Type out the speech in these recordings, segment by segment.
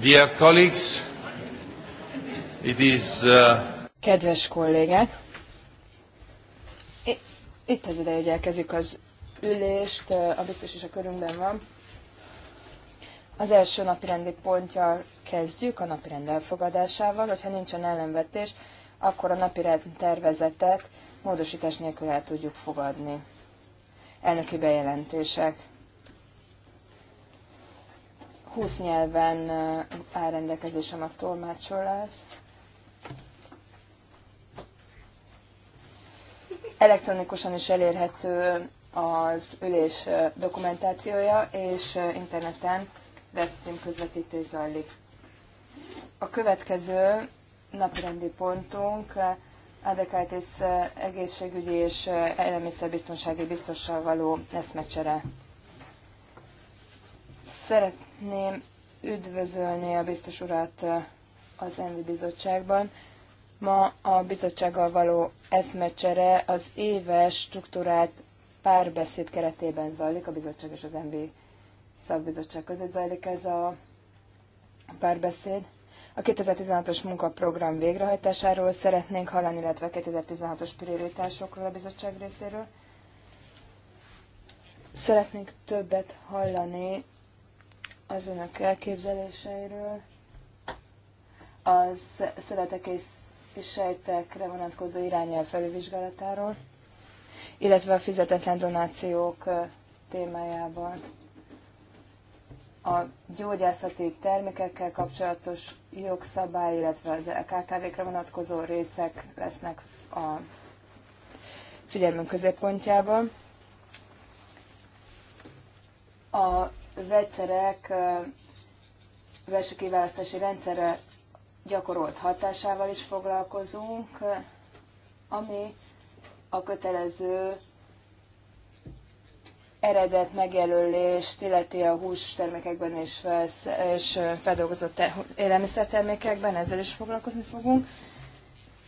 Dear colleagues, it is, uh... Kedves kollégák, itt az ideje, hogy elkezdjük az ülést, a biztos is a körünkben van. Az első napirendi pontja kezdjük, a napirend elfogadásával. Hogyha nincsen ellenvetés, akkor a napirend tervezetet módosítás nélkül el tudjuk fogadni. Elnöki bejelentések. 20 nyelven áll rendelkezésem a tolmácsolás. Elektronikusan is elérhető az ülés dokumentációja, és interneten webstream közvetítés zajlik. A következő napirendi pontunk Adekaitis egészségügyi és elemészerbiztonsági biztossal való eszmecsere. Szeretném üdvözölni a biztos urat eh, az ENVI bizottságban. Ma a bizottsággal való eszmecsere az éves struktúrált párbeszéd keretében zajlik, a bizottság és az ENVI szakbizottság között zajlik ez a párbeszéd. A 2016-os munkaprogram végrehajtásáról szeretnénk hallani, illetve 2016-os prioritásokról a bizottság részéről. Szeretnénk többet hallani az önök elképzeléseiről, a szövetek és sejtekre vonatkozó irányel felülvizsgálatáról, illetve a fizetetlen donációk témájában a gyógyászati termékekkel kapcsolatos jogszabály, illetve az KKV-kre vonatkozó részek lesznek a figyelmünk középpontjában. A vegyszerek belső kiválasztási rendszerre gyakorolt hatásával is foglalkozunk, ami a kötelező eredet megjelölést illeti a termékekben és, felsz, és feldolgozott e- élelmiszertermékekben, ezzel is foglalkozni fogunk.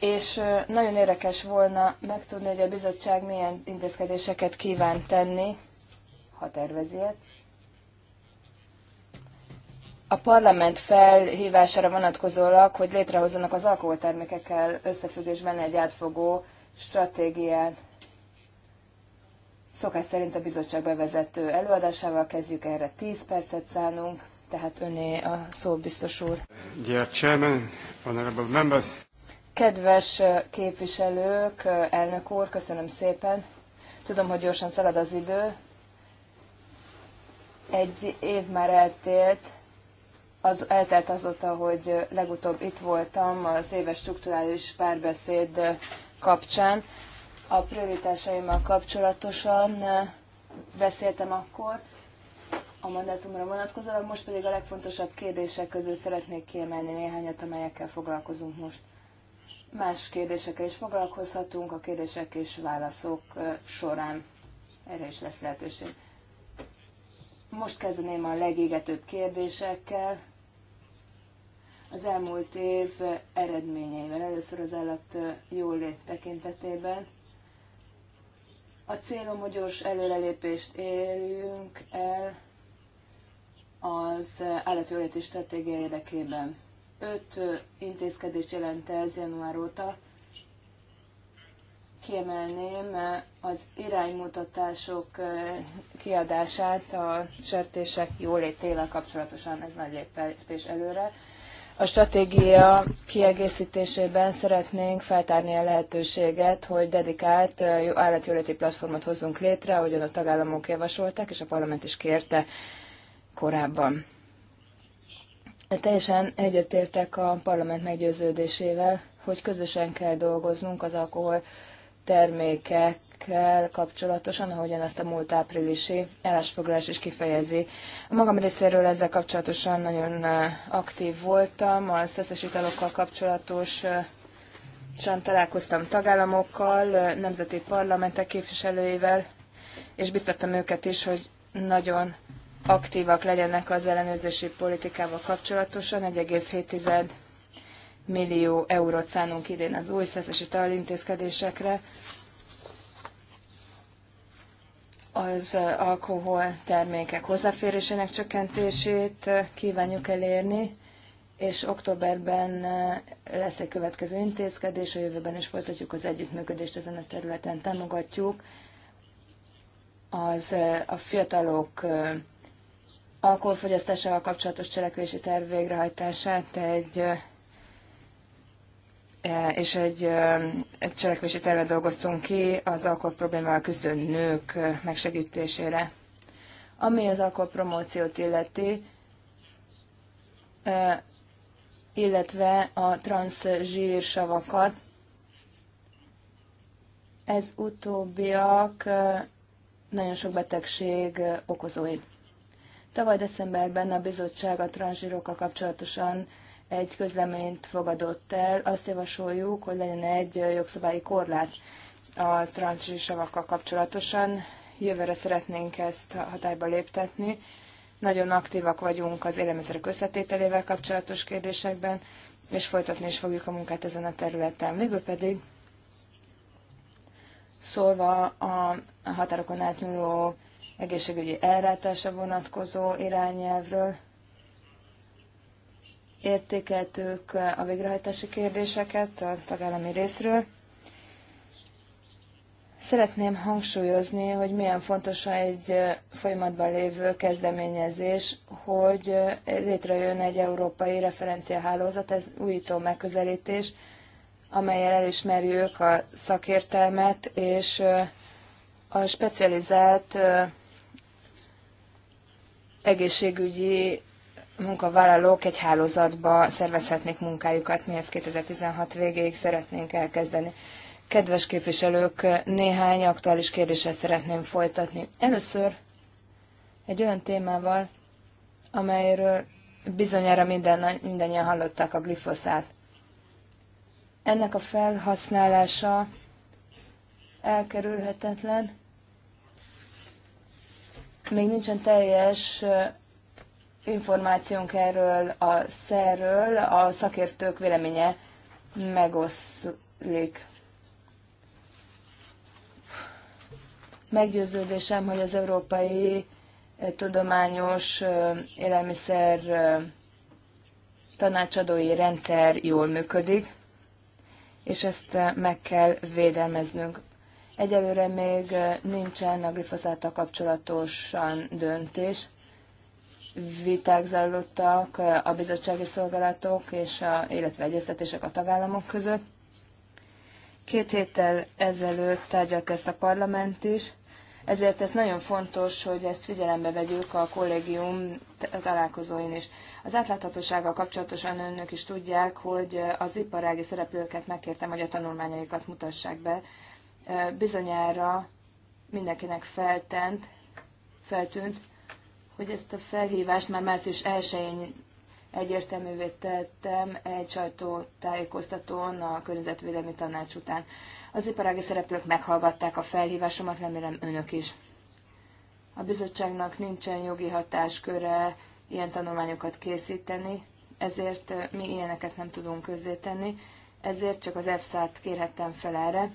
És nagyon érdekes volna megtudni, hogy a bizottság milyen intézkedéseket kíván tenni, ha tervezi ilyet, a parlament felhívására vonatkozólag, hogy létrehozzanak az alkoholtermékekkel összefüggésben egy átfogó stratégiát. Szokás szerint a bizottság bevezető előadásával kezdjük, erre 10 percet szánunk, tehát öné a szó, biztos úr. Dear Chairman, Honorable Members. Kedves képviselők, elnök úr, köszönöm szépen. Tudom, hogy gyorsan szalad az idő. Egy év már eltélt, az, eltelt azóta, hogy legutóbb itt voltam az éves strukturális párbeszéd kapcsán. A prioritásaimmal kapcsolatosan beszéltem akkor a mandátumra vonatkozóan, most pedig a legfontosabb kérdések közül szeretnék kiemelni néhányat, amelyekkel foglalkozunk most. Más kérdésekkel is foglalkozhatunk a kérdések és válaszok során. Erre is lesz lehetőség. Most kezdeném a legégetőbb kérdésekkel, az elmúlt év eredményeivel. Először az állat jólét tekintetében. A célom, hogy gyors előrelépést érjünk el az állatjóléti stratégia érdekében. Öt intézkedést jelent ez január óta. Kiemelném az iránymutatások kiadását a sertések jólétével kapcsolatosan, ez nagy lépés előre a stratégia kiegészítésében szeretnénk feltárni a lehetőséget, hogy dedikált állatjóléti platformot hozzunk létre, ahogyan a tagállamok javasolták, és a parlament is kérte korábban. Teljesen egyetértek a parlament meggyőződésével, hogy közösen kell dolgoznunk az alkohol termékekkel kapcsolatosan, ahogyan ezt a múlt áprilisi állásfoglalás is kifejezi. A magam részéről ezzel kapcsolatosan nagyon aktív voltam, a szeszes italokkal kapcsolatos találkoztam tagállamokkal, nemzeti parlamentek képviselőivel, és biztattam őket is, hogy nagyon aktívak legyenek az ellenőrzési politikával kapcsolatosan. 1,7 millió eurót szánunk idén az új szeszes talintézkedésekre. Az alkohol termékek hozzáférésének csökkentését kívánjuk elérni, és októberben lesz egy következő intézkedés, a jövőben is folytatjuk az együttműködést ezen a területen, támogatjuk az a fiatalok alkoholfogyasztásával kapcsolatos cselekvési terv végrehajtását egy E, és egy, e, egy cselekvési tervet dolgoztunk ki az alkohol problémával küzdő nők e, megsegítésére. Ami az promóciót illeti, illetve a zsírsavakat, ez utóbbiak nagyon sok betegség okozói. Tavaly decemberben a bizottság a transzsírokkal kapcsolatosan egy közleményt fogadott el. Azt javasoljuk, hogy legyen egy jogszabályi korlát a savakkal kapcsolatosan. Jövőre szeretnénk ezt hatályba léptetni. Nagyon aktívak vagyunk az élelmiszerek összetételével kapcsolatos kérdésekben, és folytatni is fogjuk a munkát ezen a területen. Végül pedig szólva a határokon átnyúló egészségügyi elrátása vonatkozó irányelvről, értékeltük a végrehajtási kérdéseket a tagállami részről. Szeretném hangsúlyozni, hogy milyen fontos egy folyamatban lévő kezdeményezés, hogy létrejön egy európai referenciahálózat, ez újító megközelítés, amelyel elismerjük a szakértelmet és a specializált egészségügyi munkavállalók egy hálózatba szervezhetnék munkájukat, mi ezt 2016 végéig szeretnénk elkezdeni. Kedves képviselők, néhány aktuális kérdéssel szeretném folytatni. Először egy olyan témával, amelyről bizonyára minden, mindannyian hallották a glifoszát. Ennek a felhasználása elkerülhetetlen. Még nincsen teljes információnk erről a szerről, a szakértők véleménye megoszlik. Meggyőződésem, hogy az európai tudományos élelmiszer tanácsadói rendszer jól működik, és ezt meg kell védelmeznünk. Egyelőre még nincsen a glifozáta kapcsolatosan döntés viták zajlottak a bizottsági szolgálatok, és a, illetve egyeztetések a tagállamok között. Két héttel ezelőtt tárgyalt ezt a parlament is, ezért ez nagyon fontos, hogy ezt figyelembe vegyük a kollégium találkozóin is. Az átláthatósággal kapcsolatosan önök is tudják, hogy az iparági szereplőket megkértem, hogy a tanulmányaikat mutassák be. Bizonyára mindenkinek feltent, feltűnt, hogy ezt a felhívást már március 1-én egyértelművé tettem egy sajtótájékoztatón a környezetvédelmi tanács után. Az iparági szereplők meghallgatták a felhívásomat, remélem önök is. A bizottságnak nincsen jogi hatásköre ilyen tanulmányokat készíteni, ezért mi ilyeneket nem tudunk közzétenni, ezért csak az EFSA-t kérhettem fel erre,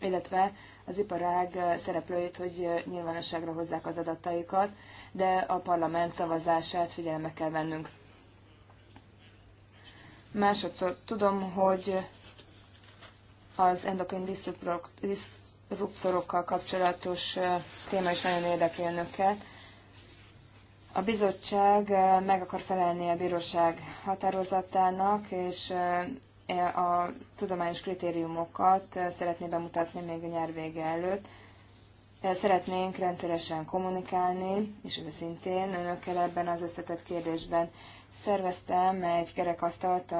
illetve az iparág szereplőit, hogy nyilvánosságra hozzák az adataikat, de a parlament szavazását figyelembe kell vennünk. Másodszor tudom, hogy az endokrin diszruptorokkal kapcsolatos téma is nagyon érdekli önöket. A bizottság meg akar felelni a bíróság határozatának, és e a tudományos kritériumokat szeretné bemutatni még a nyár vége előtt szeretnénk rendszeresen kommunikálni, és szintén önökkel ebben az összetett kérdésben szerveztem egy kerekasztalt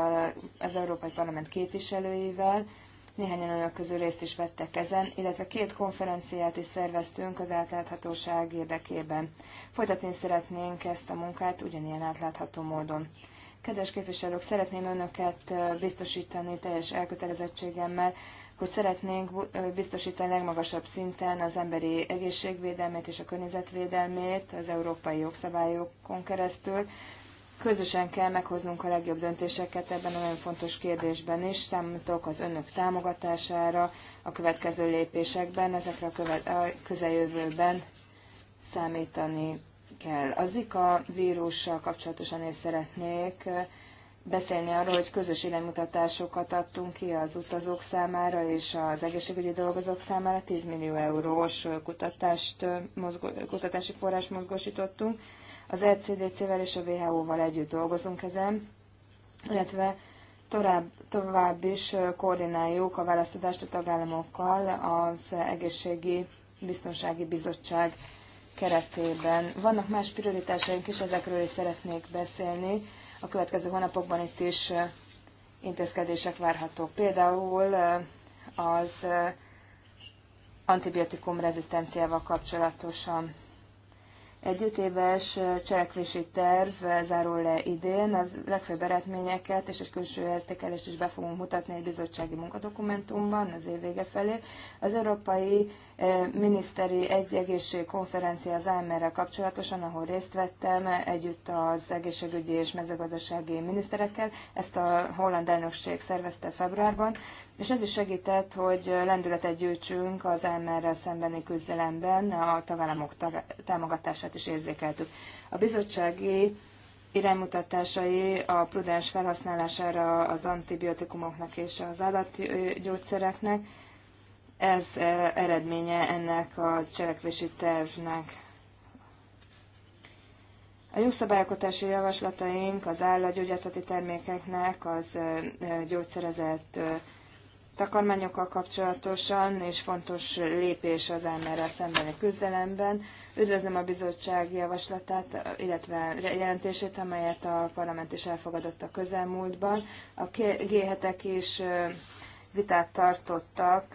az Európai Parlament képviselőivel, néhányan önök közül részt is vettek ezen, illetve két konferenciát is szerveztünk az átláthatóság érdekében. Folytatni szeretnénk ezt a munkát ugyanilyen átlátható módon. Kedves képviselők, szeretném önöket biztosítani teljes elkötelezettségemmel, hogy szeretnénk biztosítani legmagasabb szinten az emberi egészségvédelmét és a környezetvédelmét az európai jogszabályokon keresztül. Közösen kell meghoznunk a legjobb döntéseket ebben a nagyon fontos kérdésben is. Számítok az önök támogatására a következő lépésekben, ezekre a, a közeljövőben számítani kell. A Zika vírussal kapcsolatosan is szeretnék beszélni arról, hogy közös iránymutatásokat adtunk ki az utazók számára és az egészségügyi dolgozók számára. 10 millió eurós kutatást, mozgó, kutatási forrás mozgósítottunk. Az ECDC-vel és a WHO-val együtt dolgozunk ezen, illetve tovább, tovább is koordináljuk a választodást a tagállamokkal az egészségi biztonsági bizottság keretében. Vannak más prioritásaink is, ezekről is szeretnék beszélni a következő hónapokban itt is intézkedések várhatók. Például az antibiotikum rezisztenciával kapcsolatosan egy öt éves cselekvési terv zárul le idén, az legfőbb eredményeket és egy külső értékelést is be fogunk mutatni egy bizottsági munkadokumentumban az év vége felé. Az Európai Miniszteri Egyegészség Konferencia az AMR-rel kapcsolatosan, ahol részt vettem együtt az egészségügyi és mezőgazdasági miniszterekkel, ezt a holland elnökség szervezte februárban. És ez is segített, hogy lendületet gyűjtsünk az MR-rel szembeni küzdelemben, a tagállamok támogatását is érzékeltük. A bizottsági iránymutatásai a prudens felhasználására az antibiotikumoknak és az állatgyógyszereknek, ez e, eredménye ennek a cselekvési tervnek. A jogszabályokotási javaslataink az állatgyógyászati termékeknek, az e, gyógyszerezett e, takarmányokkal kapcsolatosan, és fontos lépés az elmerrel szembeni küzdelemben. Üdvözlöm a bizottság javaslatát, illetve jelentését, amelyet a parlament is elfogadott a közelmúltban. A G7-ek is vitát tartottak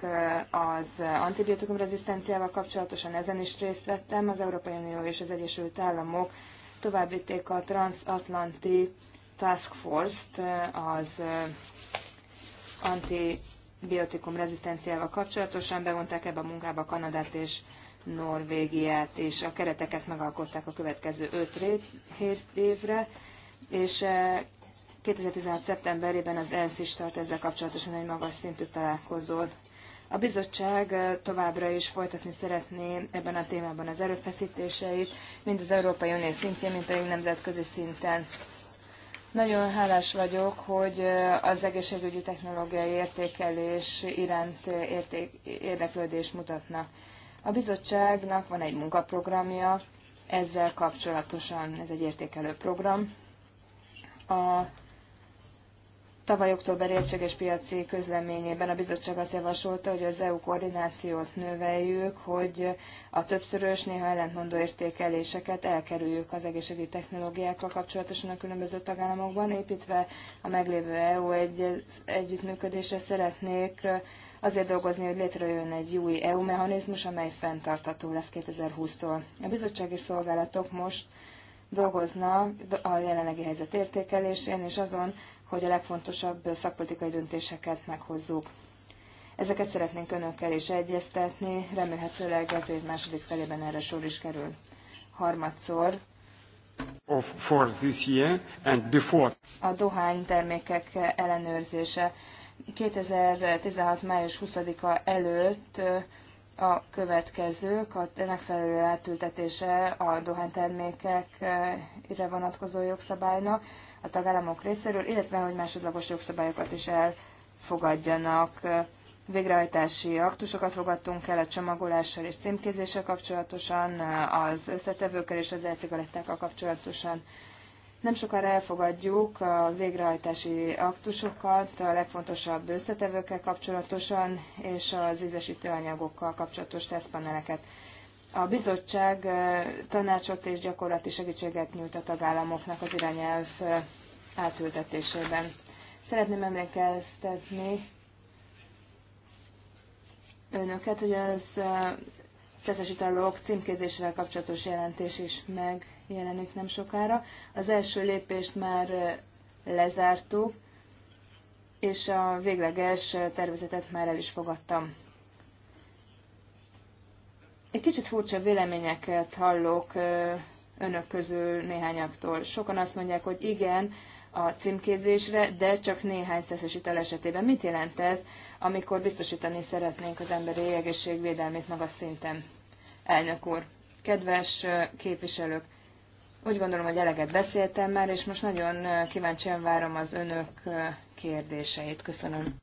az antibiotikum rezisztenciával kapcsolatosan, ezen is részt vettem. Az Európai Unió és az Egyesült Államok továbbíték a transatlanti Task Force-t az anti antibiotikum rezisztenciával kapcsolatosan bevonták ebbe a munkába Kanadát és Norvégiát, és a kereteket megalkották a következő 5 évre, és 2016. Eh, szeptemberében az ENSZ is tart ezzel kapcsolatosan egy magas szintű találkozót. A bizottság eh, továbbra is folytatni szeretné ebben a témában az erőfeszítéseit, mind az Európai Unió szintjén, mind pedig nemzetközi szinten. Nagyon hálás vagyok, hogy az egészségügyi technológiai értékelés iránt érték, érdeklődést mutatnak. A bizottságnak van egy munkaprogramja ezzel kapcsolatosan, ez egy értékelő program. A Tavaly október értséges piaci közleményében a bizottság azt javasolta, hogy az EU koordinációt növeljük, hogy a többszörös, néha ellentmondó értékeléseket elkerüljük az egészségügyi technológiákkal kapcsolatosan a különböző tagállamokban, építve a meglévő EU egy, együttműködésre szeretnék azért dolgozni, hogy létrejön egy új EU mechanizmus, amely fenntartható lesz 2020-tól. A bizottsági szolgálatok most dolgoznak a jelenlegi helyzet értékelésén, és azon, hogy a legfontosabb szakpolitikai döntéseket meghozzuk. Ezeket szeretnénk önökkel is egyeztetni, remélhetőleg az év második felében erre sor is kerül. Harmadszor of, for this year and before. a termékek ellenőrzése. 2016. május 20-a előtt a következők, a megfelelő átültetése a dohánytermékekre vonatkozó jogszabálynak, a tagállamok részéről, illetve hogy másodlagos jogszabályokat is elfogadjanak. Végrehajtási aktusokat fogadtunk el a csomagolással és címkézéssel kapcsolatosan, az összetevőkkel és az elcigarettákkal kapcsolatosan. Nem sokára elfogadjuk a végrehajtási aktusokat a legfontosabb összetevőkkel kapcsolatosan és az ízesítőanyagokkal kapcsolatos tesztpaneleket. A bizottság tanácsot és gyakorlati segítséget nyújt a tagállamoknak az irányelv átültetésében. Szeretném emlékeztetni önöket, hogy az szeszes italok címkézésével kapcsolatos jelentés is megjelenik nem sokára. Az első lépést már lezártuk, és a végleges tervezetet már el is fogadtam. Egy kicsit furcsa véleményeket hallok önök közül néhányaktól. Sokan azt mondják, hogy igen, a címkézésre, de csak néhány szeszes ital esetében. Mit jelent ez, amikor biztosítani szeretnénk az emberi egészségvédelmét magas szinten? Elnök úr, kedves képviselők, úgy gondolom, hogy eleget beszéltem már, és most nagyon kíváncsian várom az önök kérdéseit. Köszönöm.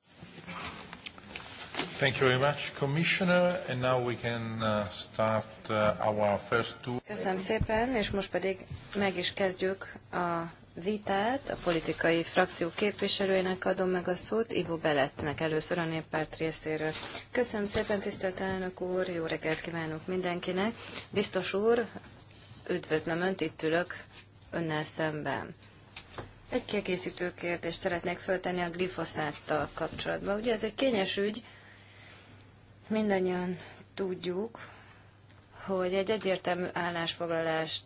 Thank you very much, Commissioner. And now we can uh, start uh, our first two... Köszönöm szépen, és most pedig meg is kezdjük a vitát. A politikai frakció képviselőjének adom meg a szót, Ivo Belettnek először a néppárt részéről. Köszönöm szépen, tisztelt elnök úr, jó reggelt kívánok mindenkinek. Biztos úr, üdvözlöm Önt, itt ülök Önnel szemben. Egy kiegészítő kérdést szeretnék föltenni a glifoszáttal kapcsolatban. Ugye ez egy kényes ügy, Mindannyian tudjuk, hogy egy egyértelmű állásfoglalást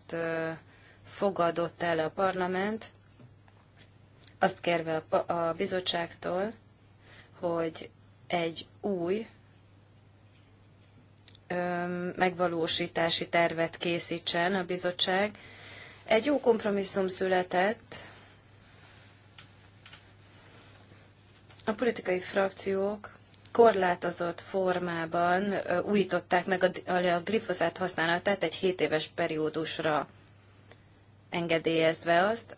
fogadott el a parlament, azt kérve a bizottságtól, hogy egy új megvalósítási tervet készítsen a bizottság. Egy jó kompromisszum született. A politikai frakciók korlátozott formában újították meg a, a glifozát használatát egy 7 éves periódusra engedélyezve azt.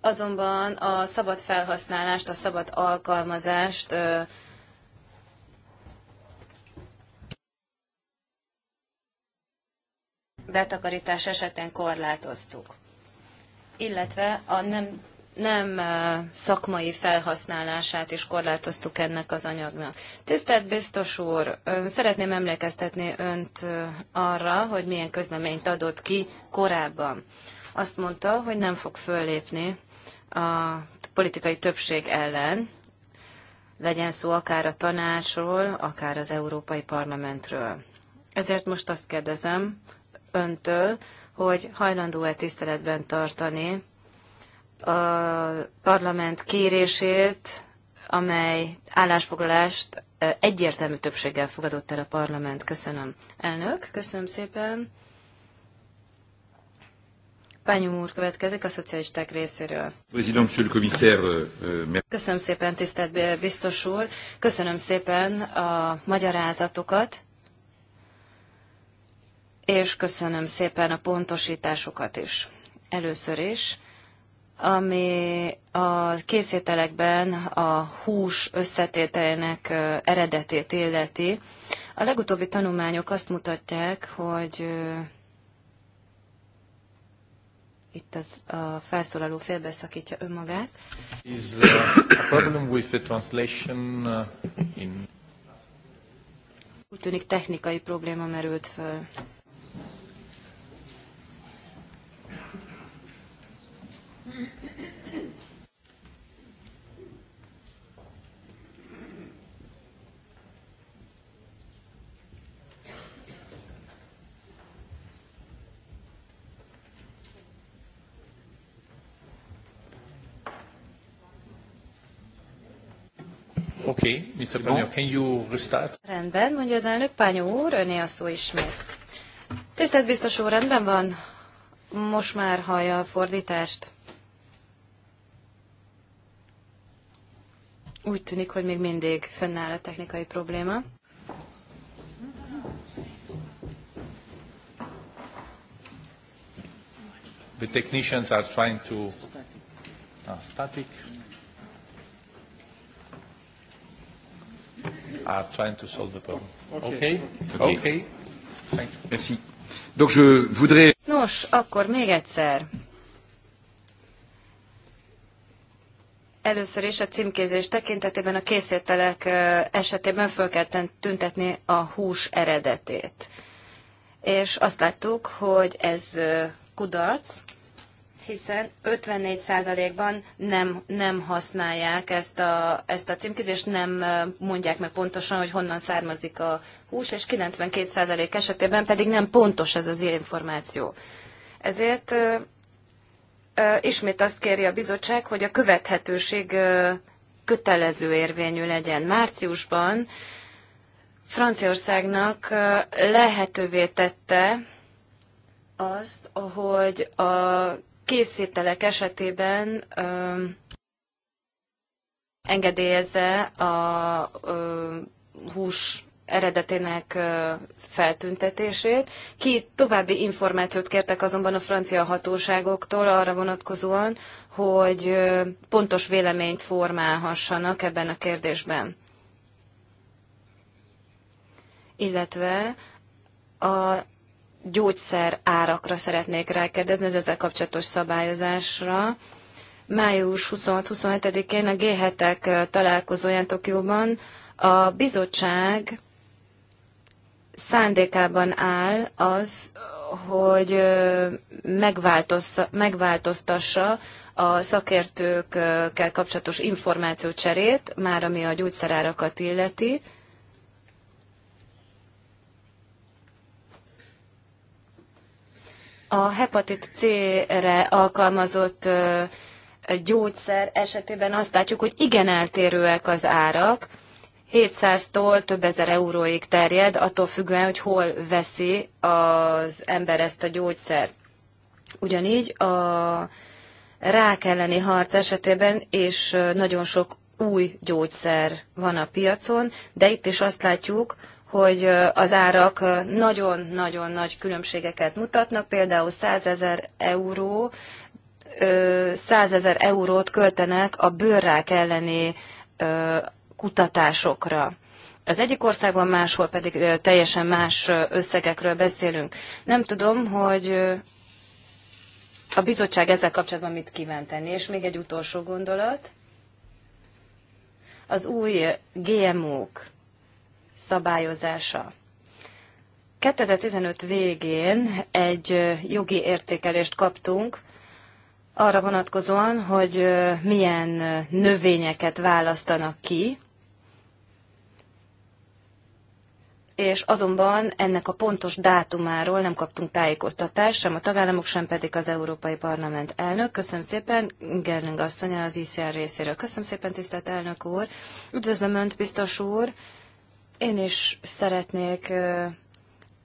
Azonban a szabad felhasználást, a szabad alkalmazást betakarítás esetén korlátoztuk. Illetve a nem nem szakmai felhasználását is korlátoztuk ennek az anyagnak. Tisztelt biztos úr, szeretném emlékeztetni önt arra, hogy milyen közleményt adott ki korábban. Azt mondta, hogy nem fog föllépni a politikai többség ellen, legyen szó akár a tanácsról, akár az Európai Parlamentről. Ezért most azt kérdezem öntől, hogy hajlandó-e tiszteletben tartani a parlament kérését, amely állásfoglalást egyértelmű többséggel fogadott el a parlament. Köszönöm. Elnök, köszönöm szépen. Pányum úr következik a szocialisták részéről. Euh, euh, köszönöm szépen, tisztelt biztos úr. Köszönöm szépen a magyarázatokat, és köszönöm szépen a pontosításokat is. Először is ami a készételekben a hús összetételének eredetét illeti. A legutóbbi tanulmányok azt mutatják, hogy itt az, a felszólaló félbeszakítja önmagát. Is uh, a problem with the translation uh, in... Úgy tűnik technikai probléma merült föl. Oké, okay, Mr. Panyó, can you restart? Rendben, mondja az elnök. Pányó úr, öné a szó ismét. Tisztelt biztos úr, rendben van? Most már hallja a fordítást. Úgy tűnik, hogy még mindig fennáll a technikai probléma. The technicians are trying to... Ah, static. are trying to solve the problem. Okay? Okay. okay. Thank you. Merci. Donc je voudrais... Nos, akkor még egyszer. Először is a címkézés tekintetében a készételek esetében föl kell tüntetni a hús eredetét. És azt láttuk, hogy ez kudarc, hiszen 54%-ban nem, nem használják ezt a, ezt a címkézést, nem mondják meg pontosan, hogy honnan származik a hús, és 92% esetében pedig nem pontos ez az információ. Ezért ö, ö, ismét azt kéri a bizottság, hogy a követhetőség ö, kötelező érvényű legyen. Márciusban Franciaországnak lehetővé tette azt, hogy a készételek esetében ö, engedélyezze a ö, hús eredetének feltüntetését. Ki további információt kértek azonban a francia hatóságoktól arra vonatkozóan, hogy pontos véleményt formálhassanak ebben a kérdésben. Illetve a gyógyszer árakra szeretnék rákérdezni, az ezzel kapcsolatos szabályozásra. Május 26-27-én a G7-ek találkozóján Tokióban a bizottság szándékában áll az, hogy megváltoztassa a szakértőkkel kapcsolatos információcserét, már ami a gyógyszerárakat illeti, A hepatit C-re alkalmazott gyógyszer esetében azt látjuk, hogy igen eltérőek az árak, 700-tól több ezer euróig terjed, attól függően, hogy hol veszi az ember ezt a gyógyszer. Ugyanígy a rák elleni harc esetében és nagyon sok új gyógyszer van a piacon, de itt is azt látjuk, hogy az árak nagyon-nagyon nagy különbségeket mutatnak, például 100 ezer euró, 100 ezer eurót költenek a bőrrák elleni kutatásokra. Az egyik országban, máshol pedig teljesen más összegekről beszélünk. Nem tudom, hogy a bizottság ezzel kapcsolatban mit kíván tenni. És még egy utolsó gondolat. Az új GMO-k szabályozása. 2015 végén egy jogi értékelést kaptunk arra vonatkozóan, hogy milyen növényeket választanak ki, és azonban ennek a pontos dátumáról nem kaptunk tájékoztatást, sem a tagállamok, sem pedig az Európai Parlament elnök. Köszönöm szépen, Gerling asszonya az ICR részéről. Köszönöm szépen, tisztelt elnök úr. Üdvözlöm Önt, biztos úr. Én is szeretnék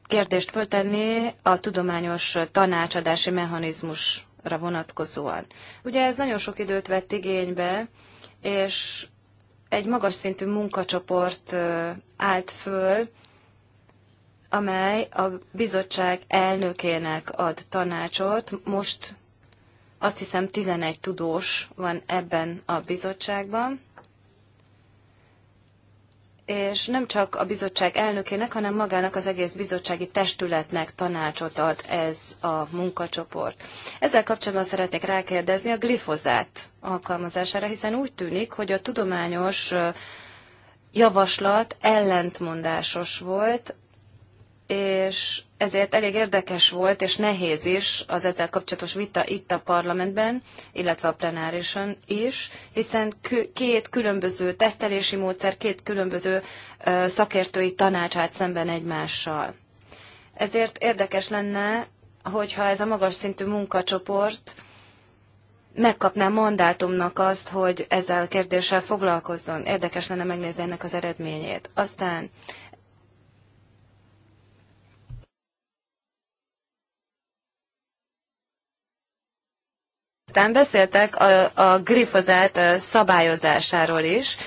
kérdést föltenni a tudományos tanácsadási mechanizmusra vonatkozóan. Ugye ez nagyon sok időt vett igénybe, és egy magas szintű munkacsoport állt föl, amely a bizottság elnökének ad tanácsot. Most azt hiszem 11 tudós van ebben a bizottságban és nem csak a bizottság elnökének, hanem magának az egész bizottsági testületnek tanácsot ad ez a munkacsoport. Ezzel kapcsolatban szeretnék rákérdezni a glifozát alkalmazására, hiszen úgy tűnik, hogy a tudományos javaslat ellentmondásos volt és ezért elég érdekes volt és nehéz is az ezzel kapcsolatos vita itt a parlamentben, illetve a plenárison is, hiszen két különböző tesztelési módszer, két különböző szakértői tanács állt szemben egymással. Ezért érdekes lenne, hogyha ez a magas szintű munkacsoport megkapná mandátumnak azt, hogy ezzel a kérdéssel foglalkozzon. Érdekes lenne megnézni ennek az eredményét. Aztán Aztán beszéltek a, a grifozát szabályozásáról is.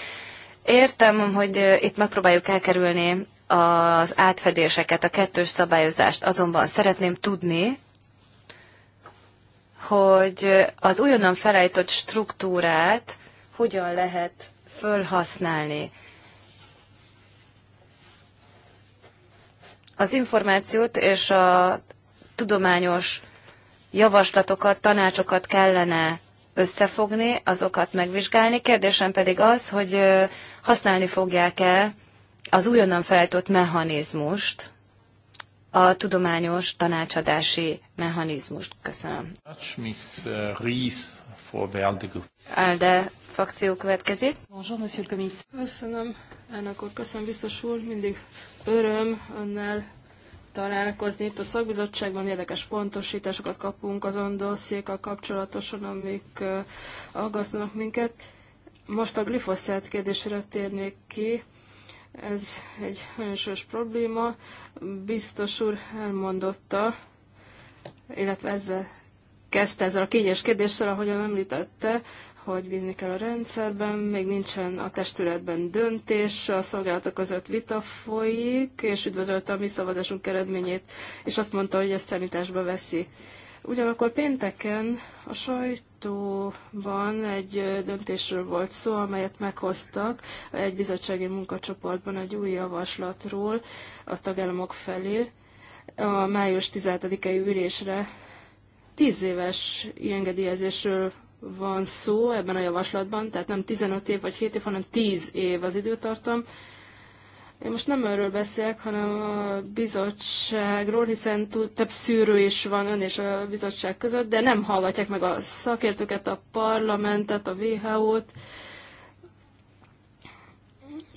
Értem, hogy itt megpróbáljuk elkerülni az átfedéseket, a kettős szabályozást, azonban szeretném tudni, hogy az újonnan felejtott struktúrát hogyan lehet fölhasználni. Az információt és a tudományos javaslatokat, tanácsokat kellene összefogni, azokat megvizsgálni. Kérdésem pedig az, hogy használni fogják-e az újonnan feltott mechanizmust, a tudományos tanácsadási mechanizmust. Köszönöm. Uh, Alde frakció következik. Bonjour, monsieur le commissaire. Köszönöm, elnök úr, köszönöm, biztos úr, mindig öröm önnel találkozni. Itt a szakbizottságban érdekes pontosításokat kapunk azon dossziékkal kapcsolatosan, amik aggasztanak minket. Most a glifoszát kérdésre térnék ki. Ez egy nagyon sős probléma. Biztos úr elmondotta, illetve ezzel kezdte ezzel a kényes kérdéssel, ahogyan említette, hogy bízni kell a rendszerben, még nincsen a testületben döntés, a szolgálatok között vita folyik, és üdvözölte a mi szavazásunk eredményét, és azt mondta, hogy ezt szemításba veszi. Ugyanakkor pénteken a sajtóban egy döntésről volt szó, amelyet meghoztak egy bizottsági munkacsoportban egy új javaslatról a tagállamok felé a május 17-i ülésre tíz éves engedélyezésről van szó ebben a javaslatban, tehát nem 15 év vagy 7 év, hanem 10 év az időtartam. Én most nem erről beszélek, hanem a bizottságról, hiszen túl több szűrő is van ön és a bizottság között, de nem hallgatják meg a szakértőket, a parlamentet, a WHO-t.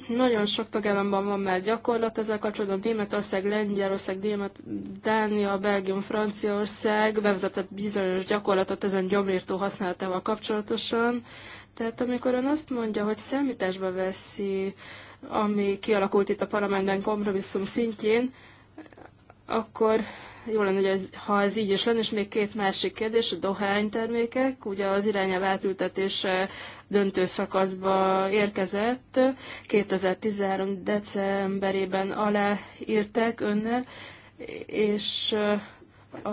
Nagyon sok tagállamban van már gyakorlat ezzel kapcsolatban. Németország, Lengyelország, Német, Dánia, Belgium, Franciaország bevezetett bizonyos gyakorlatot ezen gyomírtó használatával kapcsolatosan. Tehát amikor ön azt mondja, hogy számításba veszi, ami kialakult itt a parlamentben kompromisszum szintjén, akkor jó lenne, hogy ez, ha ez így is lenne, és még két másik kérdés, a dohánytermékek, ugye az irányelv átültetés döntő szakaszba érkezett, 2013. decemberében aláírták önnel, és a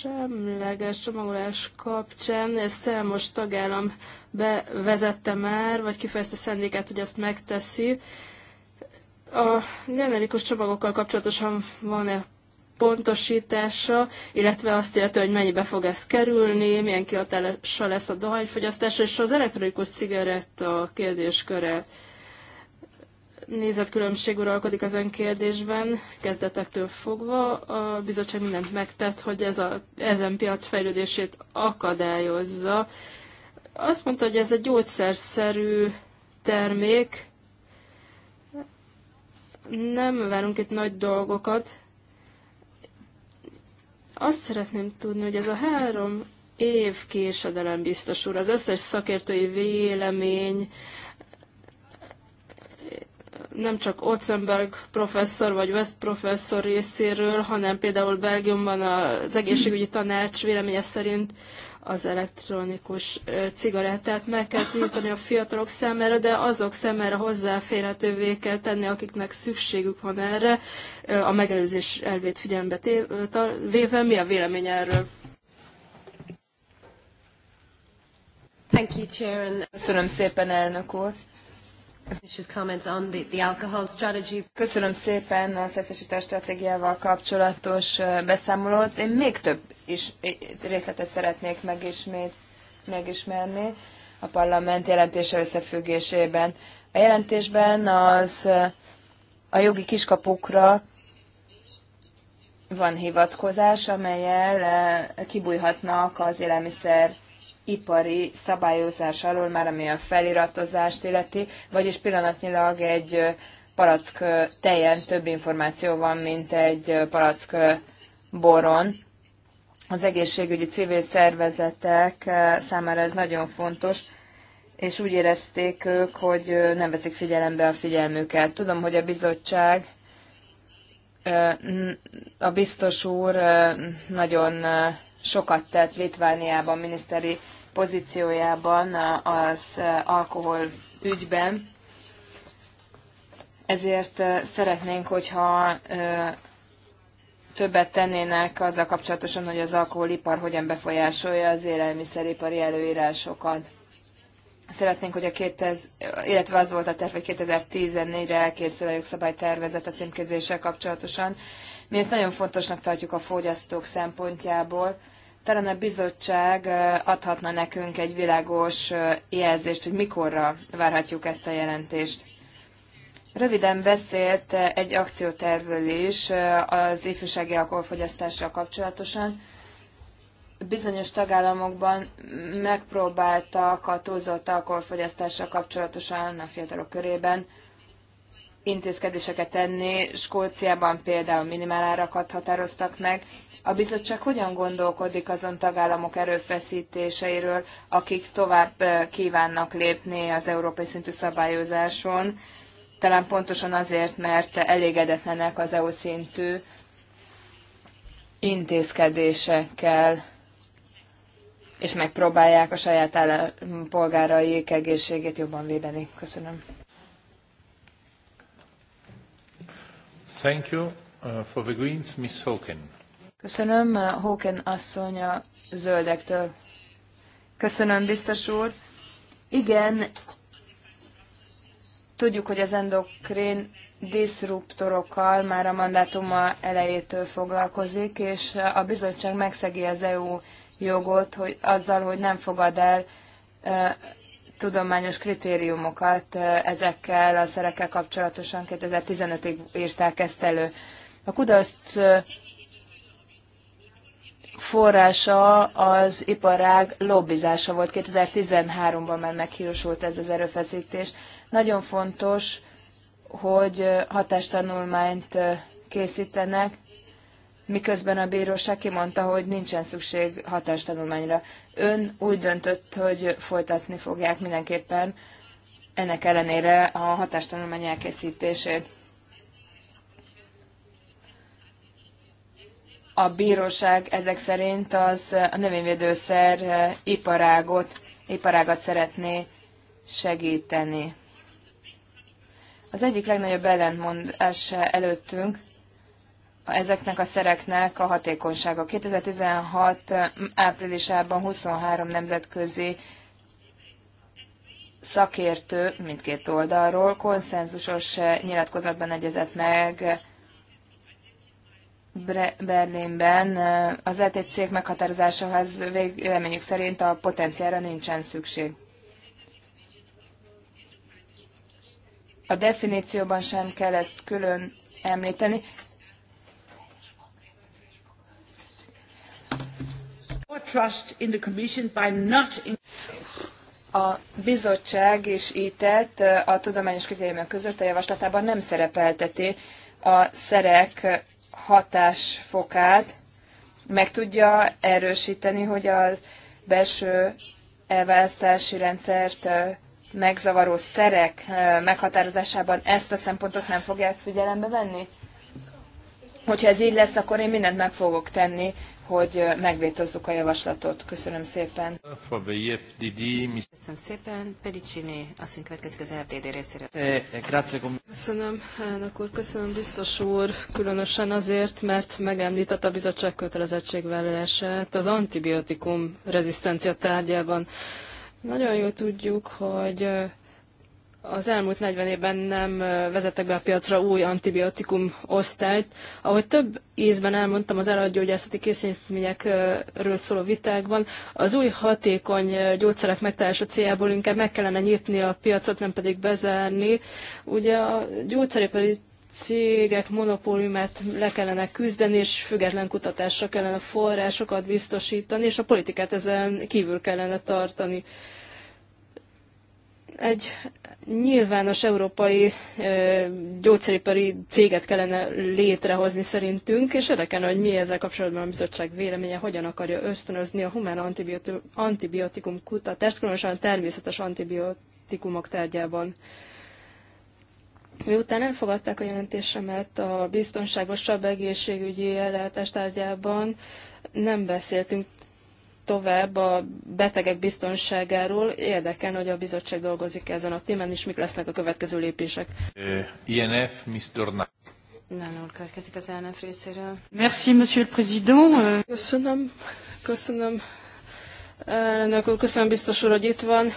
semleges csomagolás kapcsán ezt számos tagállam bevezette már, vagy kifejezte szendéket, hogy ezt megteszi. A generikus csomagokkal kapcsolatosan van-e pontosítása, illetve azt illetve, hogy mennyibe fog ez kerülni, milyen kihatása lesz a dohányfogyasztása, és az elektronikus cigaretta kérdésköre nézetkülönbség uralkodik ezen kérdésben, kezdetektől fogva. A bizottság mindent megtett, hogy ez a, ezen piac fejlődését akadályozza. Azt mondta, hogy ez egy gyógyszerszerű termék, nem várunk itt nagy dolgokat, azt szeretném tudni, hogy ez a három év késedelem biztos úr, az összes szakértői vélemény, nem csak Otzenberg professzor vagy West professzor részéről, hanem például Belgiumban az egészségügyi tanács véleménye szerint az elektronikus cigarettát meg kell tiltani a fiatalok számára, de azok számára hozzáférhetővé kell tenni, akiknek szükségük van erre, a megelőzés elvét figyelembe véve. Mi a vélemény erről? Thank you, Chair. Köszönöm szépen, elnök úr. Köszönöm szépen a szeszesítás stratégiával kapcsolatos beszámolót. Én még több is részletet szeretnék megismét, megismerni a parlament jelentése összefüggésében. A jelentésben az a jogi kiskapukra van hivatkozás, amelyel kibújhatnak az élelmiszer ipari szabályozás alól, már ami a feliratozást illeti, vagyis pillanatnyilag egy palack tejen több információ van, mint egy palack boron. Az egészségügyi civil szervezetek számára ez nagyon fontos, és úgy érezték ők, hogy nem veszik figyelembe a figyelmüket. Tudom, hogy a bizottság, a biztos úr nagyon sokat tett Litvániában miniszteri pozíciójában az alkohol ügyben. Ezért szeretnénk, hogyha többet tennének azzal kapcsolatosan, hogy az alkoholipar hogyan befolyásolja az élelmiszeripari előírásokat. Szeretnénk, hogy a 2000, illetve az volt a terv, hogy 2014-re elkészül a jogszabálytervezet a címkézéssel kapcsolatosan. Mi ezt nagyon fontosnak tartjuk a fogyasztók szempontjából, talán a bizottság adhatna nekünk egy világos jelzést, hogy mikorra várhatjuk ezt a jelentést. Röviden beszélt egy akciótervről is az ifjúsági alkoholfogyasztással kapcsolatosan. Bizonyos tagállamokban megpróbáltak a túlzott alkoholfogyasztással kapcsolatosan a fiatalok körében intézkedéseket tenni. Skóciában például minimálárakat határoztak meg, a bizottság hogyan gondolkodik azon tagállamok erőfeszítéseiről, akik tovább kívánnak lépni az európai szintű szabályozáson, talán pontosan azért, mert elégedetlenek az EU szintű intézkedésekkel, és megpróbálják a saját állampolgáraik egészségét jobban védeni. Köszönöm. Thank you uh, for the Greens, Miss Hawken. Köszönöm, Hóken asszony a zöldektől. Köszönöm, biztos úr. Igen, tudjuk, hogy az endokrén diszruptorokkal már a mandátuma elejétől foglalkozik, és a bizottság megszegi az EU jogot hogy azzal, hogy nem fogad el e, tudományos kritériumokat e, ezekkel a szerekkel kapcsolatosan 2015-ig írták ezt elő. A kudarc forrása az iparág lobbizása volt. 2013-ban már meghiúsult ez az erőfeszítés. Nagyon fontos, hogy hatástanulmányt készítenek, miközben a bíróság kimondta, hogy nincsen szükség hatástanulmányra. Ön úgy döntött, hogy folytatni fogják mindenképpen ennek ellenére a hatástanulmány elkészítését. a bíróság ezek szerint az a növényvédőszer eh, iparágot, iparágat szeretné segíteni. Az egyik legnagyobb ellentmondás előttünk ezeknek a szereknek a hatékonysága. 2016 eh, áprilisában 23 nemzetközi szakértő mindkét oldalról konszenzusos eh, nyilatkozatban egyezett meg Berlinben az ltc e cég meghatározásához véleményük szerint a potenciára nincsen szükség. A definícióban sem kell ezt külön említeni. A bizottság is ített a tudományos kritériumok között a javaslatában nem szerepelteti a szerek hatásfokát meg tudja erősíteni, hogy a belső elválasztási rendszert megzavaró szerek meghatározásában ezt a szempontot nem fogják figyelembe venni? Hogyha ez így lesz, akkor én mindent meg fogok tenni hogy megvétozzuk a javaslatot. Köszönöm szépen. E köszönöm szépen. Pedicini, azt következik az e FDD részéről. Eh, eh, köszönöm, elnök úr, köszönöm biztos úr, különösen azért, mert megemlített a bizottság kötelezettségvállalását az antibiotikum rezisztencia tárgyában. Nagyon jól tudjuk, hogy eh, az elmúlt 40 évben nem vezettek be a piacra új antibiotikum osztályt. Ahogy több ízben elmondtam az eladgyógyászati készítményekről szóló vitákban, az új hatékony gyógyszerek megtalálása céljából inkább meg kellene nyitni a piacot, nem pedig bezárni. Ugye a gyógyszeripari cégek monopóliumát le kellene küzdeni, és független kutatásra kellene forrásokat biztosítani, és a politikát ezen kívül kellene tartani egy nyilvános európai ö, gyógyszeripari céget kellene létrehozni szerintünk, és érdekelne, hogy mi ezzel kapcsolatban a bizottság véleménye, hogyan akarja ösztönözni a humán antibiotikum, antibiotikum kutatást, különösen a természetes antibiotikumok tárgyában. Miután elfogadták a jelentésemet a biztonságosabb egészségügyi ellátás tárgyában, nem beszéltünk tovább a betegek biztonságáról. Érdekel, hogy a bizottság dolgozik ezen a témán, és mik lesznek a következő lépések. Eh, INF, Mr. Na. Nán úr, következik az elnök részéről. Merci, monsieur le président. Köszönöm, köszönöm. Elnök úr, köszönöm biztos úr, hogy itt van.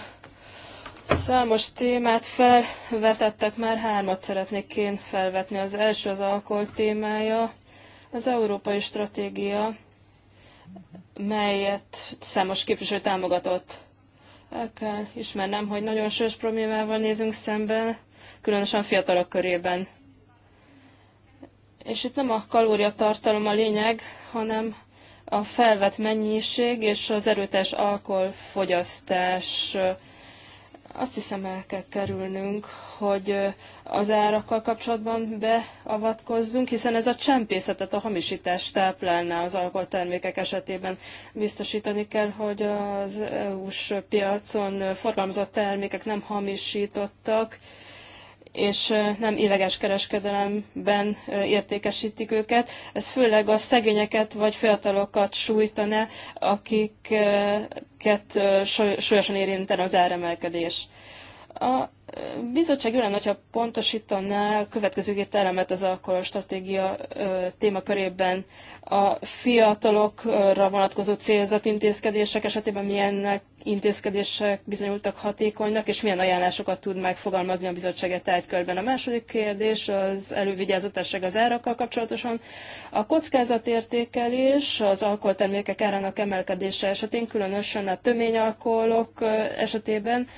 Számos témát felvetettek már, hármat szeretnék én felvetni. Az első az alkohol témája, az európai stratégia, melyet számos képviselő támogatott. El kell ismernem, hogy nagyon sős problémával nézünk szemben, különösen fiatalok körében. És itt nem a kalóriatartalom a lényeg, hanem a felvett mennyiség és az erőtes alkoholfogyasztás fogyasztás azt hiszem el kell kerülnünk, hogy az árakkal kapcsolatban beavatkozzunk, hiszen ez a csempészetet, a hamisítást táplálná az alkoholtermékek esetében. Biztosítani kell, hogy az EU-s piacon forgalmazott termékek nem hamisítottak, és nem illegális kereskedelemben értékesítik őket. Ez főleg a szegényeket vagy fiatalokat sújtana, akiket súlyosan érintene az áremelkedés. A bizottság jelen, hogyha pontosítaná a következő két elemet az alkohol stratégia témakörében a fiatalokra vonatkozó célzott intézkedések esetében milyen intézkedések bizonyultak hatékonynak, és milyen ajánlásokat tud megfogalmazni a bizottság körben A második kérdés az elővigyázatosság az árakkal kapcsolatosan. A kockázatértékelés az alkoholtermékek árának emelkedése esetén, különösen a töményalkoholok esetében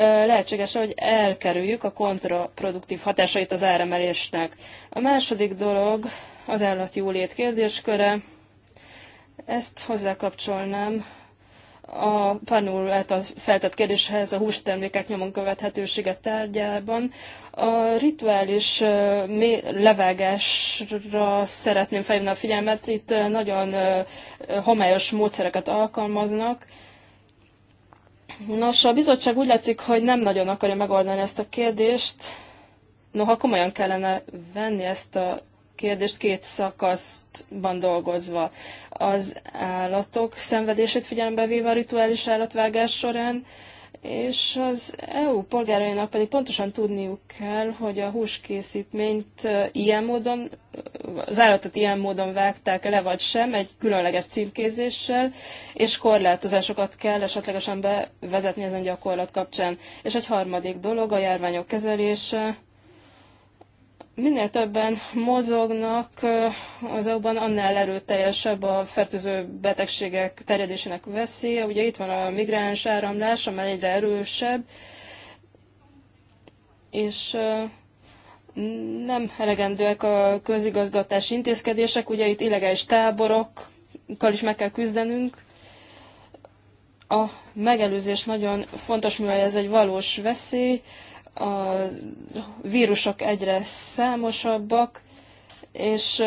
lehetséges, hogy elkerüljük a kontraproduktív hatásait az áremelésnek. A második dolog az állatjólét kérdésköre. Ezt hozzákapcsolnám a panul által feltett kérdéshez a hústermékek nyomon követhetősége tárgyában. A rituális levágásra szeretném felhívni a figyelmet. Itt nagyon homályos módszereket alkalmaznak. Nos, a bizottság úgy látszik, hogy nem nagyon akarja megoldani ezt a kérdést. Noha komolyan kellene venni ezt a kérdést két szakaszban dolgozva. Az állatok szenvedését figyelembe véve a rituális állatvágás során, és az EU polgárainak pedig pontosan tudniuk kell, hogy a húskészítményt ilyen módon, az állatot ilyen módon vágták le vagy sem, egy különleges címkézéssel, és korlátozásokat kell esetlegesen bevezetni ezen gyakorlat kapcsán. És egy harmadik dolog a járványok kezelése, minél többen mozognak az annál erőteljesebb a fertőző betegségek terjedésének veszélye. Ugye itt van a migráns áramlás, amely egyre erősebb, és nem elegendőek a közigazgatási intézkedések, ugye itt illegális táborokkal is meg kell küzdenünk. A megelőzés nagyon fontos, mivel ez egy valós veszély, a vírusok egyre számosabbak, és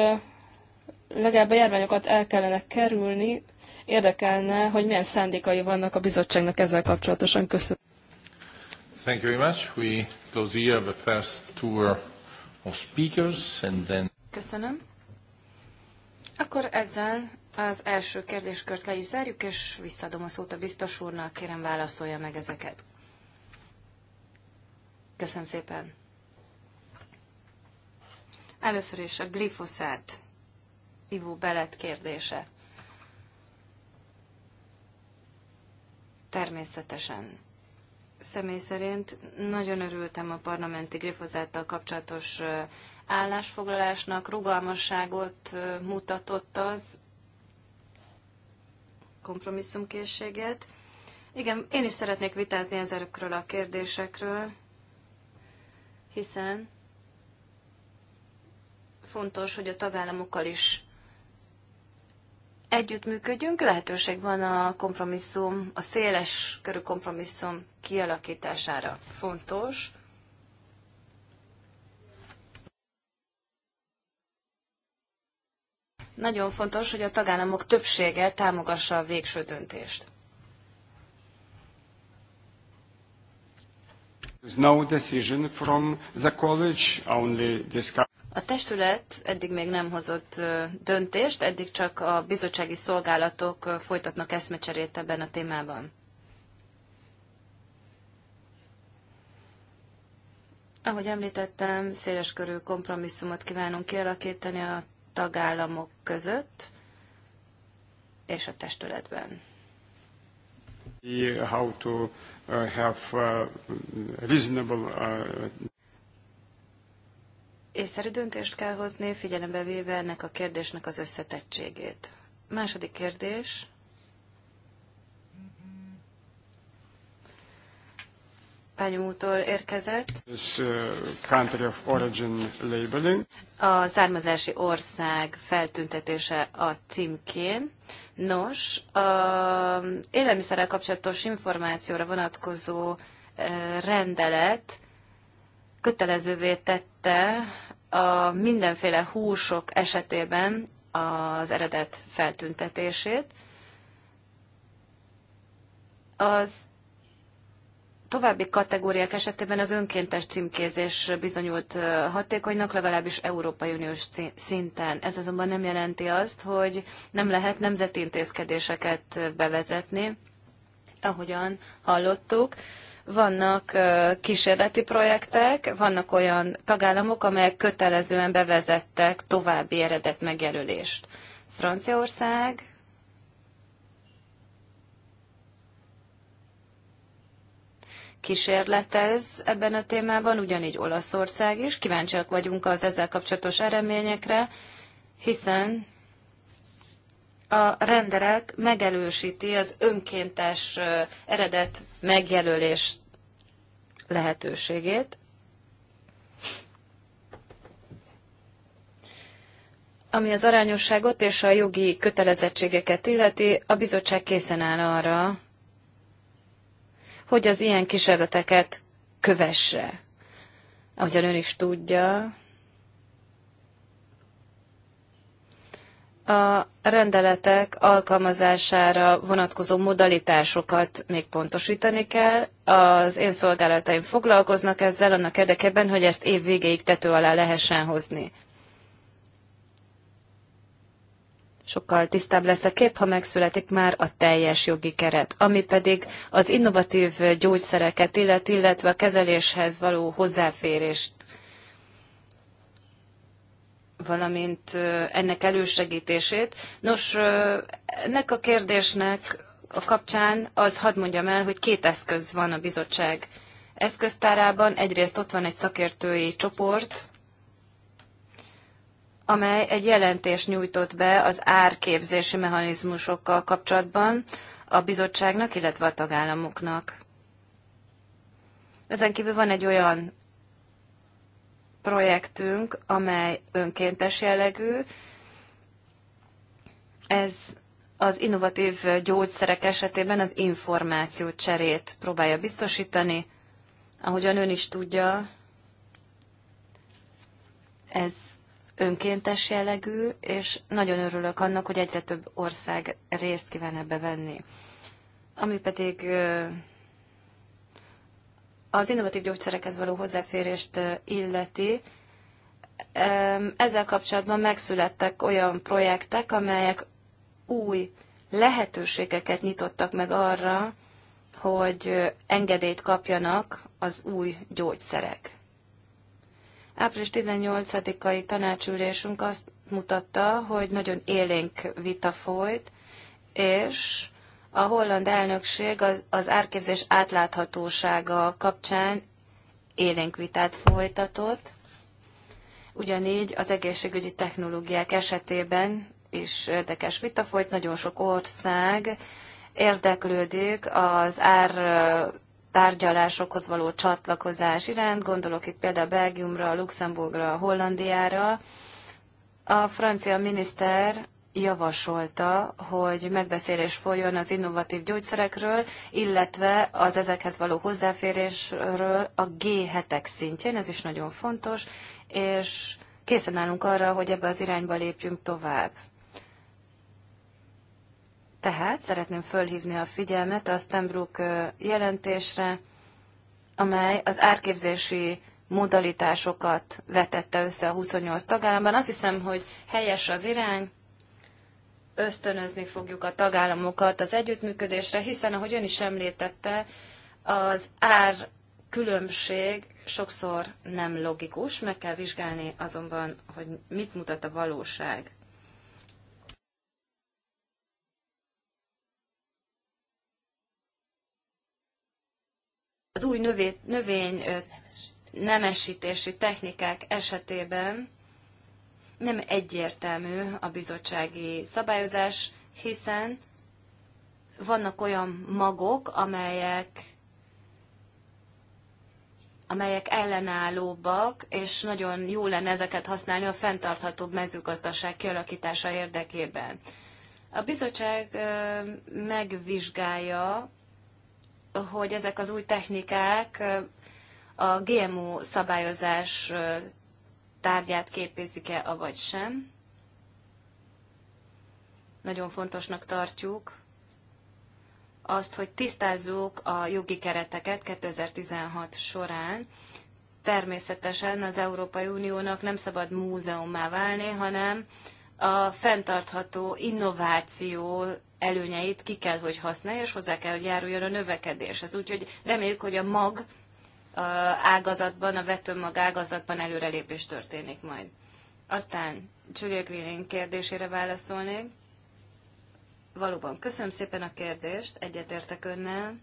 legalább a járványokat el kellene kerülni. Érdekelne, hogy milyen szándékai vannak a bizottságnak ezzel kapcsolatosan. Köszönöm. Thank you very much. We close here the first tour of speakers and then... Köszönöm. Akkor ezzel az első kérdéskört le is zárjuk, és visszadom a szót a biztos úrnak, kérem válaszolja meg ezeket. Köszönöm szépen. Először is a glifoszát ivó belet kérdése. Természetesen. Személy szerint nagyon örültem a parlamenti glifozáttal kapcsolatos állásfoglalásnak, rugalmasságot mutatott az, kompromisszumkészséget. Igen, én is szeretnék vitázni ezekről a kérdésekről, hiszen fontos, hogy a tagállamokkal is együttműködjünk, lehetőség van a kompromisszum, a széles körű kompromisszum kialakítására fontos. Nagyon fontos, hogy a tagállamok többsége támogassa a végső döntést. A testület eddig még nem hozott döntést, eddig csak a bizottsági szolgálatok folytatnak eszmecserét ebben a témában. Ahogy említettem, széleskörű kompromisszumot kívánunk kialakítani a tagállamok között és a testületben. How to uh, have uh, reasonable uh, Észszerű döntést kell hozni, figyelembe véve ennek a kérdésnek az összetettségét. Második kérdés, Pányútól érkezett. This, uh, of origin labeling. A származási ország feltüntetése a címkén. Nos, a élelmiszerrel kapcsolatos információra vonatkozó uh, rendelet kötelezővé tette a mindenféle húsok esetében az eredet feltüntetését. Az további kategóriák esetében az önkéntes címkézés bizonyult hatékonynak, legalábbis Európai Uniós szinten. Ez azonban nem jelenti azt, hogy nem lehet nemzeti intézkedéseket bevezetni, ahogyan hallottuk. Vannak kísérleti projektek, vannak olyan tagállamok, amelyek kötelezően bevezettek további eredet megjelölést. Franciaország, kísérletez ebben a témában, ugyanígy Olaszország is. Kíváncsiak vagyunk az ezzel kapcsolatos eredményekre, hiszen a rendelet megelősíti az önkéntes eredet megjelölés lehetőségét. Ami az arányosságot és a jogi kötelezettségeket illeti, a bizottság készen áll arra, hogy az ilyen kísérleteket kövesse. Ahogyan ön is tudja, a rendeletek alkalmazására vonatkozó modalitásokat még pontosítani kell. Az én szolgálataim foglalkoznak ezzel annak érdekében, hogy ezt év végéig tető alá lehessen hozni. sokkal tisztább lesz a kép, ha megszületik már a teljes jogi keret, ami pedig az innovatív gyógyszereket illet, illetve a kezeléshez való hozzáférést valamint ennek elősegítését. Nos, ennek a kérdésnek a kapcsán az hadd mondjam el, hogy két eszköz van a bizottság eszköztárában. Egyrészt ott van egy szakértői csoport, amely egy jelentést nyújtott be az árképzési mechanizmusokkal kapcsolatban a bizottságnak, illetve a tagállamoknak. Ezen kívül van egy olyan projektünk, amely önkéntes jellegű. Ez az innovatív gyógyszerek esetében az információ cserét próbálja biztosítani. Ahogyan ön is tudja, ez önkéntes jellegű, és nagyon örülök annak, hogy egyre több ország részt kíván ebbe venni. Ami pedig az innovatív gyógyszerekhez való hozzáférést illeti, ezzel kapcsolatban megszülettek olyan projektek, amelyek új lehetőségeket nyitottak meg arra, hogy engedélyt kapjanak az új gyógyszerek. Április 18-ai tanácsülésünk azt mutatta, hogy nagyon élénk vita folyt, és a holland elnökség az, az árképzés átláthatósága kapcsán élénk vitát folytatott, ugyanígy az egészségügyi technológiák esetében is érdekes vita folyt, nagyon sok ország érdeklődik az ár tárgyalásokhoz való csatlakozás iránt, gondolok itt például Belgiumra, Luxemburgra, Hollandiára. A francia miniszter javasolta, hogy megbeszélés folyjon az innovatív gyógyszerekről, illetve az ezekhez való hozzáférésről a G7-ek szintjén, ez is nagyon fontos, és készen állunk arra, hogy ebbe az irányba lépjünk tovább. Tehát szeretném fölhívni a figyelmet a Stembrook jelentésre, amely az árképzési modalitásokat vetette össze a 28 tagállamban. Azt hiszem, hogy helyes az irány, ösztönözni fogjuk a tagállamokat az együttműködésre, hiszen, ahogy ön is említette, az ár különbség sokszor nem logikus, meg kell vizsgálni azonban, hogy mit mutat a valóság. az új növé, növény nemesítési technikák esetében nem egyértelmű a bizottsági szabályozás, hiszen vannak olyan magok, amelyek amelyek ellenállóbbak, és nagyon jó lenne ezeket használni a fenntarthatóbb mezőgazdaság kialakítása érdekében. A bizottság megvizsgálja hogy ezek az új technikák a GMO szabályozás tárgyát képezik-e, avagy sem. Nagyon fontosnak tartjuk azt, hogy tisztázzuk a jogi kereteket 2016 során. Természetesen az Európai Uniónak nem szabad múzeummá válni, hanem a fenntartható innováció előnyeit ki kell, hogy használja, és hozzá kell, hogy járuljon a növekedéshez. Úgyhogy reméljük, hogy a mag a ágazatban, a vetőmag ágazatban előrelépés történik majd. Aztán Julia Greening kérdésére válaszolnék. Valóban, köszönöm szépen a kérdést, egyetértek önnel.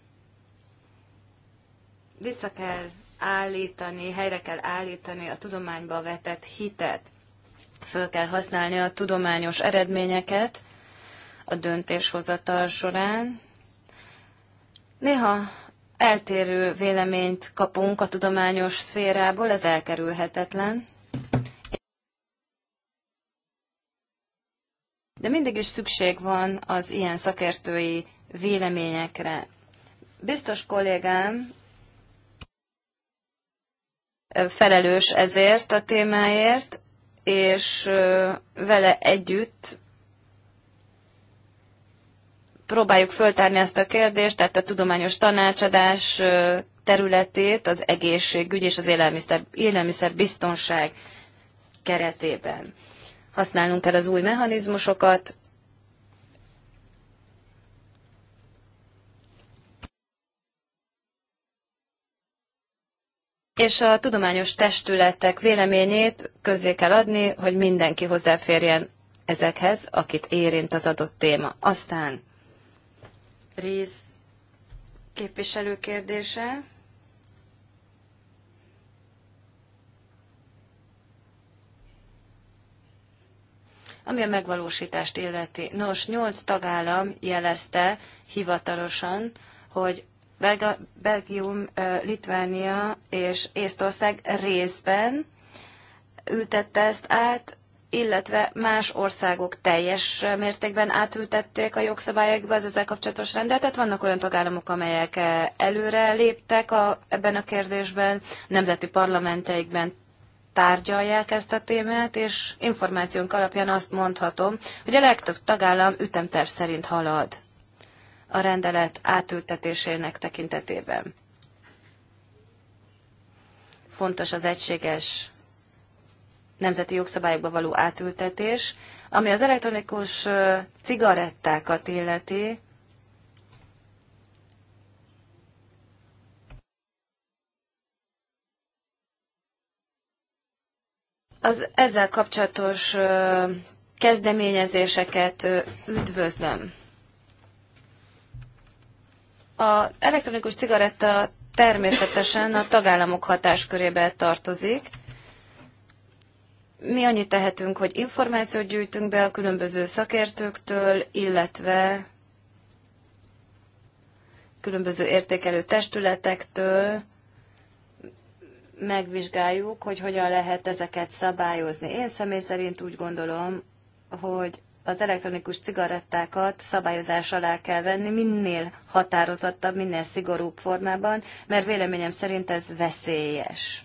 Vissza kell állítani, helyre kell állítani a tudományba vetett hitet. Föl kell használni a tudományos eredményeket, a döntéshozatal során. Néha eltérő véleményt kapunk a tudományos szférából, ez elkerülhetetlen. De mindig is szükség van az ilyen szakértői véleményekre. Biztos kollégám felelős ezért a témáért, és vele együtt próbáljuk föltárni ezt a kérdést, tehát a tudományos tanácsadás területét az egészségügy és az élelmiszer, élelmiszer biztonság keretében. Használnunk kell az új mechanizmusokat, és a tudományos testületek véleményét közzé kell adni, hogy mindenki hozzáférjen ezekhez, akit érint az adott téma. Aztán Rész képviselő kérdése. Ami a megvalósítást illeti. Nos, nyolc tagállam jelezte hivatalosan, hogy Belga, Belgium, Litvánia és Észtország részben ültette ezt át, illetve más országok teljes mértékben átültették a jogszabályokba az ezzel kapcsolatos rendeletet. Vannak olyan tagállamok, amelyek eh, előre léptek a, ebben a kérdésben, nemzeti parlamenteikben tárgyalják ezt a témát, és információnk alapján azt mondhatom, hogy a legtöbb tagállam ütemterv szerint halad a rendelet átültetésének tekintetében. Fontos az egységes nemzeti jogszabályokba való átültetés. Ami az elektronikus cigarettákat illeti, az ezzel kapcsolatos kezdeményezéseket üdvözlöm. A elektronikus cigaretta természetesen a tagállamok hatáskörébe tartozik, mi annyit tehetünk, hogy információt gyűjtünk be a különböző szakértőktől, illetve különböző értékelő testületektől, megvizsgáljuk, hogy hogyan lehet ezeket szabályozni. Én személy szerint úgy gondolom, hogy az elektronikus cigarettákat szabályozás alá kell venni minél határozottabb, minél szigorúbb formában, mert véleményem szerint ez veszélyes.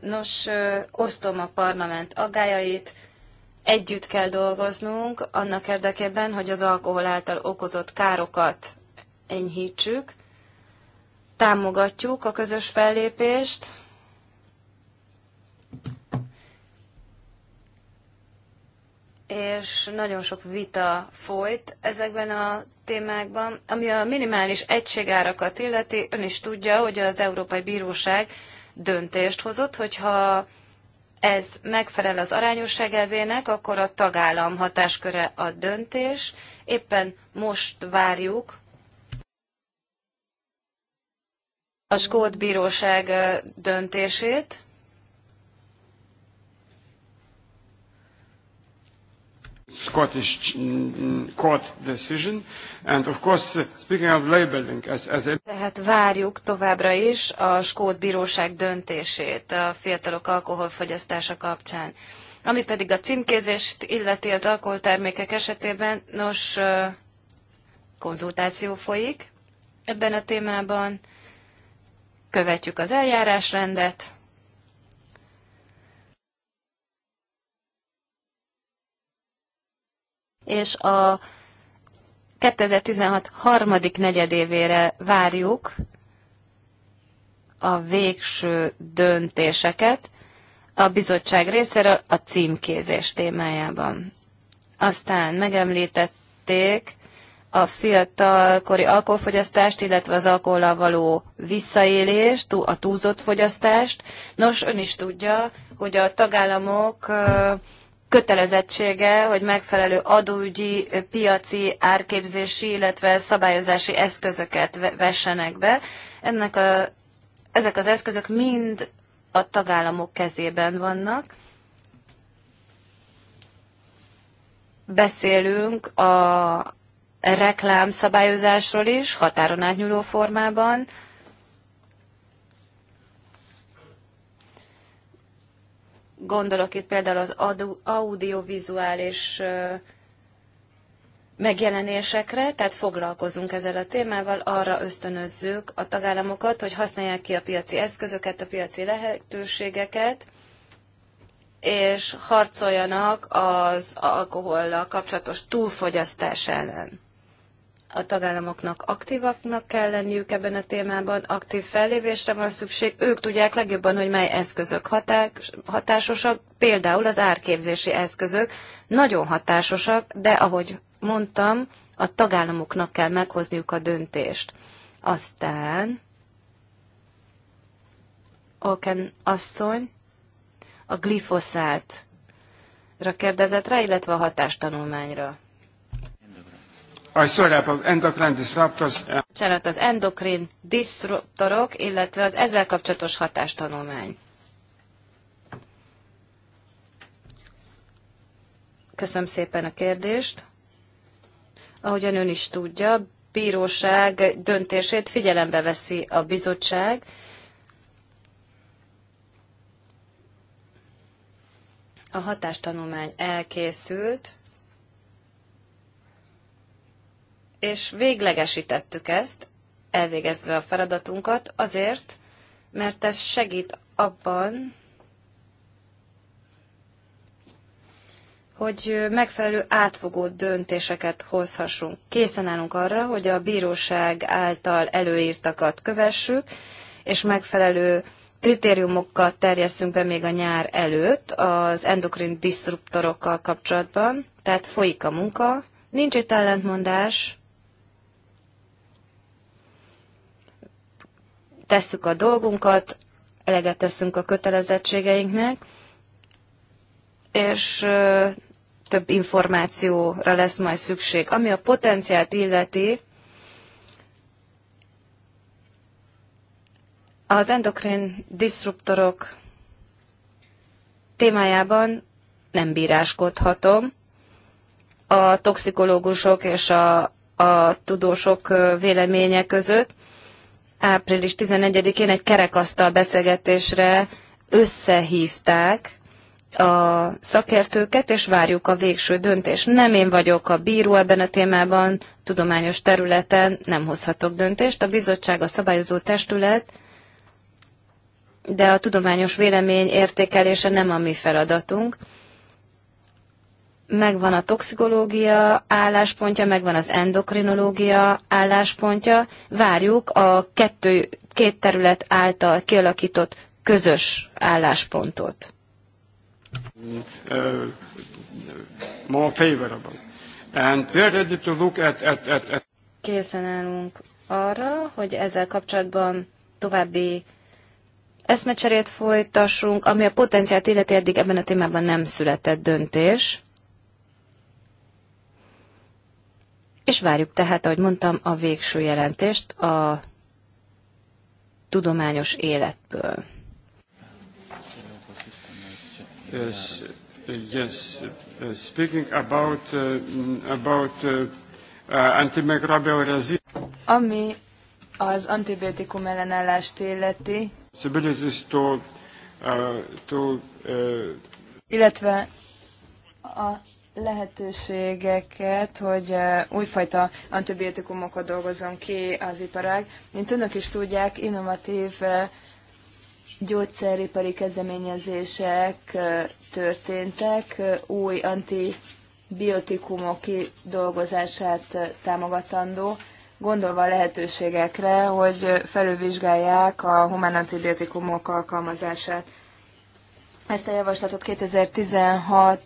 Nos, osztom a parlament aggájait, együtt kell dolgoznunk annak érdekében, hogy az alkohol által okozott károkat enyhítsük. Támogatjuk a közös fellépést. És nagyon sok vita folyt ezekben a témákban. Ami a minimális egységárakat illeti, ön is tudja, hogy az Európai Bíróság döntést hozott, hogyha ez megfelel az arányosság elvének, akkor a tagállam hatásköre a döntés. Éppen most várjuk a Skót Bíróság döntését. Scottish mm, mm, court decision. And of course, uh, speaking of labeling as, as a... Tehát várjuk továbbra is a Skót Bíróság döntését a fiatalok alkoholfogyasztása kapcsán. Ami pedig a címkézést illeti az alkoholtermékek esetében, nos, konzultáció folyik ebben a témában, követjük az eljárásrendet, és a 2016 harmadik negyedévére várjuk a végső döntéseket a bizottság részéről a címkézés témájában. Aztán megemlítették a fiatalkori alkoholfogyasztást, illetve az alkohollal való visszaélést, a túlzott fogyasztást. Nos, ön is tudja, hogy a tagállamok kötelezettsége, hogy megfelelő adóügyi, piaci, árképzési, illetve szabályozási eszközöket vessenek be. Ennek a, ezek az eszközök mind a tagállamok kezében vannak. Beszélünk a reklámszabályozásról is, határon átnyúló formában, Gondolok itt például az audiovizuális megjelenésekre, tehát foglalkozunk ezzel a témával, arra ösztönözzük a tagállamokat, hogy használják ki a piaci eszközöket, a piaci lehetőségeket, és harcoljanak az alkohollal kapcsolatos túlfogyasztás ellen a tagállamoknak aktívaknak kell lenniük ebben a témában, aktív fellévésre van szükség. Ők tudják legjobban, hogy mely eszközök hatásosak, például az árképzési eszközök nagyon hatásosak, de ahogy mondtam, a tagállamoknak kell meghozniuk a döntést. Aztán Oken asszony a glifoszátra kérdezett rá, illetve a hatástanulmányra. Uh, endocrine disruptors. Bocsánat, az endokrin disruptorok, illetve az ezzel kapcsolatos hatástanulmány. Köszönöm szépen a kérdést. Ahogyan ön is tudja, bíróság döntését figyelembe veszi a bizottság, a hatástanulmány elkészült, és véglegesítettük ezt, elvégezve a feladatunkat, azért, mert ez segít abban, hogy megfelelő átfogó döntéseket hozhassunk. Készen állunk arra, hogy a bíróság által előírtakat kövessük, és megfelelő kritériumokkal terjesszünk be még a nyár előtt az endokrin disruptorokkal kapcsolatban, tehát folyik a munka, nincs itt ellentmondás, tesszük a dolgunkat, eleget teszünk a kötelezettségeinknek, és több információra lesz majd szükség. Ami a potenciált illeti, az endokrin disruptorok témájában nem bíráskodhatom. A toxikológusok és a, a tudósok véleménye között április 11-én egy kerekasztal beszélgetésre összehívták a szakértőket, és várjuk a végső döntést. Nem én vagyok a bíró ebben a témában, tudományos területen nem hozhatok döntést. A bizottság a szabályozó testület, de a tudományos vélemény értékelése nem a mi feladatunk megvan a toxikológia álláspontja, megvan az endokrinológia álláspontja. Várjuk a kettő, két terület által kialakított közös álláspontot. Mm, uh, uh, Készen állunk arra, hogy ezzel kapcsolatban további eszmecserét folytassunk, ami a potenciált illeti eddig ebben a témában nem született döntés. És várjuk tehát, ahogy mondtam, a végső jelentést a tudományos életből. Yes, yes. Speaking about, uh, about uh, uh, antimicrobial resistance. Ami az antibiotikum ellenállást illeti. To, uh, to, uh, illetve a lehetőségeket, hogy eh, újfajta antibiotikumokat dolgozzon ki az iparág. Mint önök is tudják, innovatív eh, gyógyszeripari kezdeményezések eh, történtek, új antibiotikumok kidolgozását támogatandó, gondolva a lehetőségekre, hogy felülvizsgálják a humán antibiotikumok alkalmazását. Ezt a javaslatot 2016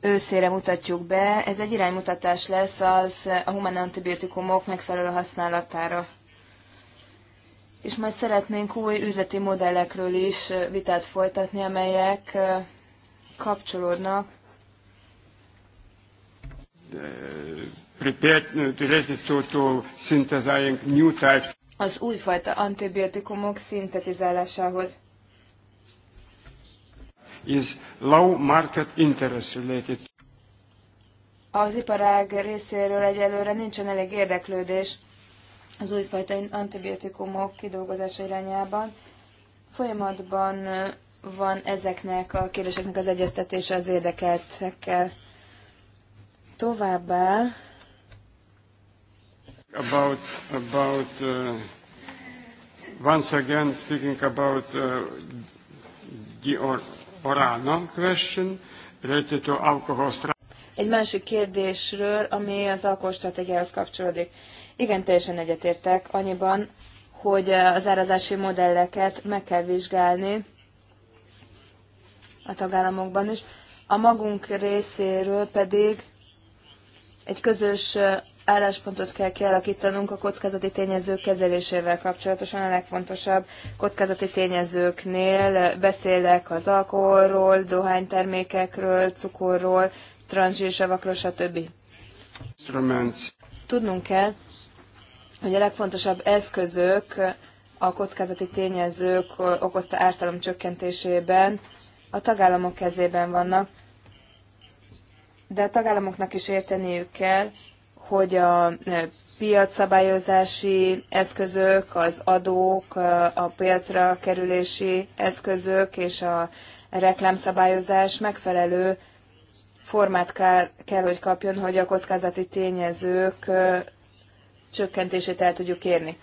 őszére mutatjuk be. Ez egy iránymutatás lesz az a humán antibiotikumok megfelelő használatára. És majd szeretnénk új üzleti modellekről is vitát folytatni, amelyek kapcsolódnak. Uh, az újfajta antibiotikumok szintetizálásához is low market interest related. Az iparág részéről egyelőre nincsen elég érdeklődés az újfajta antibiotikumok kidolgozása irányában. Folyamatban van ezeknek a kérdéseknek az egyeztetése az érdekeltekkel. Továbbá about about uh, once again speaking about uh, the or oral non-question related to alcohol Egy másik kérdésről, ami az alkoholstratégiához kapcsolódik. Igen, teljesen egyetértek annyiban, hogy az árazási modelleket meg kell vizsgálni a tagállamokban is. A magunk részéről pedig egy közös álláspontot kell kialakítanunk a kockázati tényezők kezelésével kapcsolatosan a legfontosabb kockázati tényezőknél. Beszélek az alkoholról, dohánytermékekről, cukorról, tranzsírsavakról, stb. Tudnunk kell, hogy a legfontosabb eszközök a kockázati tényezők okozta ártalom csökkentésében a tagállamok kezében vannak, de a tagállamoknak is érteniük kell, hogy a e, piacszabályozási eszközök, az adók, e, a piacra kerülési eszközök és a reklámszabályozás megfelelő formát kell, kell hogy kapjon, hogy a kockázati tényezők e, csökkentését el tudjuk érni.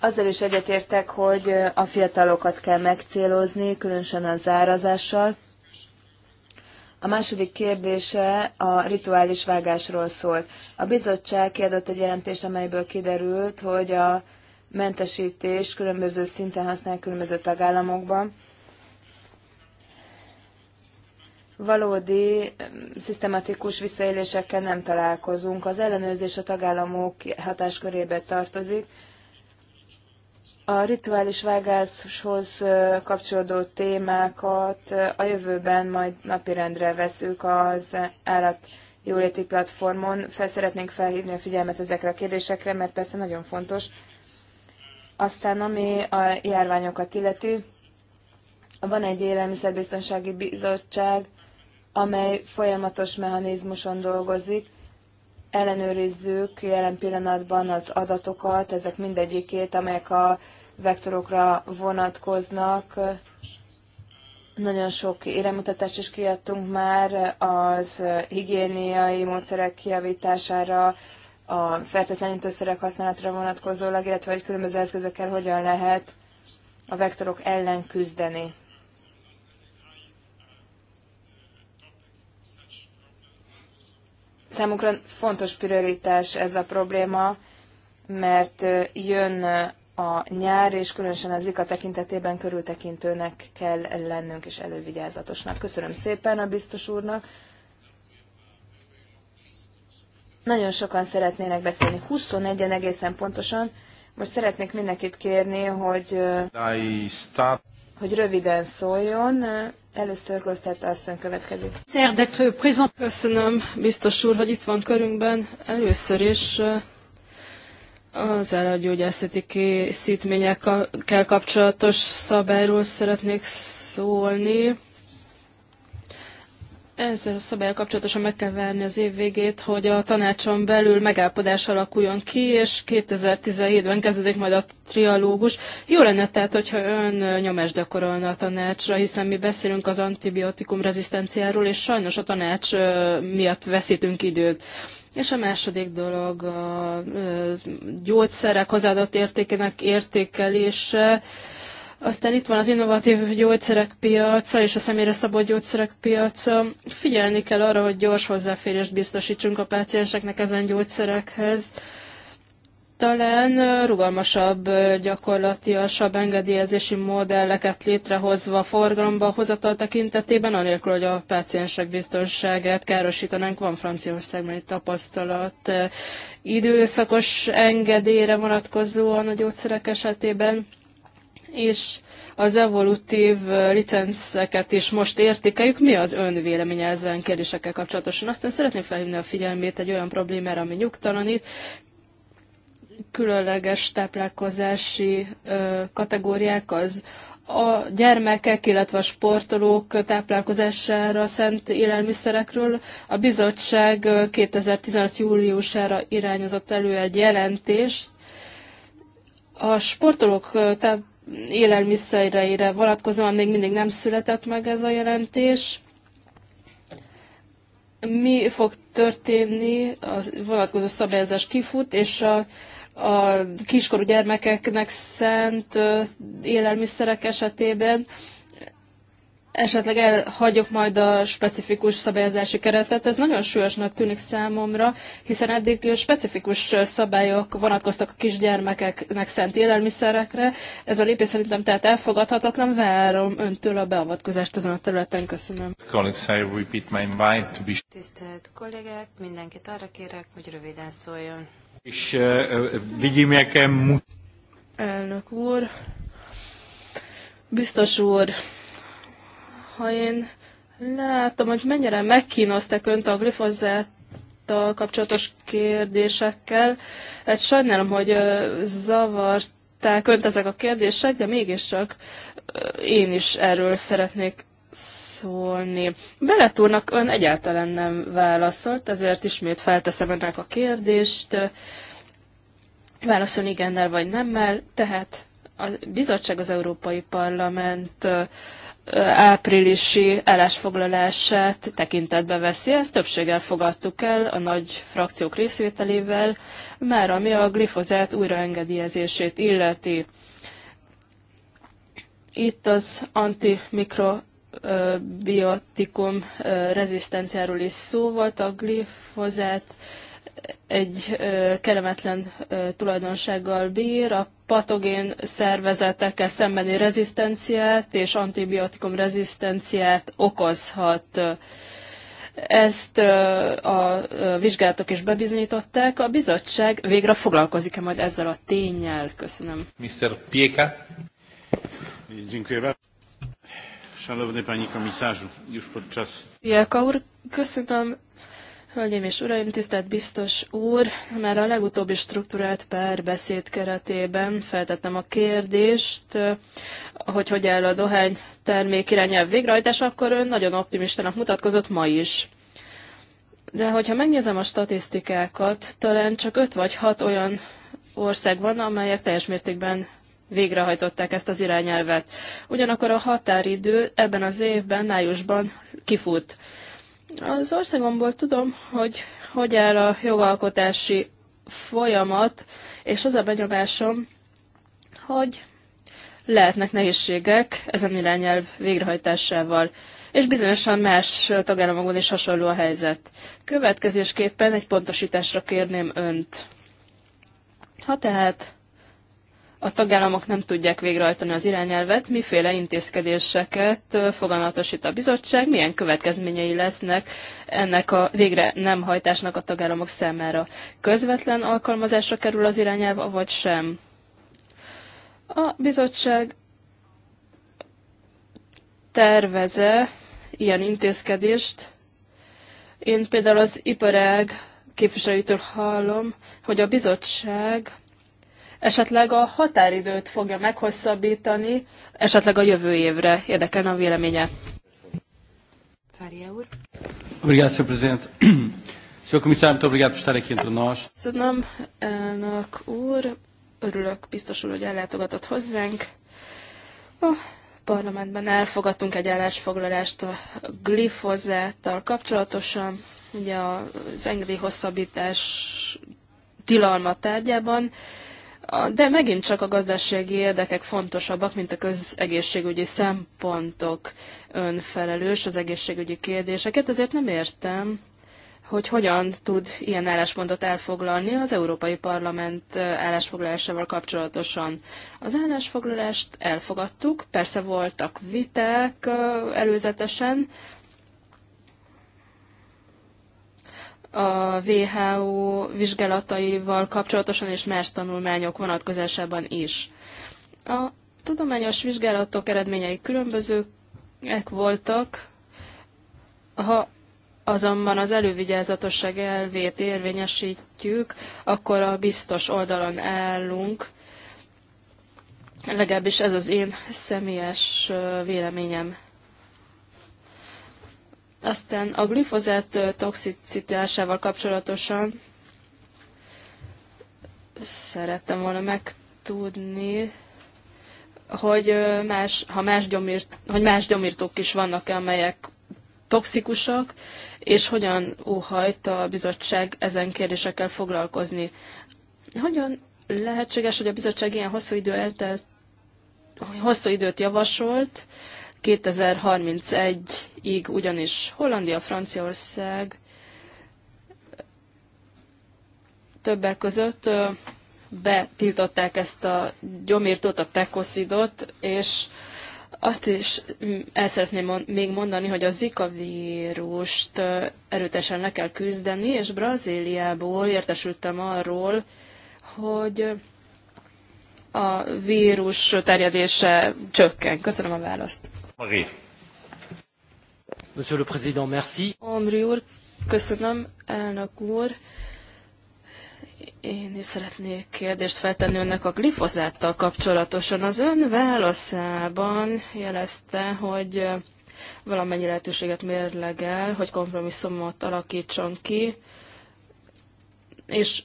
Azzal is egyetértek, hogy a fiatalokat kell megcélozni, különösen az árazással. A második kérdése a rituális vágásról szól. A bizottság kiadott egy jelentést, amelyből kiderült, hogy a mentesítés különböző szinten használ különböző tagállamokban. Valódi, mm, szisztematikus visszaélésekkel nem találkozunk. Az ellenőrzés a tagállamok hatáskörébe tartozik, a rituális vágáshoz kapcsolódó témákat a jövőben majd napirendre veszük az állat jóléti platformon. Fel szeretnénk felhívni a figyelmet ezekre a kérdésekre, mert persze nagyon fontos. Aztán, ami a járványokat illeti, van egy élelmiszerbiztonsági bizottság, amely folyamatos mechanizmuson dolgozik, ellenőrizzük jelen pillanatban az adatokat, ezek mindegyikét, amelyek a vektorokra vonatkoznak. Nagyon sok éremutatást is kiadtunk már az higiéniai módszerek kiavítására, a fertőtlenítőszerek használatra vonatkozólag, illetve hogy különböző eszközökkel hogyan lehet a vektorok ellen küzdeni. Számunkra fontos prioritás ez a probléma, mert jön a nyár, és különösen az IKA tekintetében körültekintőnek kell lennünk és elővigyázatosnak. Köszönöm szépen a biztos úrnak. Nagyon sokan szeretnének beszélni, 21 en egészen pontosan. Most szeretnék mindenkit kérni, hogy, hogy röviden szóljon. Először Grosztett asszony következik. Köszönöm, biztos úr, hogy itt van körünkben. Először is az állatgyógyászati készítményekkel kapcsolatos szabályról szeretnék szólni. Ezzel a szabályal kapcsolatosan meg kell várni az év végét, hogy a tanácson belül megállapodás alakuljon ki, és 2017-ben kezdődik majd a trialógus. Jó lenne tehát, hogyha ön nyomást gyakorolna a tanácsra, hiszen mi beszélünk az antibiotikum rezisztenciáról, és sajnos a tanács miatt veszítünk időt. És a második dolog a gyógyszerek hozzáadott értékének értékelése. Aztán itt van az innovatív gyógyszerek piaca és a személyre szabott gyógyszerek piaca. Figyelni kell arra, hogy gyors hozzáférést biztosítsunk a pácienseknek ezen gyógyszerekhez talán rugalmasabb, gyakorlatiasabb engedélyezési modelleket létrehozva forgalomba hozatal tekintetében, anélkül, hogy a páciensek biztonságát károsítanánk. Van Franciaországban egy tapasztalat időszakos engedélyre vonatkozóan a gyógyszerek esetében, és az evolutív licenszeket is most értékeljük. Mi az ön véleménye ezen kérdésekkel kapcsolatosan? Aztán szeretném felhívni a figyelmét egy olyan problémára, ami nyugtalanít különleges táplálkozási kategóriák az a gyermekek, illetve a sportolók táplálkozására szent élelmiszerekről. A bizottság 2016. júliusára irányozott elő egy jelentést. A sportolók táplálkozására élelmiszereire vonatkozóan még mindig nem született meg ez a jelentés. Mi fog történni, a vonatkozó szabályozás kifut, és a a kiskorú gyermekeknek szent élelmiszerek esetében. Esetleg elhagyok majd a specifikus szabályozási keretet. Ez nagyon súlyosnak tűnik számomra, hiszen eddig specifikus szabályok vonatkoztak a kisgyermekeknek szent élelmiszerekre. Ez a lépés szerintem tehát elfogadhatatlan. Várom öntől a beavatkozást ezen a területen. Köszönöm. Tisztelt kollégák, mindenkit arra kérek, hogy röviden szóljon. És nekem jakem... Elnök úr, biztos úr, ha én látom, hogy mennyire megkínozták önt a glifozát a kapcsolatos kérdésekkel. Hát sajnálom, hogy zavarták önt ezek a kérdések, de mégiscsak én is erről szeretnék szólni. Beletúrnak ön egyáltalán nem válaszolt, ezért ismét felteszem ennek a kérdést. Válaszol igennel vagy nemmel, tehát a bizottság az Európai Parlament áprilisi állásfoglalását tekintetbe veszi. Ezt többséggel fogadtuk el a nagy frakciók részvételével, már ami a glifozát újraengedélyezését illeti. Itt az antimikro antibiotikum rezisztenciáról is szó volt, a glifozát egy kellemetlen tulajdonsággal bír, a patogén szervezetekkel szembeni rezisztenciát és antibiotikum rezisztenciát okozhat. Ezt a vizsgálatok is bebizonyították. A bizottság végre foglalkozik-e majd ezzel a tényel? Köszönöm. Mr. Pieka. Szanowny Pani Komisarzu, już podczas... Jelka köszönöm. Hölgyeim és Uraim, tisztelt biztos úr, már a legutóbbi struktúrált párbeszéd keretében feltettem a kérdést, hogy hogy áll a dohány termék irányelv végrehajtás, akkor ön nagyon optimistának mutatkozott ma is. De hogyha megnézem a statisztikákat, talán csak öt vagy hat olyan ország van, amelyek teljes mértékben végrehajtották ezt az irányelvet. Ugyanakkor a határidő ebben az évben, májusban kifut. Az országomból tudom, hogy hogy áll a jogalkotási folyamat, és az a benyomásom, hogy lehetnek nehézségek ezen irányelv végrehajtásával, és bizonyosan más tagállamokon is hasonló a helyzet. Következésképpen egy pontosításra kérném önt. Ha tehát a tagállamok nem tudják végrehajtani az irányelvet, miféle intézkedéseket foganatosít a bizottság, milyen következményei lesznek ennek a végre nem hajtásnak a tagállamok számára. Közvetlen alkalmazásra kerül az irányelv, vagy sem? A bizottság terveze ilyen intézkedést. Én például az iparág képviselőtől hallom, hogy a bizottság esetleg a határidőt fogja meghosszabbítani, esetleg a jövő évre. Érdekelne a véleménye. Fária úr. Obrigado, Sr. Sr. Comissário, muito obrigado por estar aqui entre nós. Köszönöm, elnök úr. Örülök, biztos úr, hogy ellátogatott hozzánk. A parlamentben elfogadtunk egy állásfoglalást a glifozáttal kapcsolatosan, ugye az engedély hosszabbítás tilalma tárgyában de megint csak a gazdasági érdekek fontosabbak, mint a közegészségügyi szempontok önfelelős az egészségügyi kérdéseket, ezért nem értem, hogy hogyan tud ilyen álláspontot elfoglalni az Európai Parlament állásfoglalásával kapcsolatosan. Az állásfoglalást elfogadtuk, persze voltak viták előzetesen, a WHO vizsgálataival kapcsolatosan és más tanulmányok vonatkozásában is. A tudományos vizsgálatok eredményei különbözőek voltak, ha azonban az elővigyázatosság elvét érvényesítjük, akkor a biztos oldalon állunk. Legalábbis ez az én személyes véleményem. Aztán a glifozát toxicitásával kapcsolatosan szerettem volna megtudni, hogy más, ha más gyomírt, hogy más gyomírtók is vannak, -e, amelyek toxikusak, és hogyan óhajt a bizottság ezen kérdésekkel foglalkozni. Hogyan lehetséges, hogy a bizottság ilyen hosszú idő eltelt, hosszú időt javasolt, 2031-ig ugyanis Hollandia, Franciaország többek között betiltották ezt a gyomírtót, a tekoszidot, és azt is el szeretném még mondani, hogy a Zika vírust erőtesen le kell küzdeni, és Brazíliából értesültem arról, hogy a vírus terjedése csökken? Köszönöm a választ. Marie. Monsieur le Président, merci. Omri úr, köszönöm, elnök úr. Én is szeretnék kérdést feltenni önnek a glifozáttal kapcsolatosan. Az ön válaszában jelezte, hogy valamennyi lehetőséget mérlegel, hogy kompromisszumot alakítson ki, és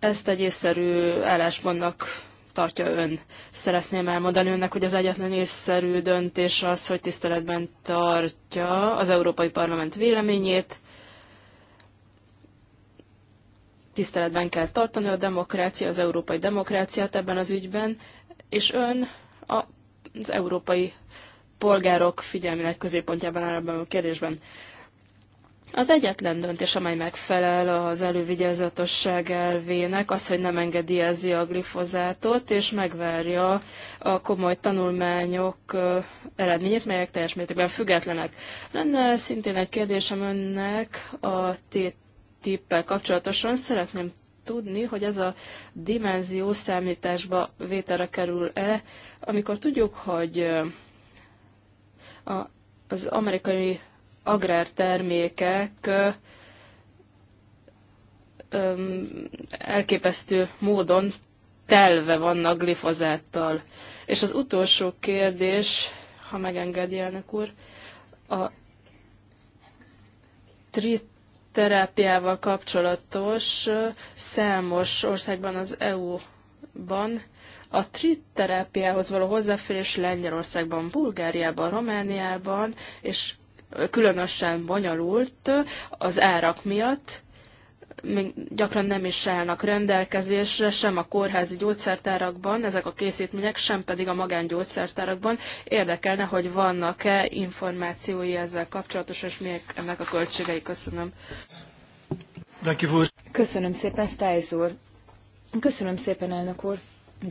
ezt egy észszerű álláspontnak tartja ön. Szeretném elmondani önnek, hogy az egyetlen észszerű döntés az, hogy tiszteletben tartja az Európai Parlament véleményét, tiszteletben kell tartani a demokrácia, az európai demokráciát ebben az ügyben, és ön a, az európai polgárok figyelmének középpontjában áll ebben a kérdésben. Az egyetlen döntés, amely megfelel az elővigyázatosság elvének, az, hogy nem engedélyezi a glifozátot, és megvárja a komoly tanulmányok eredményét, melyek teljes mértékben függetlenek. Lenne szintén egy kérdésem önnek a TTIP-pel kapcsolatosan. Szeretném tudni, hogy ez a dimenzió számításba vételre kerül-e, amikor tudjuk, hogy a, az amerikai agrártermékek elképesztő módon telve vannak glifozáttal. És az utolsó kérdés, ha megengedi, elnök úr, a triterápiával kapcsolatos számos országban az EU-ban a triterápiához való hozzáférés Lengyelországban, Bulgáriában, Romániában és különösen bonyolult az árak miatt, még gyakran nem is állnak rendelkezésre, sem a kórházi gyógyszertárakban, ezek a készítmények, sem pedig a magángyógyszertárakban. Érdekelne, hogy vannak-e információi ezzel kapcsolatos, és miek ennek a költségei. Köszönöm. Köszönöm szépen, Stájz úr. Köszönöm szépen, elnök úr.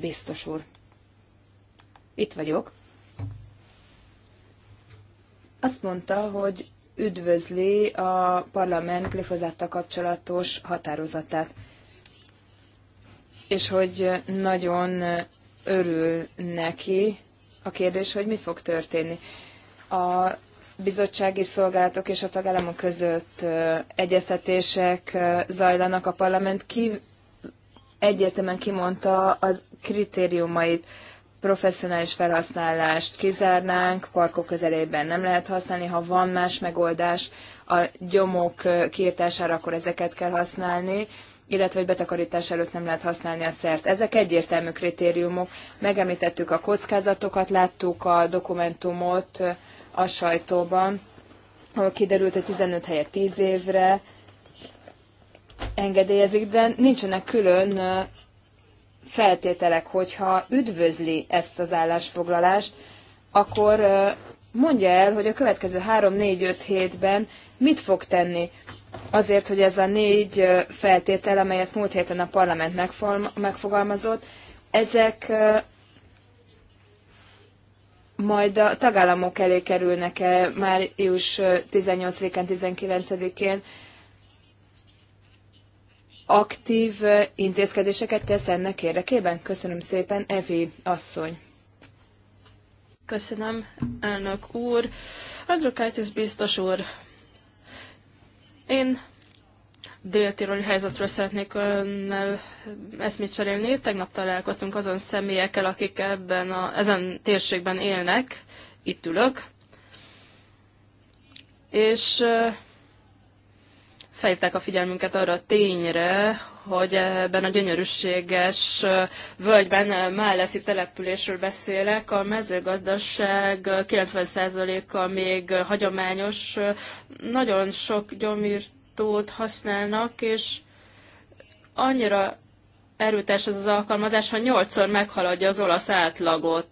Biztos úr. Itt vagyok azt mondta, hogy üdvözli a parlament glifozáttal kapcsolatos határozatát, és hogy nagyon örül neki a kérdés, hogy mi fog történni. A bizottsági szolgálatok és a tagállamok között egyeztetések zajlanak, a parlament ki egyetemen kimondta az kritériumait professzionális felhasználást kizárnánk, parkok közelében nem lehet használni, ha van más megoldás a gyomok kiirtására, akkor ezeket kell használni, illetve hogy betakarítás előtt nem lehet használni a szert. Ezek egyértelmű kritériumok. Megemlítettük a kockázatokat, láttuk a dokumentumot a sajtóban, ahol kiderült, hogy 15 helyet 10 évre engedélyezik, de nincsenek külön feltételek, hogyha üdvözli ezt az állásfoglalást, akkor mondja el, hogy a következő 3-4-5 hétben mit fog tenni azért, hogy ez a négy feltétel, amelyet múlt héten a parlament megfogalmazott, ezek majd a tagállamok elé kerülnek-e május 18-án, 19-én, aktív eh, intézkedéseket tesz ennek érdekében? Köszönöm szépen, Evi asszony. Köszönöm, elnök úr. Andrukaitis biztos úr, én déltiroli helyzetről szeretnék önnel eszmét cserélni. Tegnap találkoztunk azon személyekkel, akik ebben a, ezen térségben élnek. Itt ülök. És eh, felhívták a figyelmünket arra a tényre, hogy ebben a gyönyörűséges völgyben Málleszi településről beszélek. A mezőgazdaság 90%-a még hagyományos, nagyon sok gyomírtót használnak, és annyira erőtes ez az alkalmazás, ha nyolcszor meghaladja az olasz átlagot.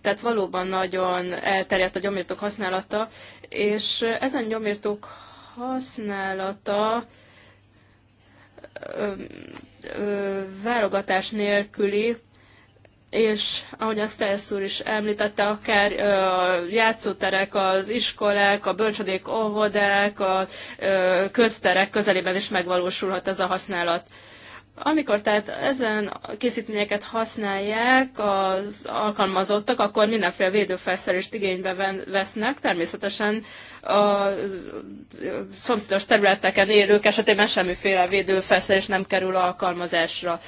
Tehát valóban nagyon elterjedt a gyomírtók használata, és ezen gyomírtók használata válogatás nélküli, és ahogy azt Stelsz úr is említette, akár a játszóterek, az iskolák, a bölcsödék, óvodák, a közterek közelében is megvalósulhat ez a használat. Amikor tehát ezen készítményeket használják az alkalmazottak, akkor mindenféle védőfelszerelést igénybe vesznek. Természetesen a szomszédos területeken élők esetében semmiféle védőfelszerelés nem kerül alkalmazásra.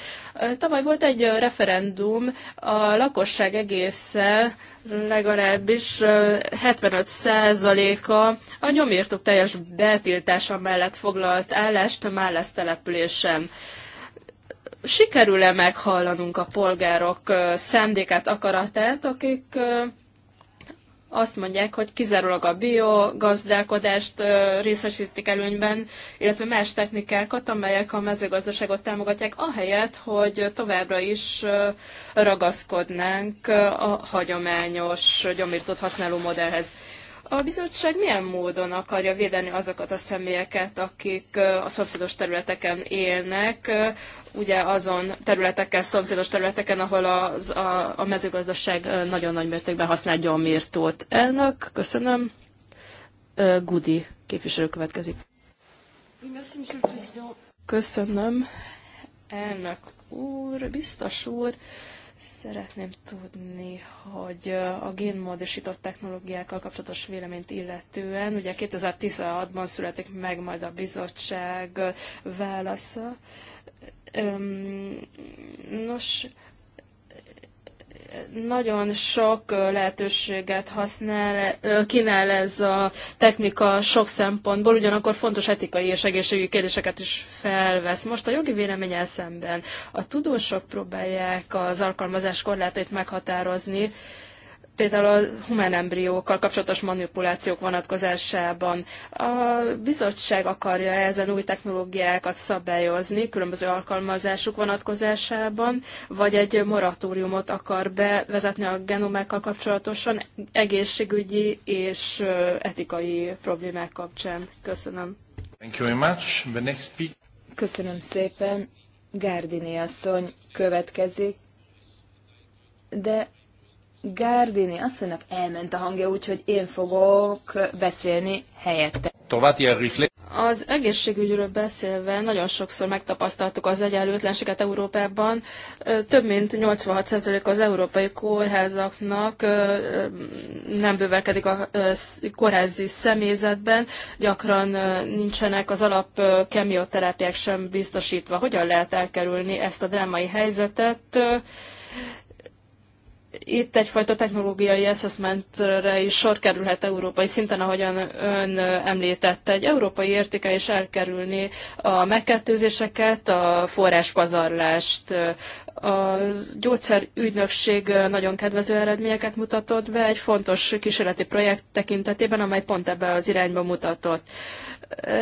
Tavaly volt egy referendum, a lakosság egésze legalábbis 75%-a a nyomírtuk teljes betiltása mellett foglalt állást a Málesz településen sikerül-e meghallanunk a polgárok szándékát, akaratát, akik azt mondják, hogy kizárólag a biogazdálkodást részesítik előnyben, illetve más technikákat, amelyek a mezőgazdaságot támogatják, ahelyett, hogy továbbra is ragaszkodnánk a hagyományos gyomírtót használó modellhez. A bizottság milyen módon akarja védeni azokat a személyeket, akik a szomszédos területeken élnek, ugye azon területeken, szomszédos területeken, ahol az, a, a mezőgazdaság nagyon nagy mértékben használ gyomírtót. Elnök, köszönöm. Gudi képviselő következik. Köszönöm, elnök úr, biztos úr. Szeretném tudni, hogy a génmódosított technológiákkal kapcsolatos véleményt illetően, ugye 2016-ban születik meg majd a bizottság válasza. Nos, nagyon sok lehetőséget használ, kínál ez a technika sok szempontból, ugyanakkor fontos etikai és egészségügyi kérdéseket is felvesz. Most a jogi vélemény szemben a tudósok próbálják az alkalmazás korlátait meghatározni, például a humán embriókkal kapcsolatos manipulációk vonatkozásában. A bizottság akarja ezen új technológiákat szabályozni, különböző alkalmazásuk vonatkozásában, vagy egy moratóriumot akar bevezetni a genomákkal kapcsolatosan egészségügyi és etikai problémák kapcsán. Köszönöm. Thank you very much. The next speak... Köszönöm szépen. Gárdini asszony következik, de Gárdini asszonynak elment a hangja, úgyhogy én fogok beszélni helyette. Az egészségügyről beszélve nagyon sokszor megtapasztaltuk az egyenlőtlenséget Európában. Több mint 86% az európai kórházaknak nem bővelkedik a kórházi személyzetben, gyakran nincsenek az alap kemioterápiák sem biztosítva. Hogyan lehet elkerülni ezt a drámai helyzetet? itt egyfajta technológiai assessmentre is sor kerülhet európai szinten, ahogyan ön említette. Egy európai értéke is elkerülni a megkettőzéseket, a forráspazarlást, a gyógyszerügynökség nagyon kedvező eredményeket mutatott be, egy fontos kísérleti projekt tekintetében, amely pont ebbe az irányba mutatott.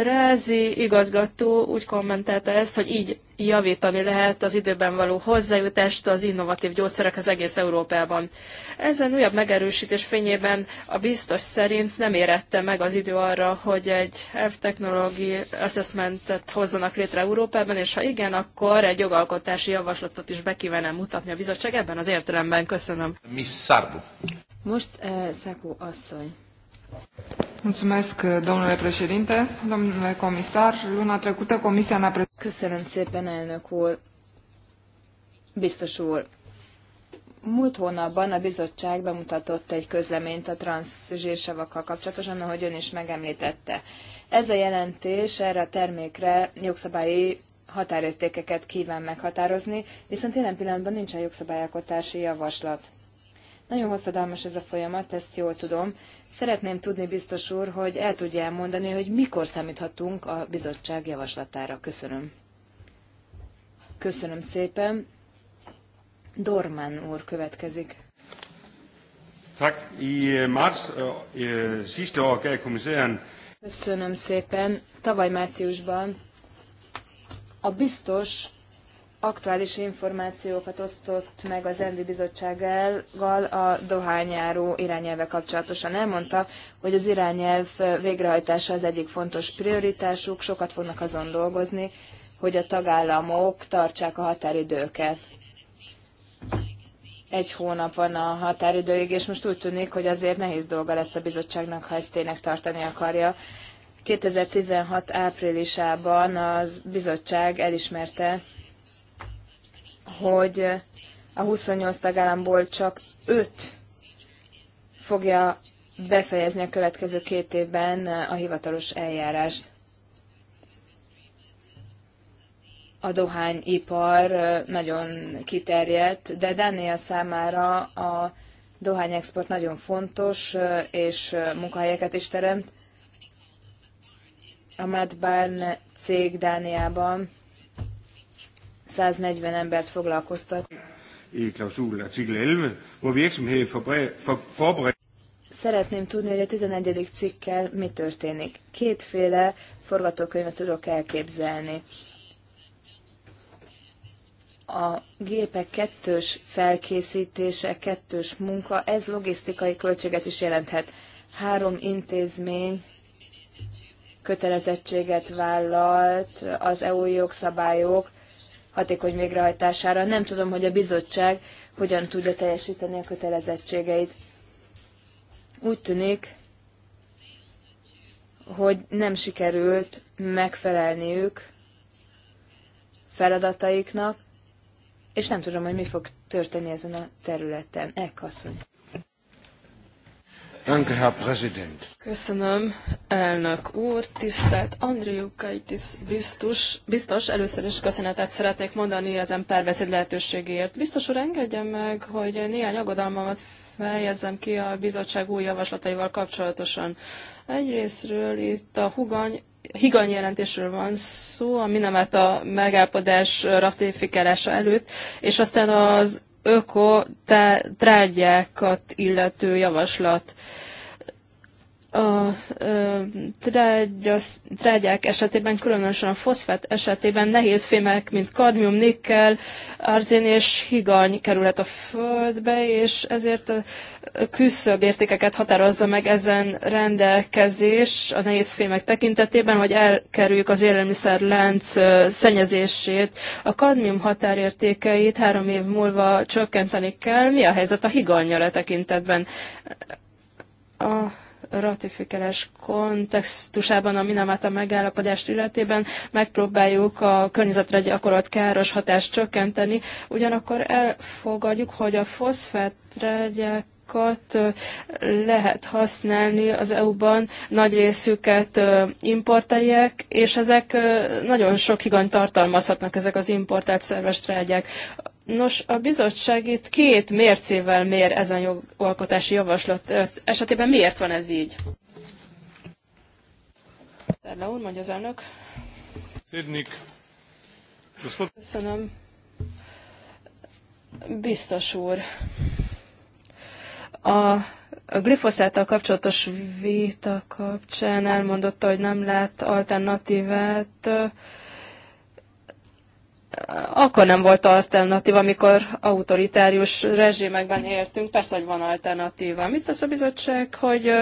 Rázi igazgató úgy kommentálta ezt, hogy így javítani lehet az időben való hozzájutást az innovatív gyógyszerek az egész Európában. Ezen újabb megerősítés fényében a biztos szerint nem érette meg az idő arra, hogy egy health technology assessmentet hozzanak létre Európában, és ha igen, akkor egy jogalkotási javaslatot is és be kívánnám mutatni a bizottság ebben az értelemben. Köszönöm. Miss Szárbu. Most uh, eh, Szekó asszony. Mulțumesc, domnule președinte, domnule comisar. Luna trecută comisia ne-a Köszönöm szépen, elnök úr. Biztos úr, múlt hónapban a bizottság bemutatott egy közleményt a transzsírsavakkal kapcsolatosan, ahogy ön is megemlítette. Ez a jelentés erre a termékre jogszabályi határértékeket kíván meghatározni, viszont jelen pillanatban nincsen jogszabályalkotási javaslat. Nagyon hosszadalmas ez a folyamat, ezt jól tudom. Szeretném tudni, biztos úr, hogy el tudja elmondani, hogy mikor számíthatunk a bizottság javaslatára. Köszönöm. Köszönöm szépen. Dorman úr következik. Tak. I eh, marts eh, eh, sidste år Köszönöm szépen. Tavaly márciusban a biztos aktuális információkat osztott meg az Envi Bizottsággal a dohányáró irányelve kapcsolatosan. Elmondta, hogy az irányelv végrehajtása az egyik fontos prioritásuk, sokat fognak azon dolgozni, hogy a tagállamok tartsák a határidőket. Egy hónap van a határidőig, és most úgy tűnik, hogy azért nehéz dolga lesz a bizottságnak, ha ezt tényleg tartani akarja. 2016 áprilisában a bizottság elismerte, hogy a 28 tagállamból csak 5 fogja befejezni a következő két évben a hivatalos eljárást. A dohányipar nagyon kiterjedt, de Dánia számára a dohányexport nagyon fontos, és munkahelyeket is teremt. A Madbarn cég Dániában 140 embert foglalkoztat. Szeretném tudni, hogy a 11. cikkel mi történik. Kétféle forgatókönyvet tudok elképzelni. A gépek kettős felkészítése, kettős munka, ez logisztikai költséget is jelenthet. Három intézmény kötelezettséget vállalt az EU jogszabályok hatékony végrehajtására. Nem tudom, hogy a bizottság hogyan tudja teljesíteni a kötelezettségeit. Úgy tűnik, hogy nem sikerült megfelelniük feladataiknak, és nem tudom, hogy mi fog történni ezen a területen. Ekkasszony. Danke, Herr Präsident. Köszönöm, elnök úr, tisztelt Andriukaitis biztos, biztos, először is köszönetet szeretnék mondani ezen párbeszéd lehetőségéért. Biztos úr, engedje meg, hogy néhány aggodalmamat fejezzem ki a bizottság új javaslataival kapcsolatosan. Egyrésztről itt a hugany higany jelentésről van szó, ami nem állt a megállapodás ratifikálása előtt, és aztán az öko trágyákat illető javaslat a trágyasz, trágyák esetében, különösen a foszfát esetében nehéz fémek, mint kadmium, nikkel, arzén és higany kerülhet a földbe, és ezért a küszöbb értékeket határozza meg ezen rendelkezés a nehéz fémek tekintetében, hogy elkerüljük az lánc szennyezését. A kadmium határértékeit három év múlva csökkenteni kell. Mi a helyzet a higanyjal e tekintetben? A ratifikálás kontextusában a Minamata megállapodást illetében megpróbáljuk a környezetre gyakorolt káros hatást csökkenteni, ugyanakkor elfogadjuk, hogy a foszfetregyek lehet használni az EU-ban, nagy részüket importálják, és ezek nagyon sok higany tartalmazhatnak ezek az importált szerves trágyák. Nos, a bizottság itt két mércével mér ez a jogalkotási javaslat esetében. Miért van ez így? Terle úr, mondja az elnök. Szédnik. Köszönöm. Biztos úr. A a glifoszáttal kapcsolatos vita kapcsán elmondotta, hogy nem lát alternatívát akkor nem volt alternatív, amikor autoritárius rezsimekben éltünk. Persze, hogy van alternatíva. Mit tesz a bizottság, hogy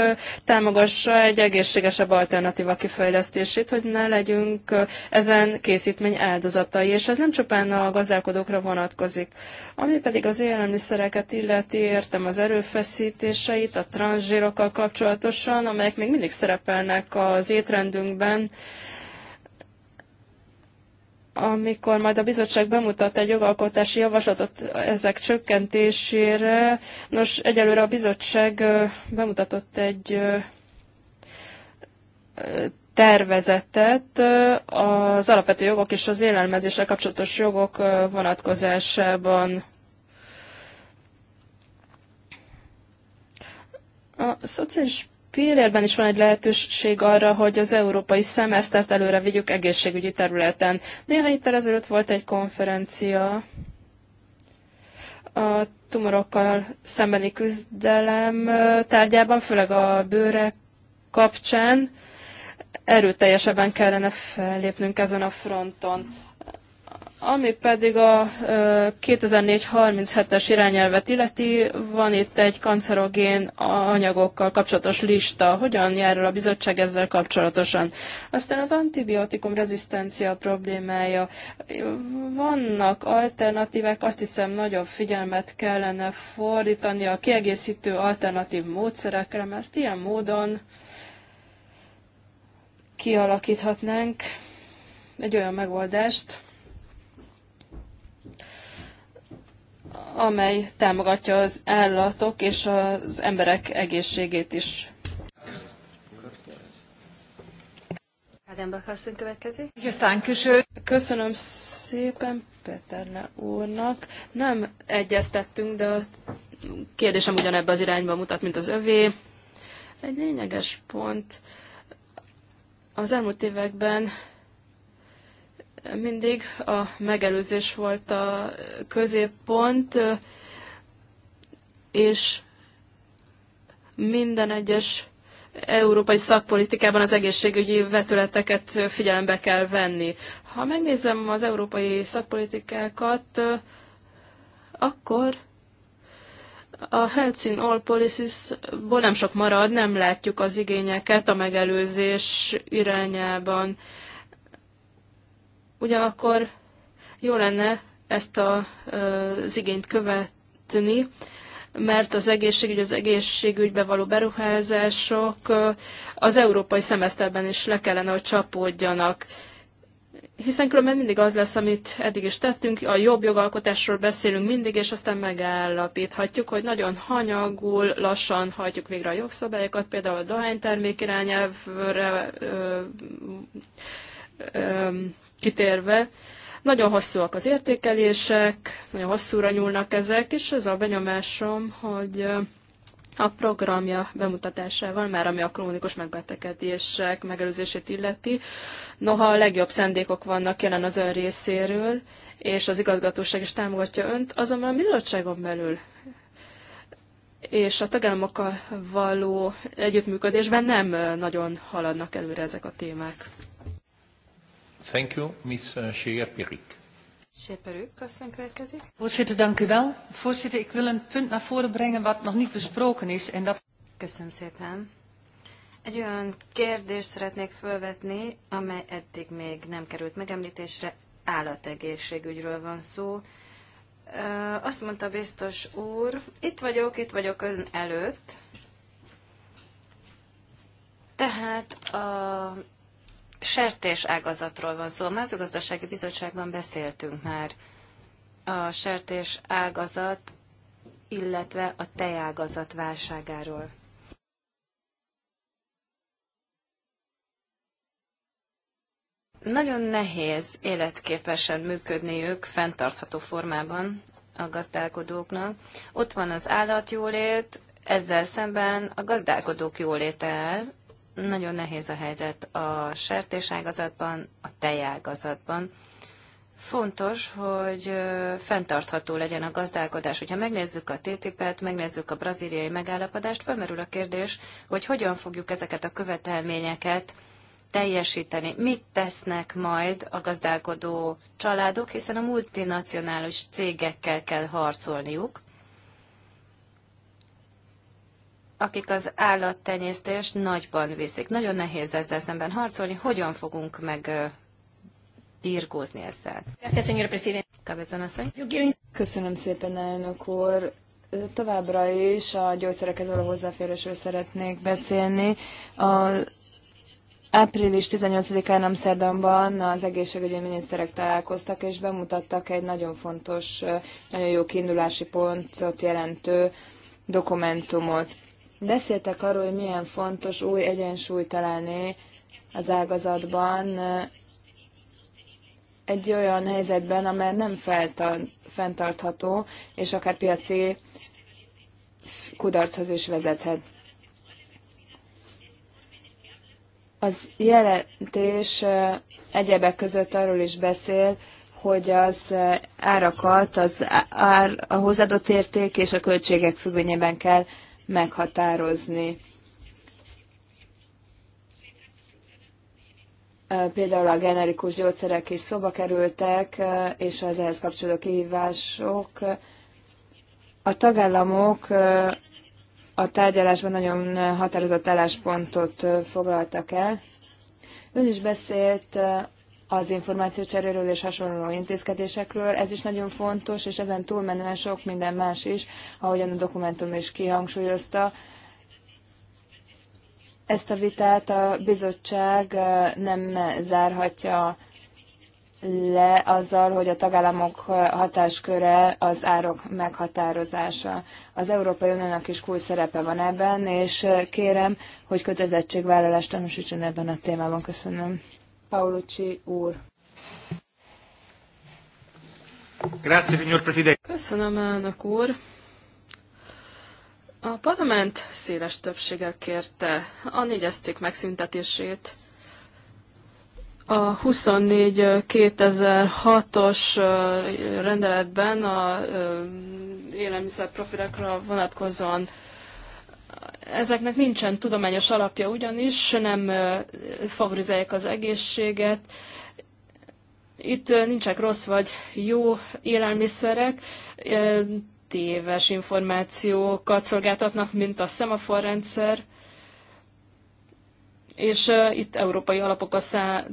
támogassa egy egészségesebb alternatíva kifejlesztését, hogy ne legyünk ezen készítmény áldozatai, és ez nem csupán a gazdálkodókra vonatkozik. Ami pedig az élelmiszereket illeti, értem az erőfeszítéseit, a transzsírokkal kapcsolatosan, amelyek még mindig szerepelnek az étrendünkben, amikor majd a bizottság bemutat egy jogalkotási javaslatot ezek csökkentésére. Nos, egyelőre a bizottság bemutatott egy tervezetet az alapvető jogok és az élelmezéssel kapcsolatos jogok vonatkozásában. A szociális pillérben is van egy lehetőség arra, hogy az európai szemesztert előre vigyük egészségügyi területen. Néha itt ezelőtt volt egy konferencia a tumorokkal szembeni küzdelem tárgyában, főleg a bőre kapcsán erőteljesebben kellene fellépnünk ezen a fronton. Ami pedig a 2004-37-es irányelvet illeti, van itt egy kancerogén anyagokkal kapcsolatos lista. Hogyan járul a bizottság ezzel kapcsolatosan? Aztán az antibiotikum rezisztencia problémája. Vannak alternatívek, azt hiszem nagyobb figyelmet kellene fordítani a kiegészítő alternatív módszerekre, mert ilyen módon kialakíthatnánk egy olyan megoldást, amely támogatja az állatok és az emberek egészségét is. Köszönöm szépen Peterle úrnak. Nem egyeztettünk, de a kérdésem ugyanebben az irányba mutat, mint az övé. Egy lényeges pont. Az elmúlt években mindig a megelőzés volt a középpont, és minden egyes európai szakpolitikában az egészségügyi vetületeket figyelembe kell venni. Ha megnézem az európai szakpolitikákat, akkor a Health in All Policies-ból nem sok marad, nem látjuk az igényeket a megelőzés irányában. Ugyanakkor jó lenne ezt a, az igényt követni, mert az egészségügy, az egészségügybe való beruházások az európai szemeszterben is le kellene, hogy csapódjanak. Hiszen különben mindig az lesz, amit eddig is tettünk, a jobb jogalkotásról beszélünk mindig, és aztán megállapíthatjuk, hogy nagyon hanyagul, lassan hajtjuk végre a jogszabályokat, például a dohánytermék irányelvre ö, ö, kitérve, nagyon hosszúak az értékelések, nagyon hosszúra nyúlnak ezek, és ez a benyomásom, hogy a programja bemutatásával, már ami a krónikus megbetegedések megelőzését illeti. Noha a legjobb szendékok vannak jelen az ön részéről, és az igazgatóság is támogatja önt, azonban a bizottságon belül és a tagállamokkal való együttműködésben nem nagyon haladnak előre ezek a témák. Thank you, Miss uh, Scheer-Pirik. Voorzitter, dank u wel. Voorzitter, ik wil een punt naar voren brengen wat nog niet besproken is. En dat... Köszönöm szépen. Egy olyan kérdést szeretnék felvetni, amely eddig még nem került megemlítésre. Állategészségügyről van szó. Azt mondta biztos úr, itt vagyok, itt vagyok ön előtt. Tehát a sertés ágazatról van szó. A mezőgazdasági bizottságban beszéltünk már a sertés ágazat, illetve a tejágazat válságáról. Nagyon nehéz életképesen működniük fenntartható formában a gazdálkodóknak. Ott van az állatjólét, ezzel szemben a gazdálkodók jóléte nagyon nehéz a helyzet a sertéságazatban, a tejágazatban. Fontos, hogy fenntartható legyen a gazdálkodás. Hogyha megnézzük a TTIP-et, megnézzük a braziliai megállapodást, felmerül a kérdés, hogy hogyan fogjuk ezeket a követelményeket teljesíteni. Mit tesznek majd a gazdálkodó családok, hiszen a multinacionális cégekkel kell harcolniuk. akik az állattenyésztést nagyban viszik. Nagyon nehéz ezzel szemben harcolni. Hogyan fogunk meg birgózni ezzel? Köszönöm szépen, elnök úr. Továbbra is a gyógyszerekhez való hozzáférésről szeretnék beszélni. A április 18-án Amsterdamban az egészségügyi miniszterek találkoztak, és bemutattak egy nagyon fontos, nagyon jó kiindulási pontot jelentő dokumentumot. Beszéltek arról, hogy milyen fontos új egyensúly találni az ágazatban egy olyan helyzetben, amely nem fenntartható, és akár piaci kudarchoz is vezethet. Az jelentés egyebek között arról is beszél, hogy az árakat az ár, a hozzáadott érték és a költségek függvényében kell meghatározni. Például a generikus gyógyszerek is szóba kerültek, és az ehhez kapcsolódó kihívások. A tagállamok a tárgyalásban nagyon határozott álláspontot foglaltak el. Ön is beszélt az információcseréről és hasonló intézkedésekről. Ez is nagyon fontos, és ezen túlmenően sok minden más is, ahogyan a dokumentum is kihangsúlyozta. Ezt a vitát a bizottság nem zárhatja le azzal, hogy a tagállamok hatásköre az árok meghatározása. Az Európai Uniónak is kulcs szerepe van ebben, és kérem, hogy kötelezettségvállalást tanúsítson ebben a témában. Köszönöm. Paulucci úr. Grazie, signor Presidente. Köszönöm, elnök úr. A parlament széles többséggel kérte a négyes cikk megszüntetését. A 24 2006-os rendeletben a élelmiszer profilakra vonatkozóan Ezeknek nincsen tudományos alapja ugyanis, nem favorizálják az egészséget. Itt nincsenek rossz vagy jó élelmiszerek, téves információkat szolgáltatnak, mint a szemaforrendszer, és itt európai alapokkal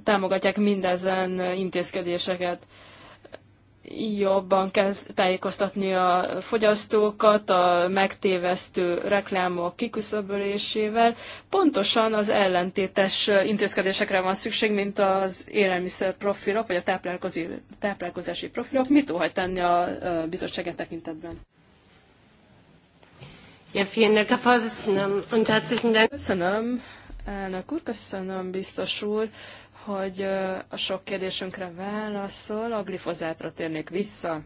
támogatják mindezen intézkedéseket jobban kell tájékoztatni a fogyasztókat a megtévesztő reklámok kiküszöbölésével. Pontosan az ellentétes intézkedésekre van szükség, mint az élelmiszer profilok, vagy a táplálkozási profilok. Mit tudhat tenni a bizottság e tekintetben? Ja, Köszönöm, elnök úr, köszönöm, biztos úr hogy a sok kérdésünkre válaszol, a glifozátra térnék vissza.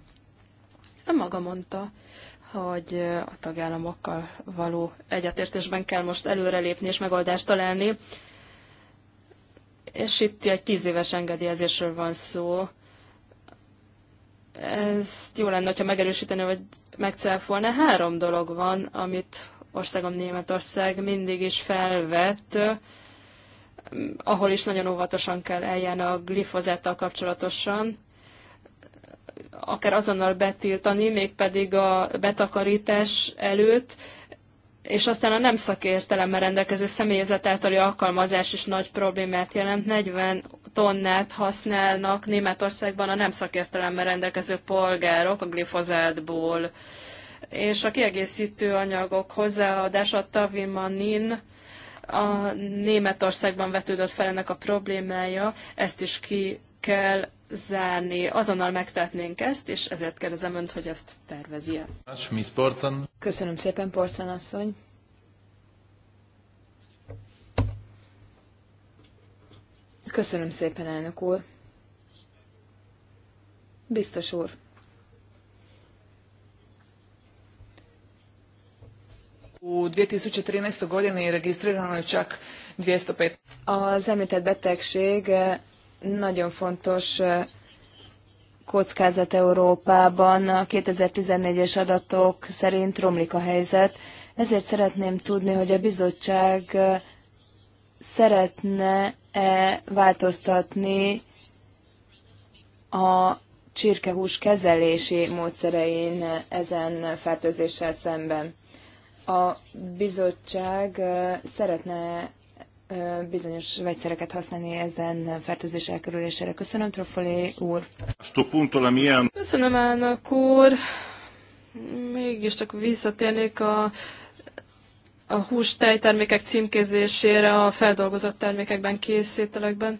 Ön maga mondta, hogy a tagállamokkal való egyetértésben kell most előrelépni és megoldást találni. És itt egy tíz éves engedélyezésről van szó. Ez jó lenne, ha megerősíteni, vagy megcáfolna. Három dolog van, amit országom Németország mindig is felvett ahol is nagyon óvatosan kell eljárni a glifozáttal kapcsolatosan, akár azonnal betiltani, mégpedig a betakarítás előtt, és aztán a nem szakértelemmel rendelkező személyzet általi alkalmazás is nagy problémát jelent. 40 tonnát használnak Németországban a nem szakértelemmel rendelkező polgárok a glifozátból. És a kiegészítő anyagok hozzáadása a tavimanin a Németországban vetődött fel ennek a problémája, ezt is ki kell zárni. Azonnal megtetnénk ezt, és ezért kérdezem önt, hogy ezt tervezi-e. Köszönöm szépen, Porcan asszony. Köszönöm szépen, elnök úr. Biztos úr. U 2013. godini registrirano je čak 205. Az említett betegség eh, nagyon fontos eh, kockázat Európában. A 2014-es adatok szerint romlik a helyzet. Ezért szeretném tudni, hogy a bizottság eh, szeretne-e változtatni a csirkehús kezelési módszerein ezen fertőzéssel szemben a bizottság szeretne bizonyos vegyszereket használni ezen fertőzés elkerülésére. Köszönöm, Trofoli úr. Köszönöm, elnök úr. Mégis csak visszatérnék a a hús tejtermékek címkézésére a feldolgozott termékekben, készételekben.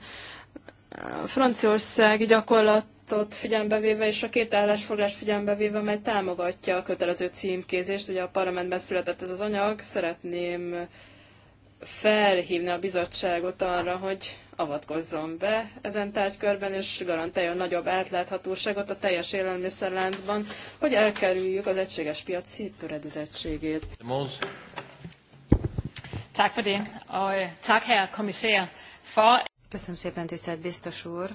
Franciaország gyakorlat javaslatot figyelembe véve, és a két állásfoglást figyelembe véve, mely támogatja a kötelező címkézést, ugye a parlamentben született ez az anyag, szeretném felhívni a bizottságot arra, hogy avatkozzon be ezen tárgykörben, és garantálja nagyobb átláthatóságot a teljes élelmiszerláncban, hogy elkerüljük az egységes piac széttöredezettségét. Tak for det, og tak kommissær for... Köszönöm szépen, tisztelt biztos úr,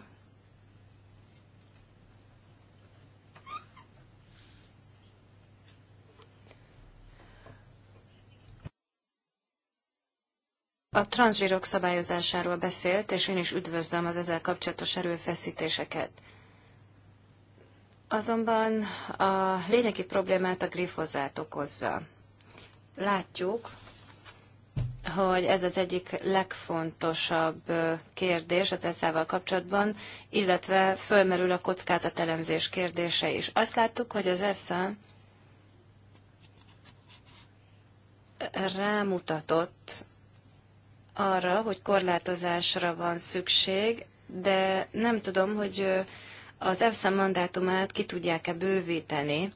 A transzsírok szabályozásáról beszélt, és én is üdvözlöm az ezzel kapcsolatos erőfeszítéseket. Azonban a lényegi problémát a glifozát okozza. Látjuk, hogy ez az egyik legfontosabb kérdés az eszával kapcsolatban, illetve fölmerül a kockázatelemzés kérdése is. Azt láttuk, hogy az EFSA rámutatott arra, hogy korlátozásra van szükség, de nem tudom, hogy az EFSA mandátumát ki tudják-e bővíteni,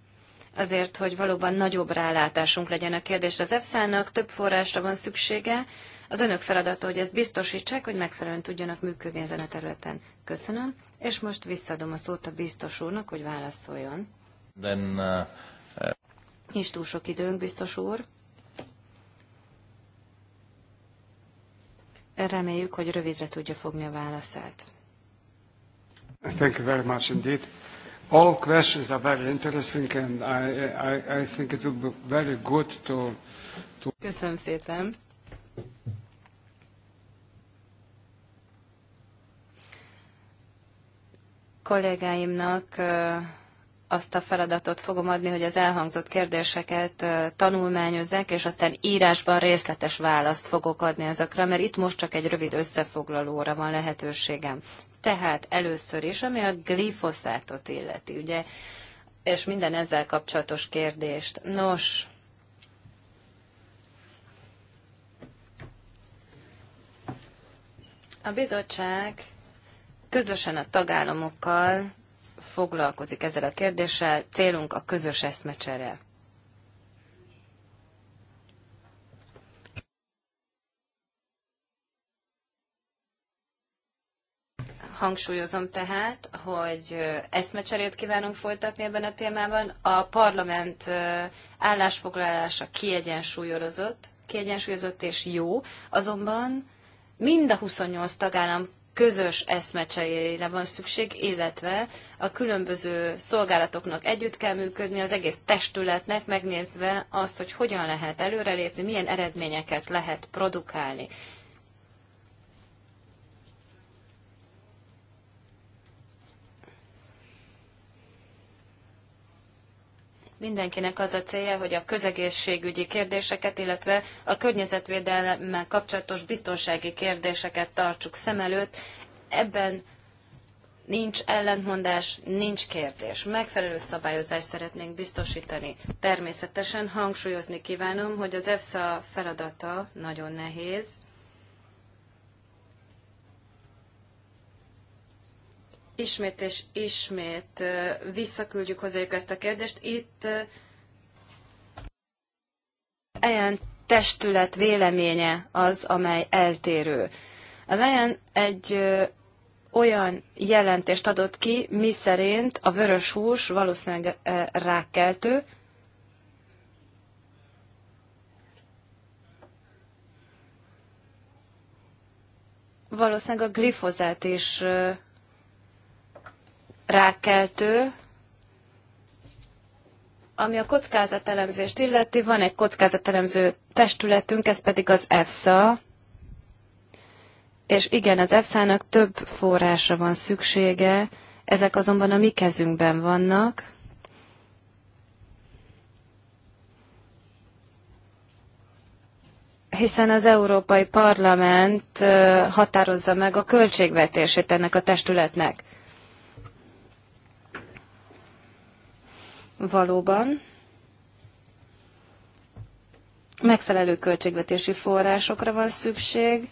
azért, hogy valóban nagyobb rálátásunk legyen a kérdésre. Az EFSA-nak több forrásra van szüksége, az önök feladata, hogy ezt biztosítsák, hogy megfelelően tudjanak működni ezen a területen. Köszönöm, és most visszadom a szót a biztos úrnak, hogy válaszoljon. Then, uh, Nincs túl sok időnk, biztos úr. Reméljük, hogy rövidre tudja fogni a válaszát. Thank you very much indeed. All questions are very interesting and I, I, I think it would be very good to, to... Köszönöm szépen. kollégáimnak azt a feladatot fogom adni, hogy az elhangzott kérdéseket tanulmányozzák, és aztán írásban részletes választ fogok adni ezekre, mert itt most csak egy rövid összefoglalóra van lehetőségem. Tehát először is, ami a glifoszátot illeti, ugye, és minden ezzel kapcsolatos kérdést. Nos, a bizottság közösen a tagállamokkal foglalkozik ezzel a kérdéssel, célunk a közös eszmecsere. Hangsúlyozom tehát, hogy eszmecserét kívánunk folytatni ebben a témában. A parlament állásfoglalása kiegyensúlyozott, kiegyensúlyozott és jó, azonban mind a 28 tagállam közös eszmecserére van szükség, illetve a különböző szolgálatoknak együtt kell működni, az egész testületnek megnézve azt, hogy hogyan lehet előrelépni, milyen eredményeket lehet produkálni. Mindenkinek az a célja, hogy a közegészségügyi kérdéseket, illetve a környezetvédelemmel kapcsolatos biztonsági kérdéseket tartsuk szem előtt. Ebben nincs ellentmondás, nincs kérdés. Megfelelő szabályozást szeretnénk biztosítani. Természetesen hangsúlyozni kívánom, hogy az EFSA feladata nagyon nehéz, ismét és ismét visszaküldjük hozzájuk ezt a kérdést. Itt ilyen testület véleménye az, amely eltérő. Az ilyen egy olyan jelentést adott ki, mi szerint a vörös hús valószínűleg rákkeltő, valószínűleg a glifozát is rákeltő, ami a kockázatelemzést illeti, van egy kockázatelemző testületünk, ez pedig az EFSA, és igen, az EFSA-nak több forrásra van szüksége, ezek azonban a mi kezünkben vannak. hiszen az Európai Parlament határozza meg a költségvetését ennek a testületnek. valóban megfelelő költségvetési forrásokra van szükség,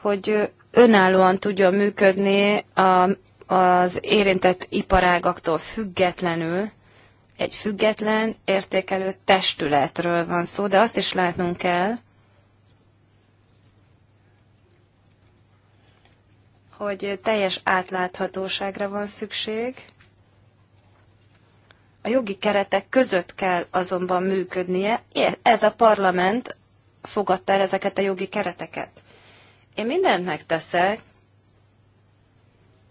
hogy önállóan tudjon működni a, az érintett iparágaktól függetlenül, egy független értékelő testületről van szó, de azt is látnunk kell, hogy teljes átláthatóságra van szükség, a jogi keretek között kell azonban működnie. Ez a parlament fogadta el ezeket a jogi kereteket. Én mindent megteszek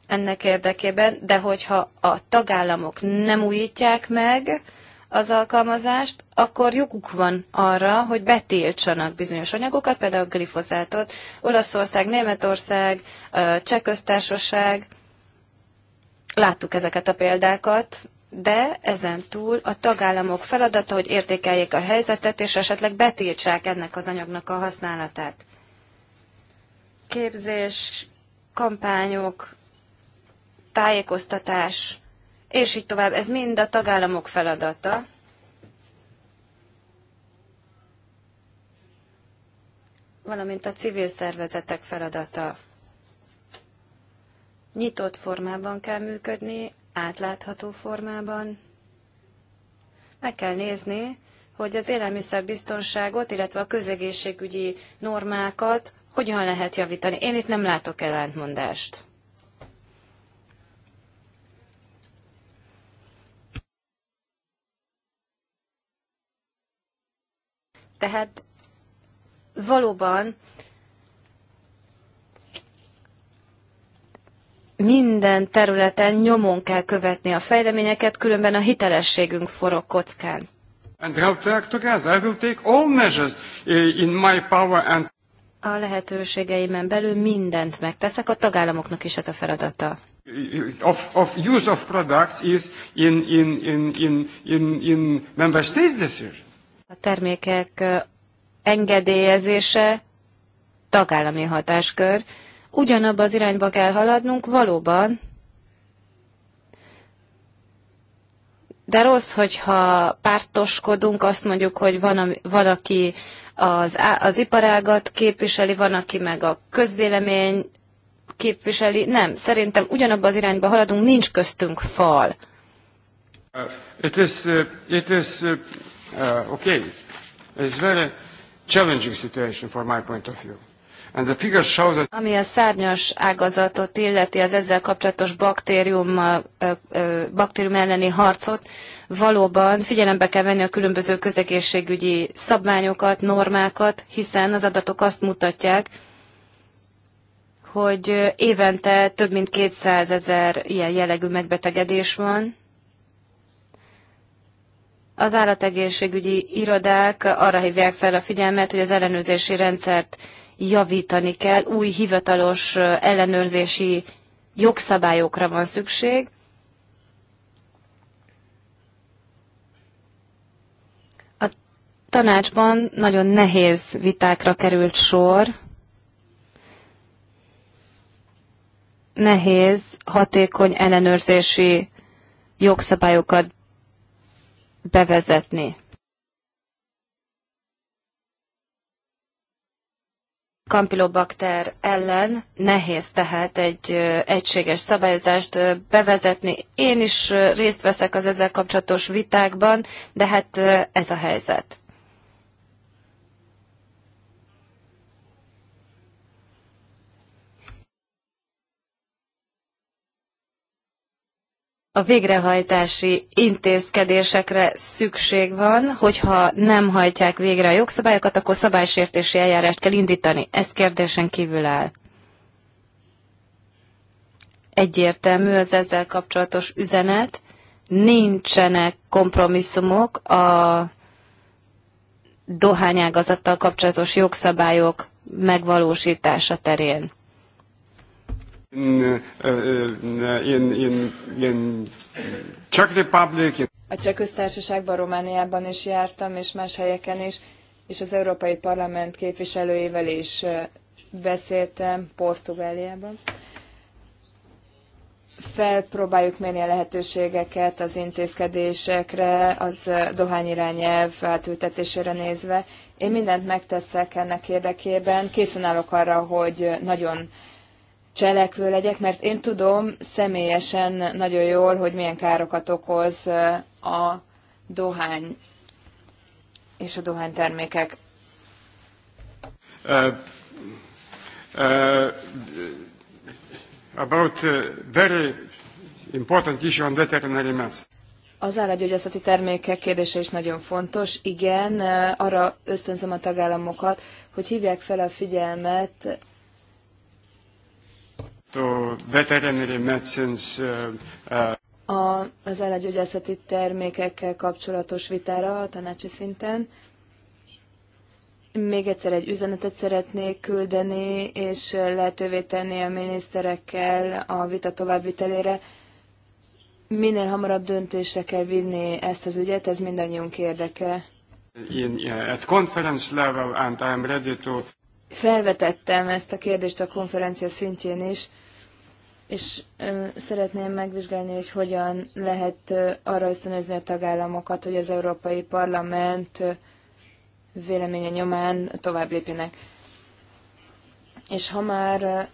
ennek érdekében, de hogyha a tagállamok nem újítják meg az alkalmazást, akkor joguk van arra, hogy betiltsanak bizonyos anyagokat, például a glifozátot. Olaszország, Németország, Csehköztársaság, láttuk ezeket a példákat, de ezen túl a tagállamok feladata, hogy értékeljék a helyzetet, és esetleg betiltsák ennek az anyagnak a használatát. Képzés, kampányok, tájékoztatás, és így tovább. Ez mind a tagállamok feladata. valamint a civil szervezetek feladata. Nyitott formában kell működni, átlátható formában. Meg kell nézni, hogy az élelmiszerbiztonságot, illetve a közegészségügyi normákat hogyan lehet javítani. Én itt nem látok ellentmondást. Tehát valóban minden területen nyomon kell követni a fejleményeket, különben a hitelességünk forog kockán. And help to act together. I will take all measures eh, in my power and... A lehetőségeimen belül mindent megteszek, a tagállamoknak is ez a feladata. Of, of use of products is in, in, in, in, in, in member states decision. A termékek eh, engedélyezése tagállami hatáskör, ugyanabba az irányba kell haladnunk, valóban. De rossz, hogyha pártoskodunk, azt mondjuk, hogy van, van aki az, az iparágat képviseli, van, aki meg a közvélemény képviseli. Nem, szerintem ugyanabba az irányba haladunk, nincs köztünk fal. Uh, it is, uh, it is uh, uh, okay. It's very challenging situation from my point of view. Ami a szárnyas ágazatot illeti, az ezzel kapcsolatos baktérium, baktérium elleni harcot, valóban figyelembe kell venni a különböző közegészségügyi szabványokat, normákat, hiszen az adatok azt mutatják, hogy évente több mint 200 ezer ilyen jellegű megbetegedés van. Az állategészségügyi irodák arra hívják fel a figyelmet, hogy az ellenőrzési rendszert javítani kell, új hivatalos ellenőrzési jogszabályokra van szükség. A tanácsban nagyon nehéz vitákra került sor. Nehéz, hatékony ellenőrzési jogszabályokat bevezetni. kampilobakter ellen nehéz tehát egy egységes szabályozást bevezetni. Én is részt veszek az ezzel kapcsolatos vitákban, de hát ez a helyzet. a végrehajtási intézkedésekre szükség van, hogyha nem hajtják végre a jogszabályokat, akkor szabálysértési eljárást kell indítani. Ez kérdésen kívül áll. Egyértelmű az ezzel kapcsolatos üzenet. Nincsenek kompromisszumok a dohányágazattal kapcsolatos jogszabályok megvalósítása terén. A Cseh köztársaságban, Romániában is jártam, és más helyeken is, és az Európai Parlament képviselőivel is beszéltem Portugáliában. Felpróbáljuk mérni a lehetőségeket az intézkedésekre, az dohányirányelv átültetésére nézve. Én mindent megteszek ennek érdekében. Készen állok arra, hogy nagyon cselekvő legyek, mert én tudom személyesen nagyon jól, hogy milyen károkat okoz a dohány és a dohánytermékek. Uh, uh, about uh, very important issue on veterinary medicine. Az állatgyógyászati termékek kérdése is nagyon fontos. Igen, arra ösztönzöm a tagállamokat, hogy hívják fel a figyelmet Uh, uh, a, az elegyógyászati termékekkel kapcsolatos vitára a tanácsi szinten. Még egyszer egy üzenetet szeretnék küldeni, és lehetővé tenni a miniszterekkel a vita továbbvitelére. Minél hamarabb döntésre kell vinni ezt az ügyet, ez mindannyiunk érdeke. In, uh, at conference level, and I am ready to... Felvetettem ezt a kérdést a konferencia szintjén is és szeretném megvizsgálni, hogy hogyan lehet arra ösztönözni a tagállamokat, hogy az Európai Parlament véleménye nyomán tovább lépjenek. És ha már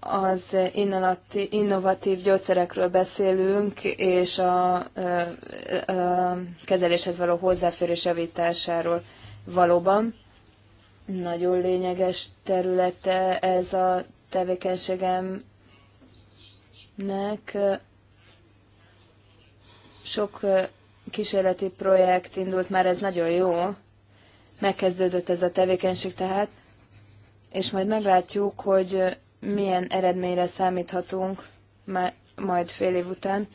az innovatív gyógyszerekről beszélünk, és a, a, a kezeléshez való hozzáférés javításáról valóban. Nagyon lényeges területe ez a tevékenységem nek sok kísérleti projekt indult már, ez nagyon jó. Megkezdődött ez a tevékenység tehát, és majd meglátjuk, hogy milyen eredményre számíthatunk majd fél év után.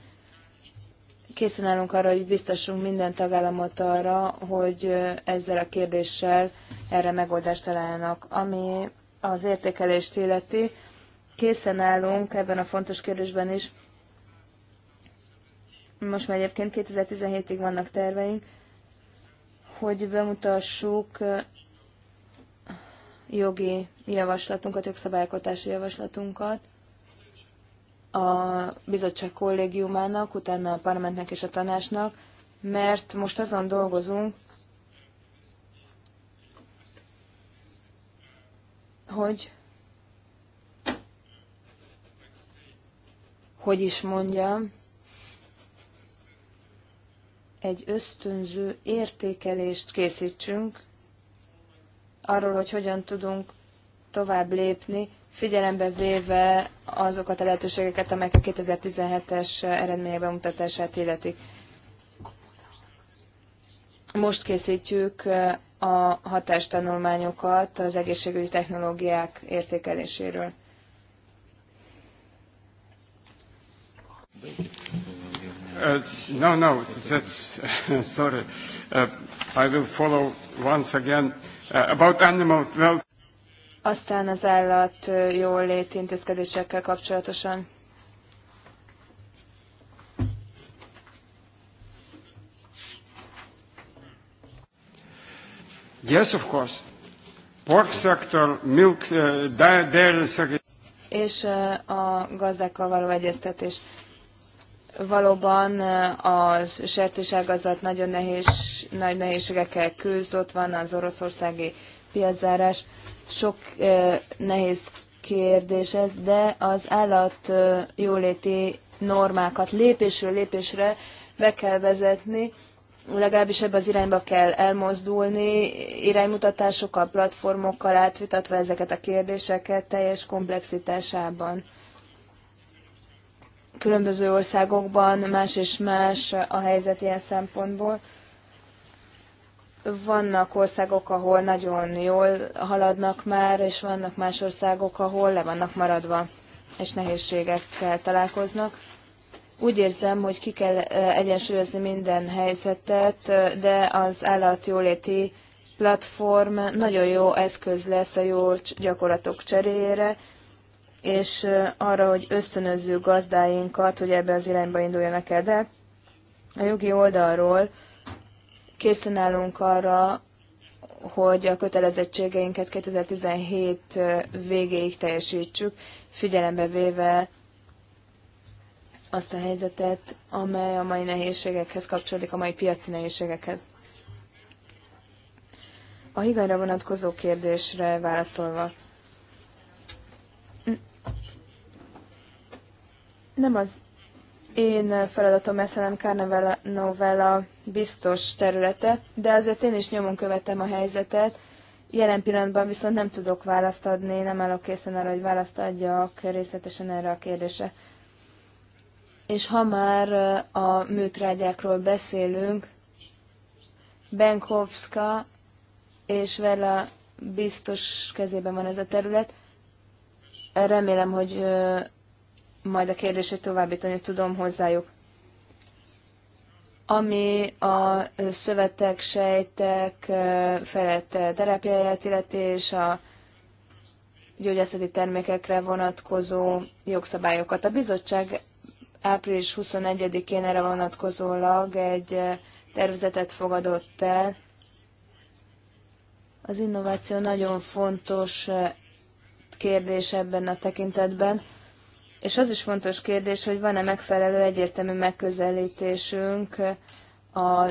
Készen állunk arra, hogy biztosunk minden tagállamot arra, hogy ezzel a kérdéssel erre megoldást találnak. Ami az értékelést illeti, készen állunk ebben a fontos kérdésben is. Most már egyébként 2017-ig vannak terveink, hogy bemutassuk jogi javaslatunkat, jogszabályalkotási javaslatunkat a bizottság kollégiumának, utána a parlamentnek és a tanácsnak, mert most azon dolgozunk, hogy hogy is mondjam, egy ösztönző értékelést készítsünk arról, hogy hogyan tudunk tovább lépni, figyelembe véve azokat a lehetőségeket, amelyek a 2017-es eredmények bemutatását illetik. Most készítjük a hatástanulmányokat az egészségügyi technológiák értékeléséről. Uh, no, no, that's sorry. Uh, I will follow once again uh, about animal welfare. Aztán az állat uh, jólét intézkedésekkel kapcsolatosan. Yes, of course. Pork sector, milk, uh, dairy sector. És uh, a gazdákkal való egyeztetés. Valóban a sertéságazat nagyon nehéz, nagy nehézségekkel küzd, ott van az oroszországi piaczárás. Sok eh, nehéz kérdés ez, de az állat jóléti normákat lépésről lépésre be kell vezetni, legalábbis ebbe az irányba kell elmozdulni, iránymutatásokkal, platformokkal átvitatva ezeket a kérdéseket teljes komplexitásában különböző országokban más és más a helyzet ilyen szempontból. Vannak országok, ahol nagyon jól haladnak már, és vannak más országok, ahol le vannak maradva, és nehézségekkel találkoznak. Úgy érzem, hogy ki kell egyensúlyozni minden helyzetet, de az állatjóléti platform nagyon jó eszköz lesz a jó gyakorlatok cseréjére, és arra, hogy ösztönözzük gazdáinkat, hogy ebbe az irányba induljanak el. De a jogi oldalról készen állunk arra, hogy a kötelezettségeinket 2017 végéig teljesítsük, figyelembe véve azt a helyzetet, amely a mai nehézségekhez kapcsolódik, a mai piaci nehézségekhez. A higanyra vonatkozó kérdésre válaszolva. Nem az én feladatom ez, hanem Carnevella novella biztos területe, de azért én is nyomon követem a helyzetet. Jelen pillanatban viszont nem tudok választ adni, nem állok készen arra, hogy választ adjak részletesen erre a kérdése. És ha már a műtrágyákról beszélünk, Benkovska és vele biztos kezében van ez a terület. Remélem, hogy majd a kérdését továbbítani tudom hozzájuk. Ami a szövetek, sejtek felett terápiáját illeti, és a gyógyászati termékekre vonatkozó jogszabályokat. A bizottság április 21-én erre vonatkozólag egy tervezetet fogadott el. Az innováció nagyon fontos kérdés ebben a tekintetben. És az is fontos kérdés, hogy van-e megfelelő egyértelmű megközelítésünk a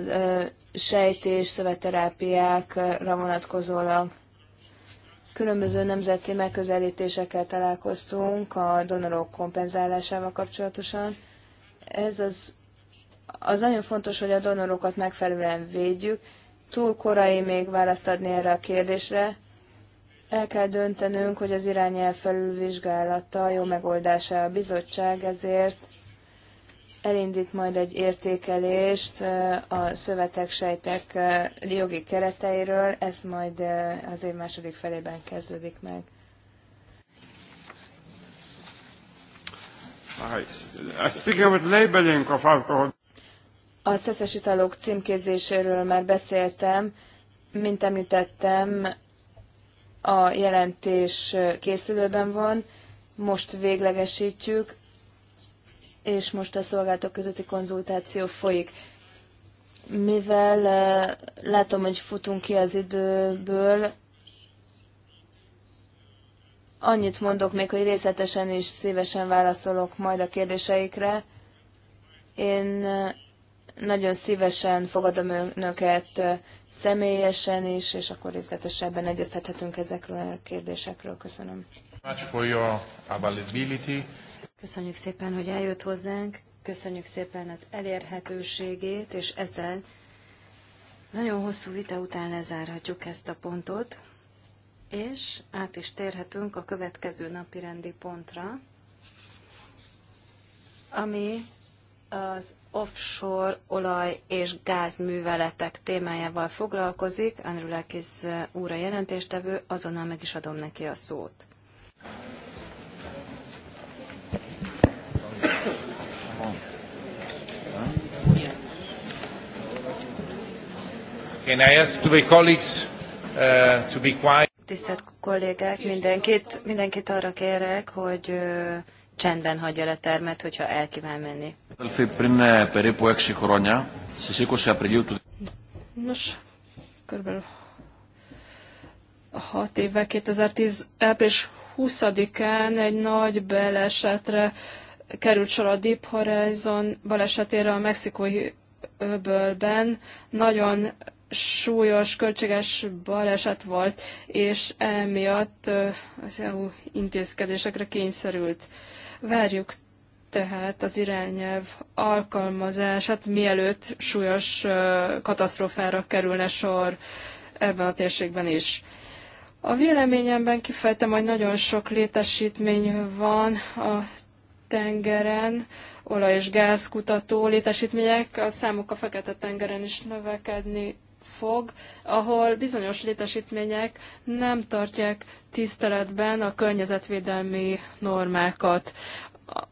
sejtés, és szöveterápiákra vonatkozólag. Különböző nemzeti megközelítésekkel találkoztunk a donorok kompenzálásával kapcsolatosan. Ez az, az nagyon fontos, hogy a donorokat megfelelően védjük. Túl korai még választ adni erre a kérdésre, el kell döntenünk, hogy az irányelv felülvizsgálata jó megoldása a bizottság, ezért elindít majd egy értékelést a szövetek, sejtek jogi kereteiről, ez majd az év második felében kezdődik meg. A szeszes italok címkézéséről már beszéltem, mint említettem, a jelentés készülőben van, most véglegesítjük, és most a szolgálatok közötti konzultáció folyik. Mivel látom, hogy futunk ki az időből, annyit mondok még, hogy részletesen és szívesen válaszolok majd a kérdéseikre. Én nagyon szívesen fogadom önöket személyesen is, és akkor részletesebben egyeztethetünk ezekről a kérdésekről. Köszönöm. Köszönjük szépen, hogy eljött hozzánk, köszönjük szépen az elérhetőségét, és ezzel nagyon hosszú vita után lezárhatjuk ezt a pontot, és át is térhetünk a következő napi rendi pontra, ami az offshore olaj és gázműveletek témájával foglalkozik. Andrulakis úr a jelentéstevő, azonnal meg is adom neki a szót. Uh, Tisztelt kollégák, mindenkit, mindenkit arra kérek, hogy uh, csendben hagyja le termet, hogyha el kíván menni. Eh, Nos, körülbelül 6 évvel 2010 április 20-án egy nagy belesetre került sor a Deep Horizon balesetére a mexikói öbölben. Nagyon súlyos, költséges baleset volt, és emiatt eh, az EU intézkedésekre kényszerült. Várjuk tehát az irányelv alkalmazását, mielőtt súlyos katasztrófára kerülne sor ebben a térségben is. A véleményemben kifejtem, hogy nagyon sok létesítmény van a tengeren, olaj- és gázkutató létesítmények, a számuk a Fekete-tengeren is növekedni fog, ahol bizonyos létesítmények nem tartják tiszteletben a környezetvédelmi normákat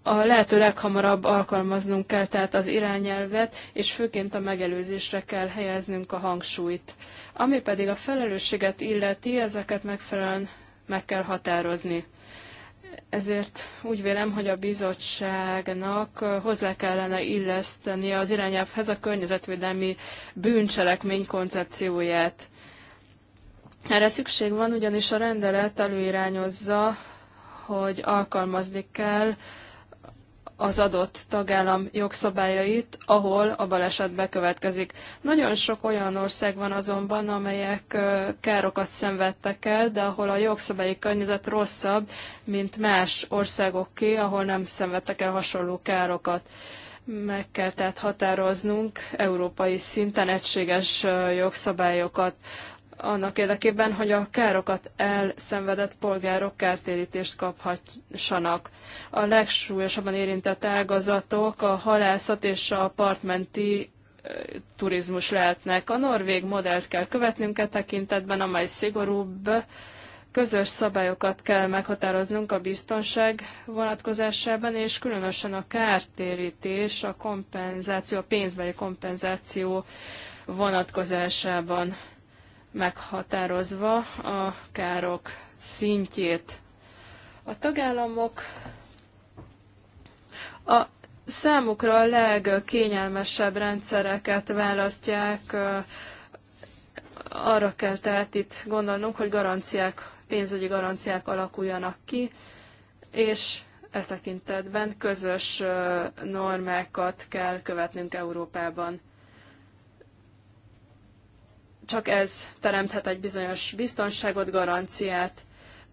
a lehető leghamarabb alkalmaznunk kell tehát az irányelvet, és főként a megelőzésre kell helyeznünk a hangsúlyt. Ami pedig a felelősséget illeti, ezeket megfelelően meg kell határozni. Ezért úgy vélem, hogy a bizottságnak hozzá kellene illeszteni az irányelvhez a környezetvédelmi bűncselekmény koncepcióját. Erre szükség van, ugyanis a rendelet előirányozza, hogy alkalmazni kell az adott tagállam jogszabályait, ahol a baleset bekövetkezik. Nagyon sok olyan ország van azonban, amelyek károkat szenvedtek el, de ahol a jogszabályi környezet rosszabb, mint más országoké, ahol nem szenvedtek el hasonló károkat. Meg kell tehát határoznunk európai szinten egységes jogszabályokat annak érdekében, hogy a károkat elszenvedett polgárok kártérítést kaphassanak. A legsúlyosabban érintett ágazatok a halászat és a partmenti turizmus lehetnek. A norvég modellt kell követnünk e tekintetben, amely szigorúbb, közös szabályokat kell meghatároznunk a biztonság vonatkozásában, és különösen a kártérítés, a kompenzáció, a pénzbeli kompenzáció vonatkozásában meghatározva a károk szintjét. A tagállamok a számukra a legkényelmesebb rendszereket választják, arra kell tehát itt gondolnunk, hogy garanciák, pénzügyi garanciák alakuljanak ki, és e tekintetben közös normákat kell követnünk Európában csak ez teremthet egy bizonyos biztonságot, garanciát.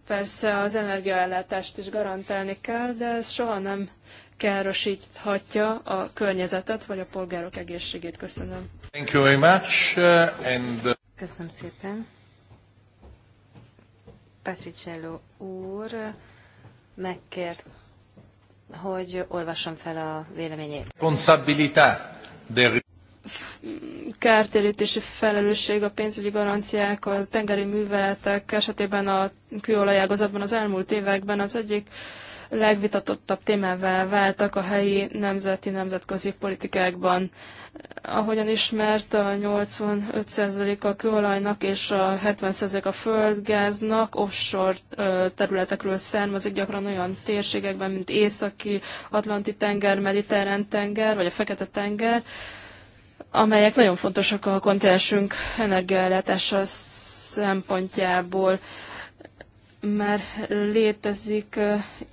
Persze az energiaellátást is garantálni kell, de ez soha nem károsíthatja a környezetet vagy a polgárok egészségét. Köszönöm. Thank you very much. Uh, and... Uh, Köszönöm szépen. Patricello úr megkért, hogy olvassam fel a véleményét. Responsabilitá. De kártérítési felelősség, a pénzügyi garanciák, a tengeri műveletek esetében a kőolajágazatban az elmúlt években az egyik legvitatottabb témává váltak a helyi nemzeti nemzetközi politikákban. Ahogyan ismert, a 85% a kőolajnak és a 70% a földgáznak offshore területekről származik, gyakran olyan térségekben, mint északi Atlanti tenger, Mediterrán tenger, vagy a Fekete tenger, amelyek nagyon fontosak a kontinensünk energiaellátása szempontjából. Már létezik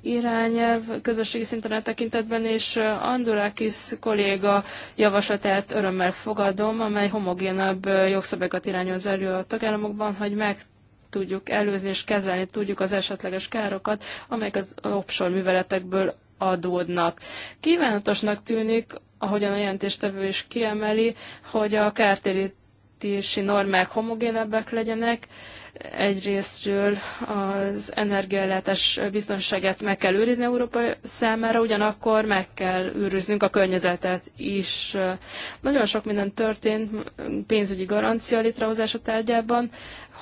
irányelv közösségi szinten a tekintetben, és Andurakis kolléga javaslatát örömmel fogadom, amely homogénabb jogszabályokat irányoz elő a tagállamokban, hogy meg tudjuk előzni és kezelni tudjuk az esetleges károkat, amelyek az offshore műveletekből adódnak. Kívánatosnak tűnik ahogyan a jelentéstevő is kiemeli, hogy a kártérítési normák homogénebbek legyenek, egyrésztről az energiállátás biztonságát meg kell őrizni Európa számára, ugyanakkor meg kell őriznünk a környezetet is. Nagyon sok minden történt pénzügyi garancia létrehozása tárgyában,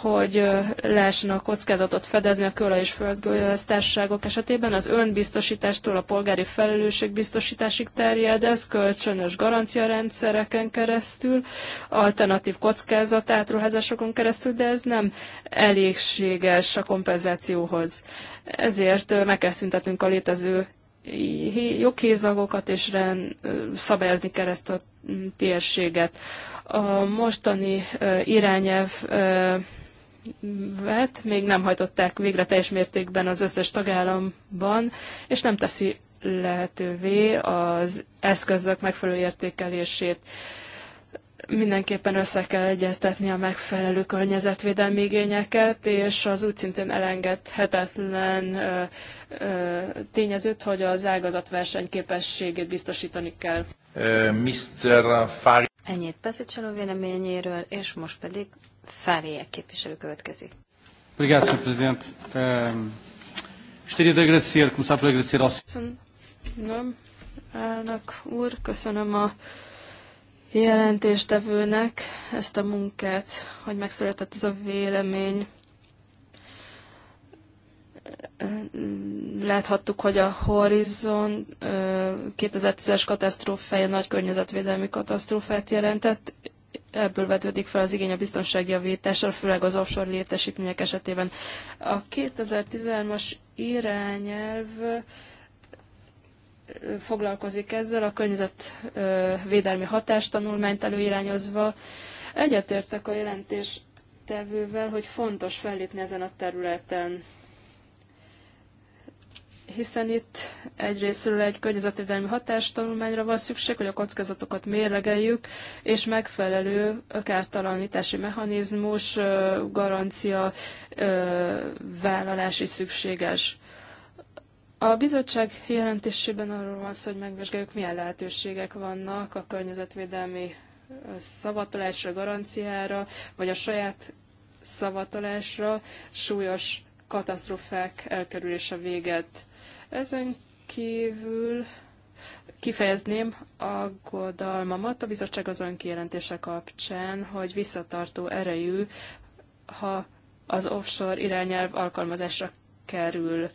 hogy lehessen a kockázatot fedezni a köla és földgőztárságok esetében. Az önbiztosítástól a polgári biztosításig terjed ez, kölcsönös garanciarendszereken keresztül, alternatív kockázat átruházásokon keresztül, de ez nem elégséges a kompenzációhoz. Ezért meg kell szüntetnünk a létező joghézagokat, és rend, szabályozni kell ezt a térséget. A mostani irányelv vet még nem hajtották végre teljes mértékben az összes tagállamban, és nem teszi lehetővé az eszközök megfelelő értékelését. Mindenképpen össze kell egyeztetni a megfelelő környezetvédelmi igényeket, és az úgy szintén elengedhetetlen ö, ö, tényezőt, hogy az ágazat versenyképességét biztosítani kell. Uh, Mr. Fari. Ennyit Petricseló véleményéről, és most pedig Fáriek képviselő következik. Obrigado, Sr. Presidente. Um, gostaria de agradecer, começar por agradecer ao Köszönöm, elnök úr, köszönöm a jelentéstevőnek ezt a munkát, hogy megszületett ez a vélemény. Láthattuk, hogy a Horizon 2010-es katasztrófája nagy környezetvédelmi katasztrófát jelentett, ebből vetődik fel az igény a biztonságjavításra, főleg az offshore létesítmények esetében. A 2013-as irányelv foglalkozik ezzel, a környezetvédelmi hatástanulmányt előirányozva. Egyetértek a jelentés tevővel, hogy fontos fellépni ezen a területen hiszen itt egyrésztről egy környezetvédelmi hatástanulmányra van szükség, hogy a kockázatokat mérlegeljük, és megfelelő kártalanítási mechanizmus, garancia vállalás is szükséges. A bizottság jelentésében arról van szó, hogy megvizsgáljuk, milyen lehetőségek vannak a környezetvédelmi szavatolásra, garanciára, vagy a saját szavatolásra súlyos katasztrófák elkerülése véget. Ezen kívül kifejezném aggodalmamat a bizottság az önkijelentése kapcsán, hogy visszatartó erejű, ha az offshore irányelv alkalmazásra kerül.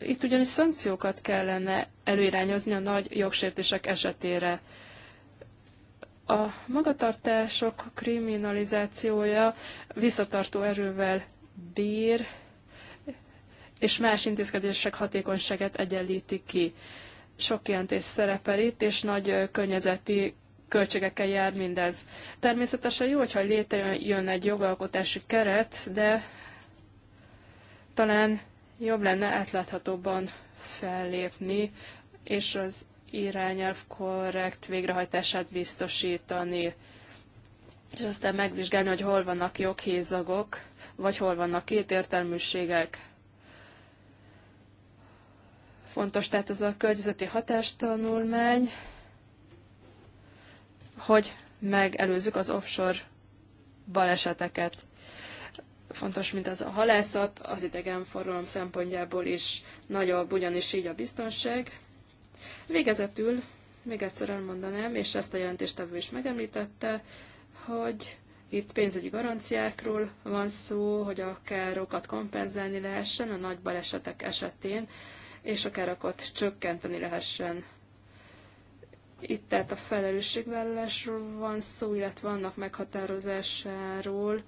Itt ugyanis szankciókat kellene előirányozni a nagy jogsértések esetére. A magatartások kriminalizációja visszatartó erővel bír, és más intézkedések hatékonyságát egyenlítik ki. Sok jelentés szerepel itt, és nagy környezeti költségekkel jár mindez. Természetesen jó, hogyha létrejön egy jogalkotási keret, de talán jobb lenne átláthatóban fellépni, és az irányelv korrekt végrehajtását biztosítani, és aztán megvizsgálni, hogy hol vannak joghézagok, vagy hol vannak kétértelműségek. Fontos tehát ez a környezeti hatástanulmány, hogy megelőzzük az offshore baleseteket. Fontos, mint az a halászat, az idegenforgalom szempontjából is nagyobb, ugyanis így a biztonság. Végezetül még egyszer elmondanám, és ezt a jelentéstevő is megemlítette, hogy itt pénzügyi garanciákról van szó, hogy a károkat kompenzálni lehessen a nagy balesetek esetén, és a károkat csökkenteni lehessen. Itt tehát a felelősségvállalásról van szó, illetve annak meghatározásáról,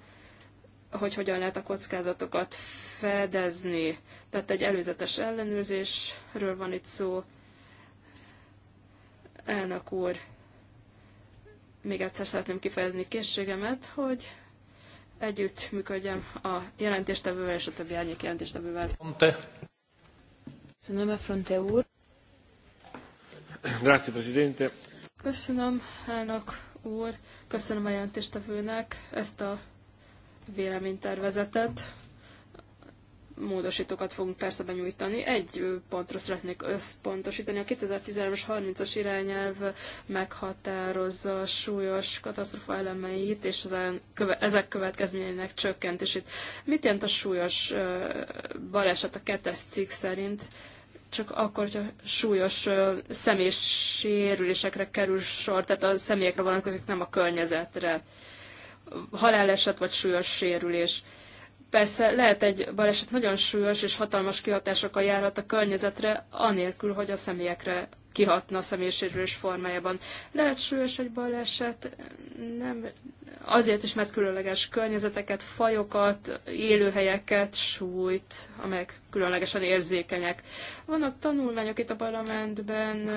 hogy hogyan lehet a kockázatokat fedezni. Tehát egy előzetes ellenőrzésről van itt szó. Elnök úr, még egyszer szeretném kifejezni készségemet, hogy együtt működjem a jelentéstevővel és a többi árnyék jelentéstevővel. Köszönöm, Fronte úr. Grazie, Presidente. Köszönöm, elnök úr. Köszönöm a jelentéstevőnek ezt a véleménytervezetet. Módosítókat fogunk persze benyújtani. Egy pontra szeretnék összpontosítani. A 2013-as 30-as irányelv meghatározza a súlyos katasztrofa elemeit és az köve ezek következményeinek csökkentését. Mit jelent a súlyos baleset a kettes cikk szerint? csak akkor, hogyha súlyos személyes sérülésekre kerül sor, tehát a személyekre vonatkozik, nem a környezetre. Haláleset vagy súlyos sérülés. Persze lehet egy baleset nagyon súlyos és hatalmas kihatásokkal járhat a környezetre, anélkül, hogy a személyekre kihatna a személyisérülés formájában. Lehet súlyos egy baleset, nem, azért is, mert különleges környezeteket, fajokat, élőhelyeket, súlyt, amelyek különlegesen érzékenyek. Vannak tanulmányok itt a parlamentben,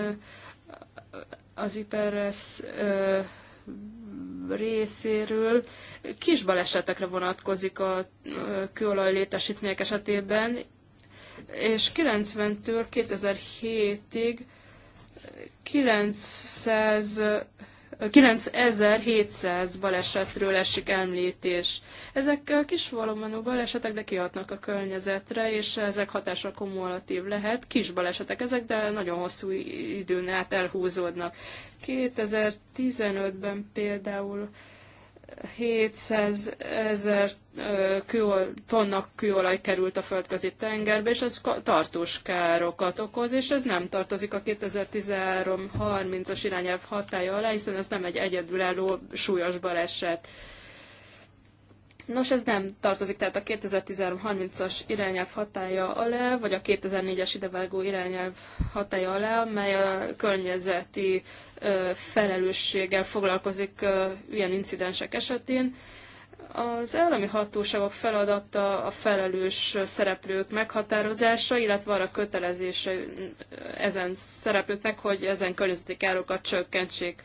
az IPRS részéről kis balesetekre vonatkozik a kőolaj létesítmények esetében, és 90-től 2007-ig 900 9700 balesetről esik említés. Ezek kis volumenú balesetek, de kihatnak a környezetre, és ezek hatása kumulatív lehet. Kis balesetek ezek, de nagyon hosszú időn át elhúzódnak. 2015-ben például 700 ezer kőol, tonna kőolaj került a földközi tengerbe, és ez tartós károkat okoz, és ez nem tartozik a 2013-30-as irányelv hatája alá, hiszen ez nem egy egyedülálló súlyos baleset. Nos, ez nem tartozik tehát a 2013-30-as irányelv hatája alá, vagy a 2004-es idevágó irányelv hatája alá, amely a környezeti felelősséggel foglalkozik ilyen incidensek esetén. Az állami hatóságok feladata a felelős szereplők meghatározása, illetve arra kötelezése ezen szereplőknek, hogy ezen környezeti károkat csökkentsék.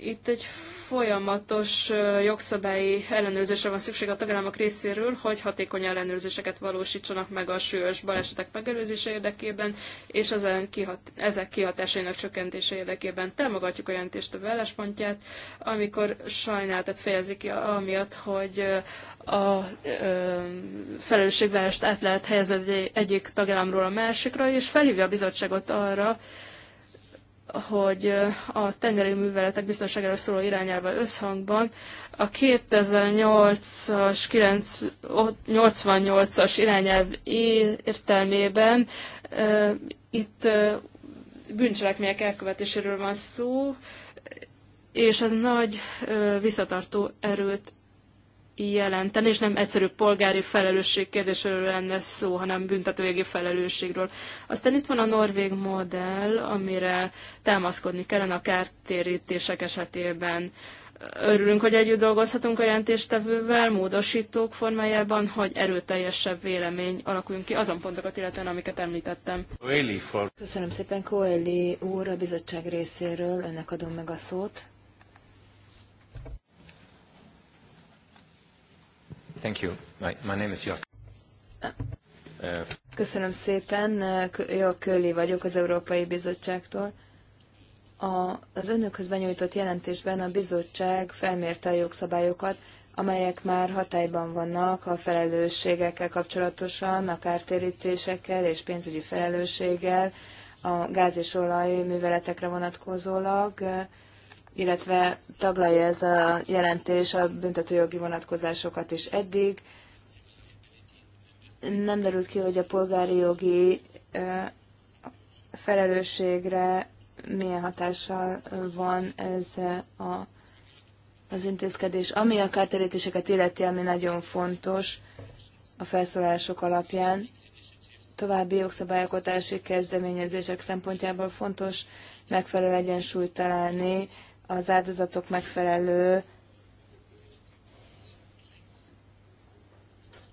Itt egy folyamatos jogszabályi ellenőrzésre van szükség a tagállamok részéről, hogy hatékony ellenőrzéseket valósítsanak meg a súlyos balesetek megelőzése érdekében, és ezen kihat, ezek kihatásainak csökkentése érdekében. Támogatjuk a jelentést a álláspontját, amikor sajnálatot fejezi ki amiatt, hogy a ö, át lehet helyezni egyik tagállamról a másikra, és felhívja a bizottságot arra, hogy a tengeri műveletek biztonságára szóló irányelvvel összhangban a 2008-as, 88-as irányelv értelmében itt bűncselekmények elkövetéséről van szó, és ez nagy visszatartó erőt jelenteni, és nem egyszerű polgári felelősség kérdéséről lenne szó, hanem büntetőjogi felelősségről. Aztán itt van a norvég modell, amire támaszkodni kellene a kártérítések esetében. Örülünk, hogy együtt dolgozhatunk a jelentéstevővel, módosítók formájában, hogy erőteljesebb vélemény alakuljon ki azon pontokat illetően, amiket említettem. Köszönöm szépen Koeli úr a bizottság részéről, önnek adom meg a szót. Thank you. My, my name is Jörg. Uh, Köszönöm szépen. Uh, Jó Köli vagyok az Európai Bizottságtól. A, az önökhöz benyújtott jelentésben a bizottság felmérte a jogszabályokat, amelyek már hatályban vannak a felelősségekkel kapcsolatosan, a kártérítésekkel és pénzügyi felelősséggel, a gáz és olajműveletekre vonatkozólag illetve taglalja ez a jelentés a büntetőjogi vonatkozásokat is eddig. Nem derült ki, hogy a polgári jogi felelősségre milyen hatással van ez a, az intézkedés. Ami a kártérítéseket illeti, ami nagyon fontos a felszólások alapján, további jogszabályalkotási kezdeményezések szempontjából fontos megfelelő egyensúlyt találni az áldozatok megfelelő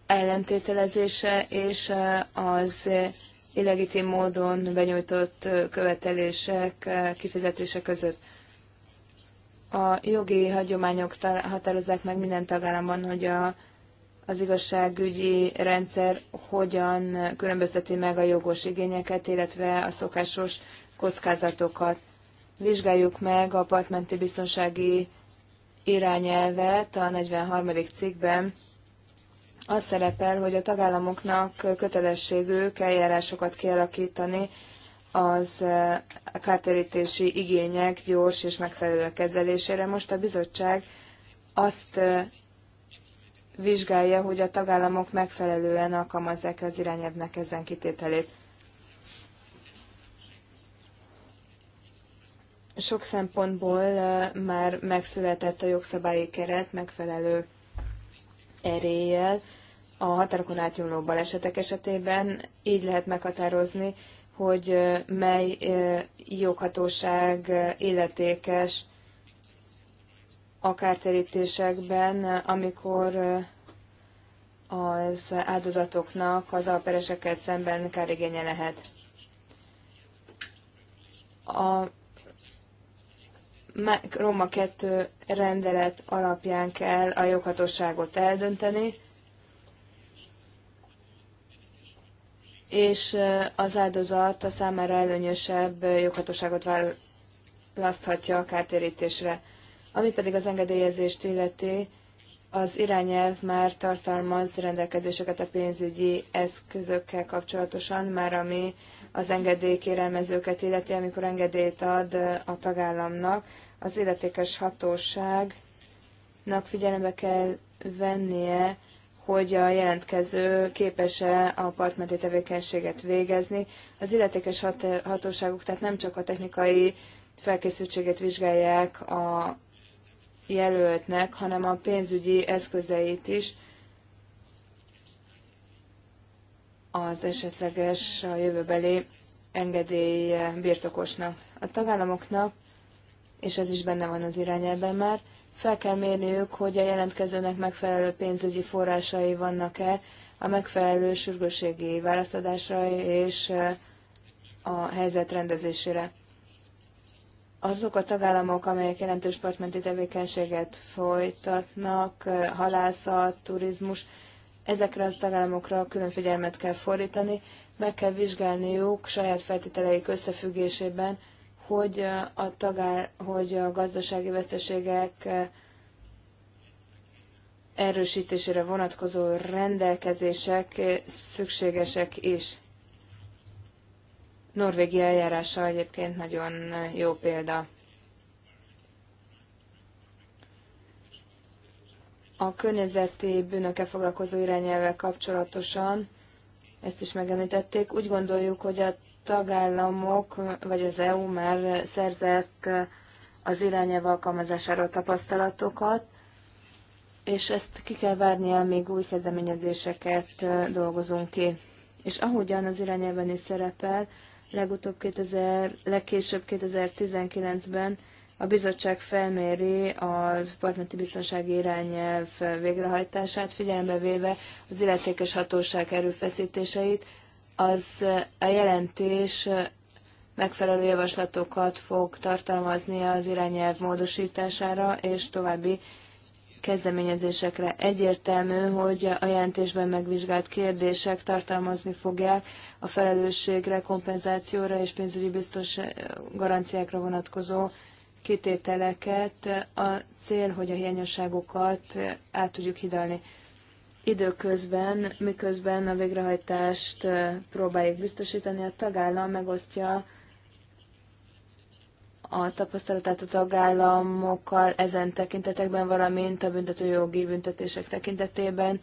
ellentételezése és az illegitim módon benyújtott követelések kifizetése között. A jogi hagyományok határozzák meg minden tagállamban, hogy a, az igazságügyi rendszer hogyan különbözteti meg a jogos igényeket, illetve a szokásos kockázatokat vizsgáljuk meg a partmenti biztonsági irányelvet a 43. cikkben, az szerepel, hogy a tagállamoknak kötelességük eljárásokat kialakítani az eh, kártérítési igények gyors és megfelelő kezelésére. Most a bizottság azt eh, vizsgálja, hogy a tagállamok megfelelően alkalmazzák az irányelvnek ezen kitételét. Sok szempontból már megszületett a jogszabályi keret megfelelő eréllyel a határokon átnyúló balesetek esetében. Így lehet meghatározni, hogy mely joghatóság illetékes akár terítésekben, amikor az áldozatoknak az alperesekkel szemben kárigénye lehet. A Roma 2 rendelet alapján kell a joghatóságot eldönteni, és az áldozat a számára előnyösebb joghatóságot választhatja a kártérítésre. Ami pedig az engedélyezést illeti, az irányelv már tartalmaz rendelkezéseket a pénzügyi eszközökkel kapcsolatosan, már ami az engedélykérelmezőket illeti, amikor engedélyt ad a tagállamnak az illetékes hatóságnak figyelembe kell vennie, hogy a jelentkező képes-e a partmenti tevékenységet végezni. Az illetékes hat hatóságok tehát nem csak a technikai felkészültséget vizsgálják a jelöltnek, hanem a pénzügyi eszközeit is az esetleges a jövőbeli engedély birtokosnak. A tagállamoknak és ez is benne van az irányelben már, fel kell mérniük, hogy a jelentkezőnek megfelelő pénzügyi forrásai vannak-e a megfelelő sürgőségi válaszadásra és eh, a helyzet rendezésére. Azok a tagállamok, amelyek jelentős partmenti tevékenységet folytatnak, eh, halászat, turizmus, ezekre az tagállamokra külön figyelmet kell fordítani, meg kell vizsgálniuk saját feltételeik összefüggésében, hogy a, tagál, hogy a gazdasági veszteségek erősítésére vonatkozó rendelkezések szükségesek is. Norvégia eljárása egyébként nagyon jó példa. A környezeti bűnökkel foglalkozó irányelvvel kapcsolatosan, ezt is megemlítették, úgy gondoljuk, hogy a tagállamok vagy az EU már szerzett az irányelv alkalmazásáról tapasztalatokat, és ezt ki kell várni, amíg új kezdeményezéseket dolgozunk ki. És ahogyan az irányelven is szerepel, legutóbb 2000, legkésőbb 2019-ben a bizottság felméri az partmenti biztonsági irányelv végrehajtását, figyelembe véve az illetékes hatóság erőfeszítéseit, az a jelentés megfelelő javaslatokat fog tartalmazni az irányelv módosítására és további kezdeményezésekre. Egyértelmű, hogy a jelentésben megvizsgált kérdések tartalmazni fogják a felelősségre, kompenzációra és pénzügyi biztos garanciákra vonatkozó kitételeket. A cél, hogy a hiányosságokat át tudjuk hidalni. Időközben, miközben a végrehajtást próbáljuk biztosítani, a tagállam megosztja a tapasztalatát a tagállamokkal ezen tekintetekben, valamint a büntetőjogi büntetések tekintetében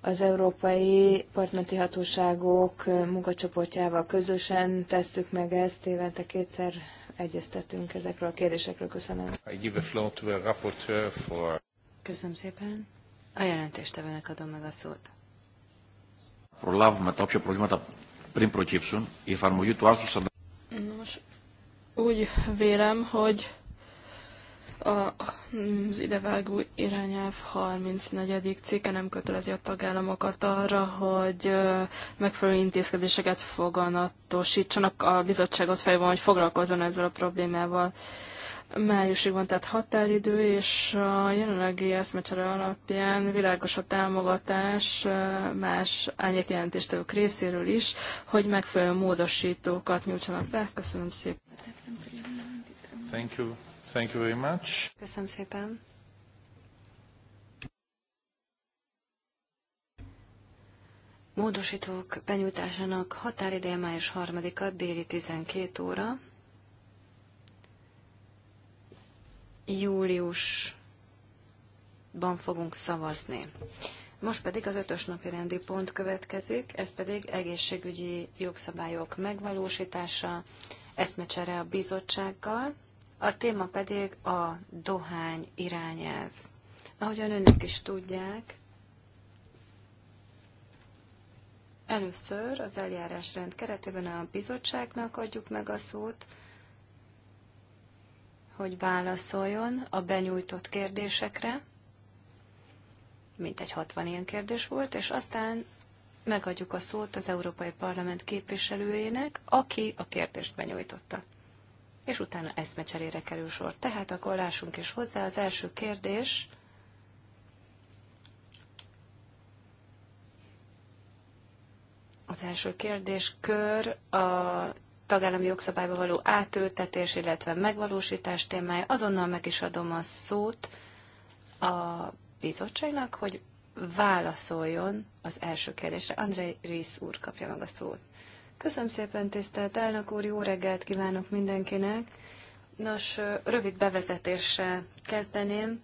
az Európai Partmenti Hatóságok munkacsoportjával közösen tesszük meg ezt, évente kétszer egyeztetünk ezekről a kérdésekről. Köszönöm. Köszönöm szépen. A jelentéstevőnek adom meg a szót. Προλάβουμε τα όποια προβλήματα πριν προκύψουν, η εφαρμογή του άρθρου 40. Nos, úgy vélem, hogy a, az idevágó irányelv 34. cikke nem kötelezi a tagállamokat arra, hogy megfelelő intézkedéseket foganatosítsanak. A bizottságot fejben, hogy foglalkozzon ezzel a problémával májusig van tehát határidő, és a jelenlegi eszmecsere alapján világos a támogatás más árnyékjelentéstevők részéről is, hogy megfelelő módosítókat nyújtsanak be. Köszönöm szépen. Thank you. Thank you very much. Köszönöm szépen. Módosítók benyújtásának határideje május 3-a déli 12 óra. júliusban fogunk szavazni. Most pedig az ötös napi rendi pont következik, ez pedig egészségügyi jogszabályok megvalósítása, eszmecsere a bizottsággal, a téma pedig a dohány irányelv. Ahogyan önök is tudják, először az eljárásrend keretében a bizottságnak adjuk meg a szót, hogy válaszoljon a benyújtott kérdésekre, mintegy 60 ilyen kérdés volt, és aztán megadjuk a szót az Európai Parlament képviselőjének, aki a kérdést benyújtotta. És utána eszmecserére kerül sor. Tehát akkor lássunk is hozzá. Az első kérdés az első kérdéskör a tagállami jogszabályba való átültetés, illetve megvalósítás témája. Azonnal meg is adom a szót a bizottságnak, hogy válaszoljon az első kérdésre. Andrei Rész úr kapja meg a szót. Köszönöm szépen, tisztelt elnök úr, jó reggelt kívánok mindenkinek. Nos, rövid bevezetéssel kezdeném.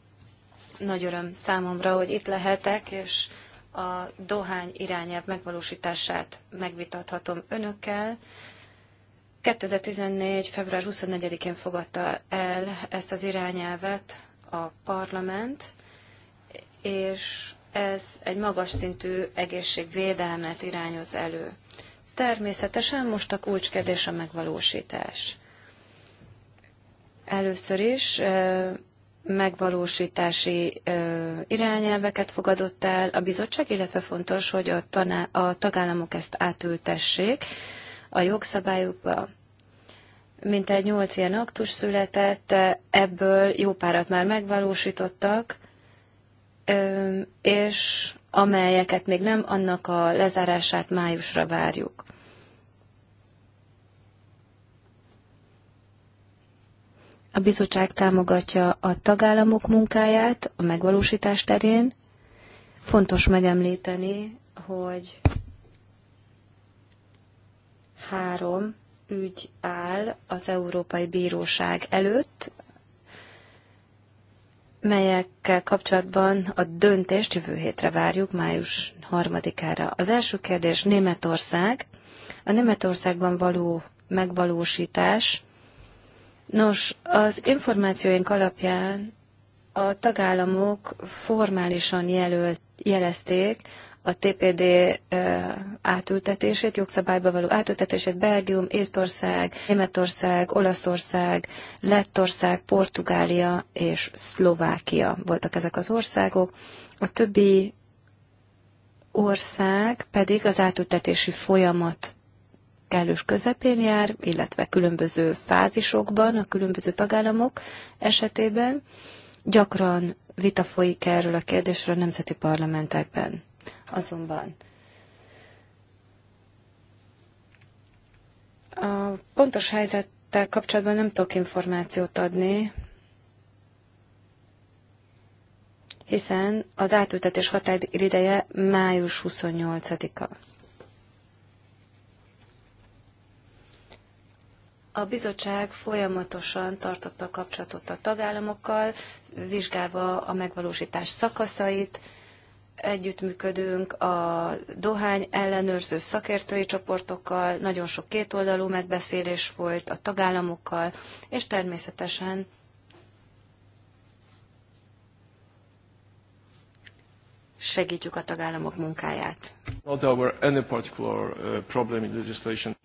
Nagy öröm számomra, hogy itt lehetek, és a dohány irányelv megvalósítását megvitathatom önökkel. 2014. február 24-én fogadta el ezt az irányelvet a parlament, és ez egy magas szintű egészségvédelmet irányoz elő. Természetesen most a kulcskedés a megvalósítás. Először is megvalósítási irányelveket fogadott el a bizottság, illetve fontos, hogy a, taná- a tagállamok ezt átültessék a jogszabályukba mintegy nyolc ilyen aktus született, ebből jó párat már megvalósítottak, és amelyeket még nem, annak a lezárását májusra várjuk. A bizottság támogatja a tagállamok munkáját a megvalósítás terén. Fontos megemlíteni, hogy három ügy áll az Európai Bíróság előtt, melyekkel kapcsolatban a döntést jövő hétre várjuk, május harmadikára. Az első kérdés Németország. A Németországban való megvalósítás. Nos, az információink alapján a tagállamok formálisan jelölt, jelezték a TPD átültetését, jogszabályba való átültetését Belgium, Észtország, Németország, Olaszország, Lettország, Portugália és Szlovákia voltak ezek az országok. A többi ország pedig az átültetési folyamat kellős közepén jár, illetve különböző fázisokban, a különböző tagállamok esetében. Gyakran vita folyik erről a kérdésről a nemzeti parlamentekben. Azonban a pontos helyzettel kapcsolatban nem tudok információt adni, hiszen az átültetés határideje május 28-a. A bizottság folyamatosan tartotta a kapcsolatot a tagállamokkal, vizsgálva a megvalósítás szakaszait, együttműködünk a dohány ellenőrző szakértői csoportokkal, nagyon sok kétoldalú megbeszélés volt a tagállamokkal, és természetesen segítjük a tagállamok munkáját. Uh,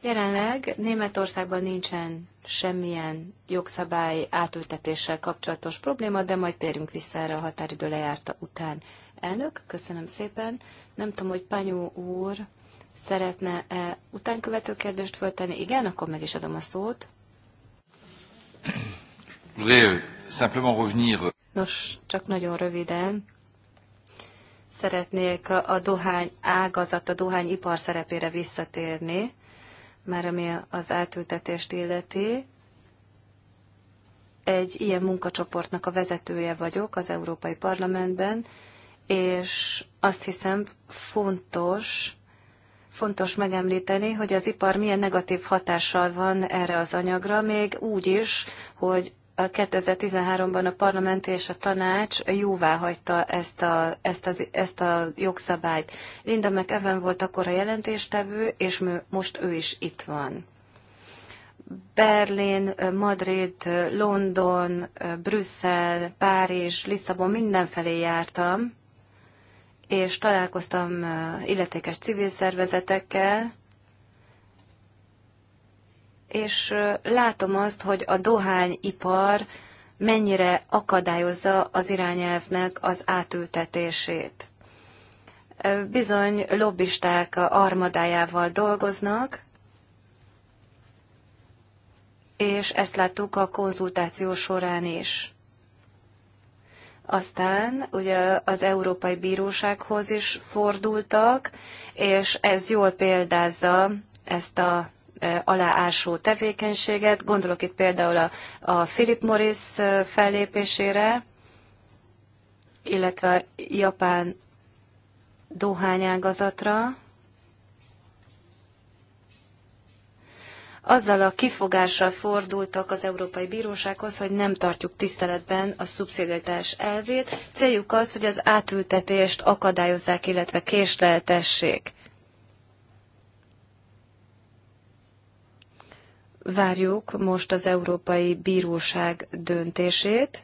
Jelenleg Németországban nincsen semmilyen jogszabály átültetéssel kapcsolatos probléma, de majd térünk vissza erre a határidő lejárta után. Elnök, köszönöm szépen. Nem tudom, hogy Panyó úr szeretne -e utánkövető kérdést föltenni. Igen, akkor meg is adom a szót. Euh, euh, Nos, csak nagyon röviden. Szeretnék a dohány ágazat, a dohányipar szerepére visszatérni, már ami az átültetést illeti. Egy ilyen munkacsoportnak a vezetője vagyok az Európai Parlamentben, és azt hiszem fontos, fontos megemlíteni, hogy az ipar milyen negatív hatással van erre az anyagra, még úgy is, hogy 2013-ban a parlament és a tanács jóvá hagyta ezt a, ezt, az, ezt a jogszabályt. Linda McEwen volt akkor a jelentéstevő, és most ő is itt van. Berlin, Madrid, London, Brüsszel, Párizs, Lisszabon, mindenfelé jártam, és találkoztam illetékes civil szervezetekkel, és látom azt, hogy a dohányipar mennyire akadályozza az irányelvnek az átültetését. Bizony lobbisták armadájával dolgoznak, és ezt láttuk a konzultáció során is. Aztán ugye az Európai Bírósághoz is fordultak, és ez jól példázza ezt a e, aláásó tevékenységet. Gondolok itt például a, a Philip Morris e, fellépésére, illetve a japán dohányágazatra. azzal a kifogással fordultak az Európai Bírósághoz, hogy nem tartjuk tiszteletben a szubszidiaritás elvét. Céljuk az, hogy az átültetést akadályozzák, illetve késleltessék. Várjuk most az Európai Bíróság döntését.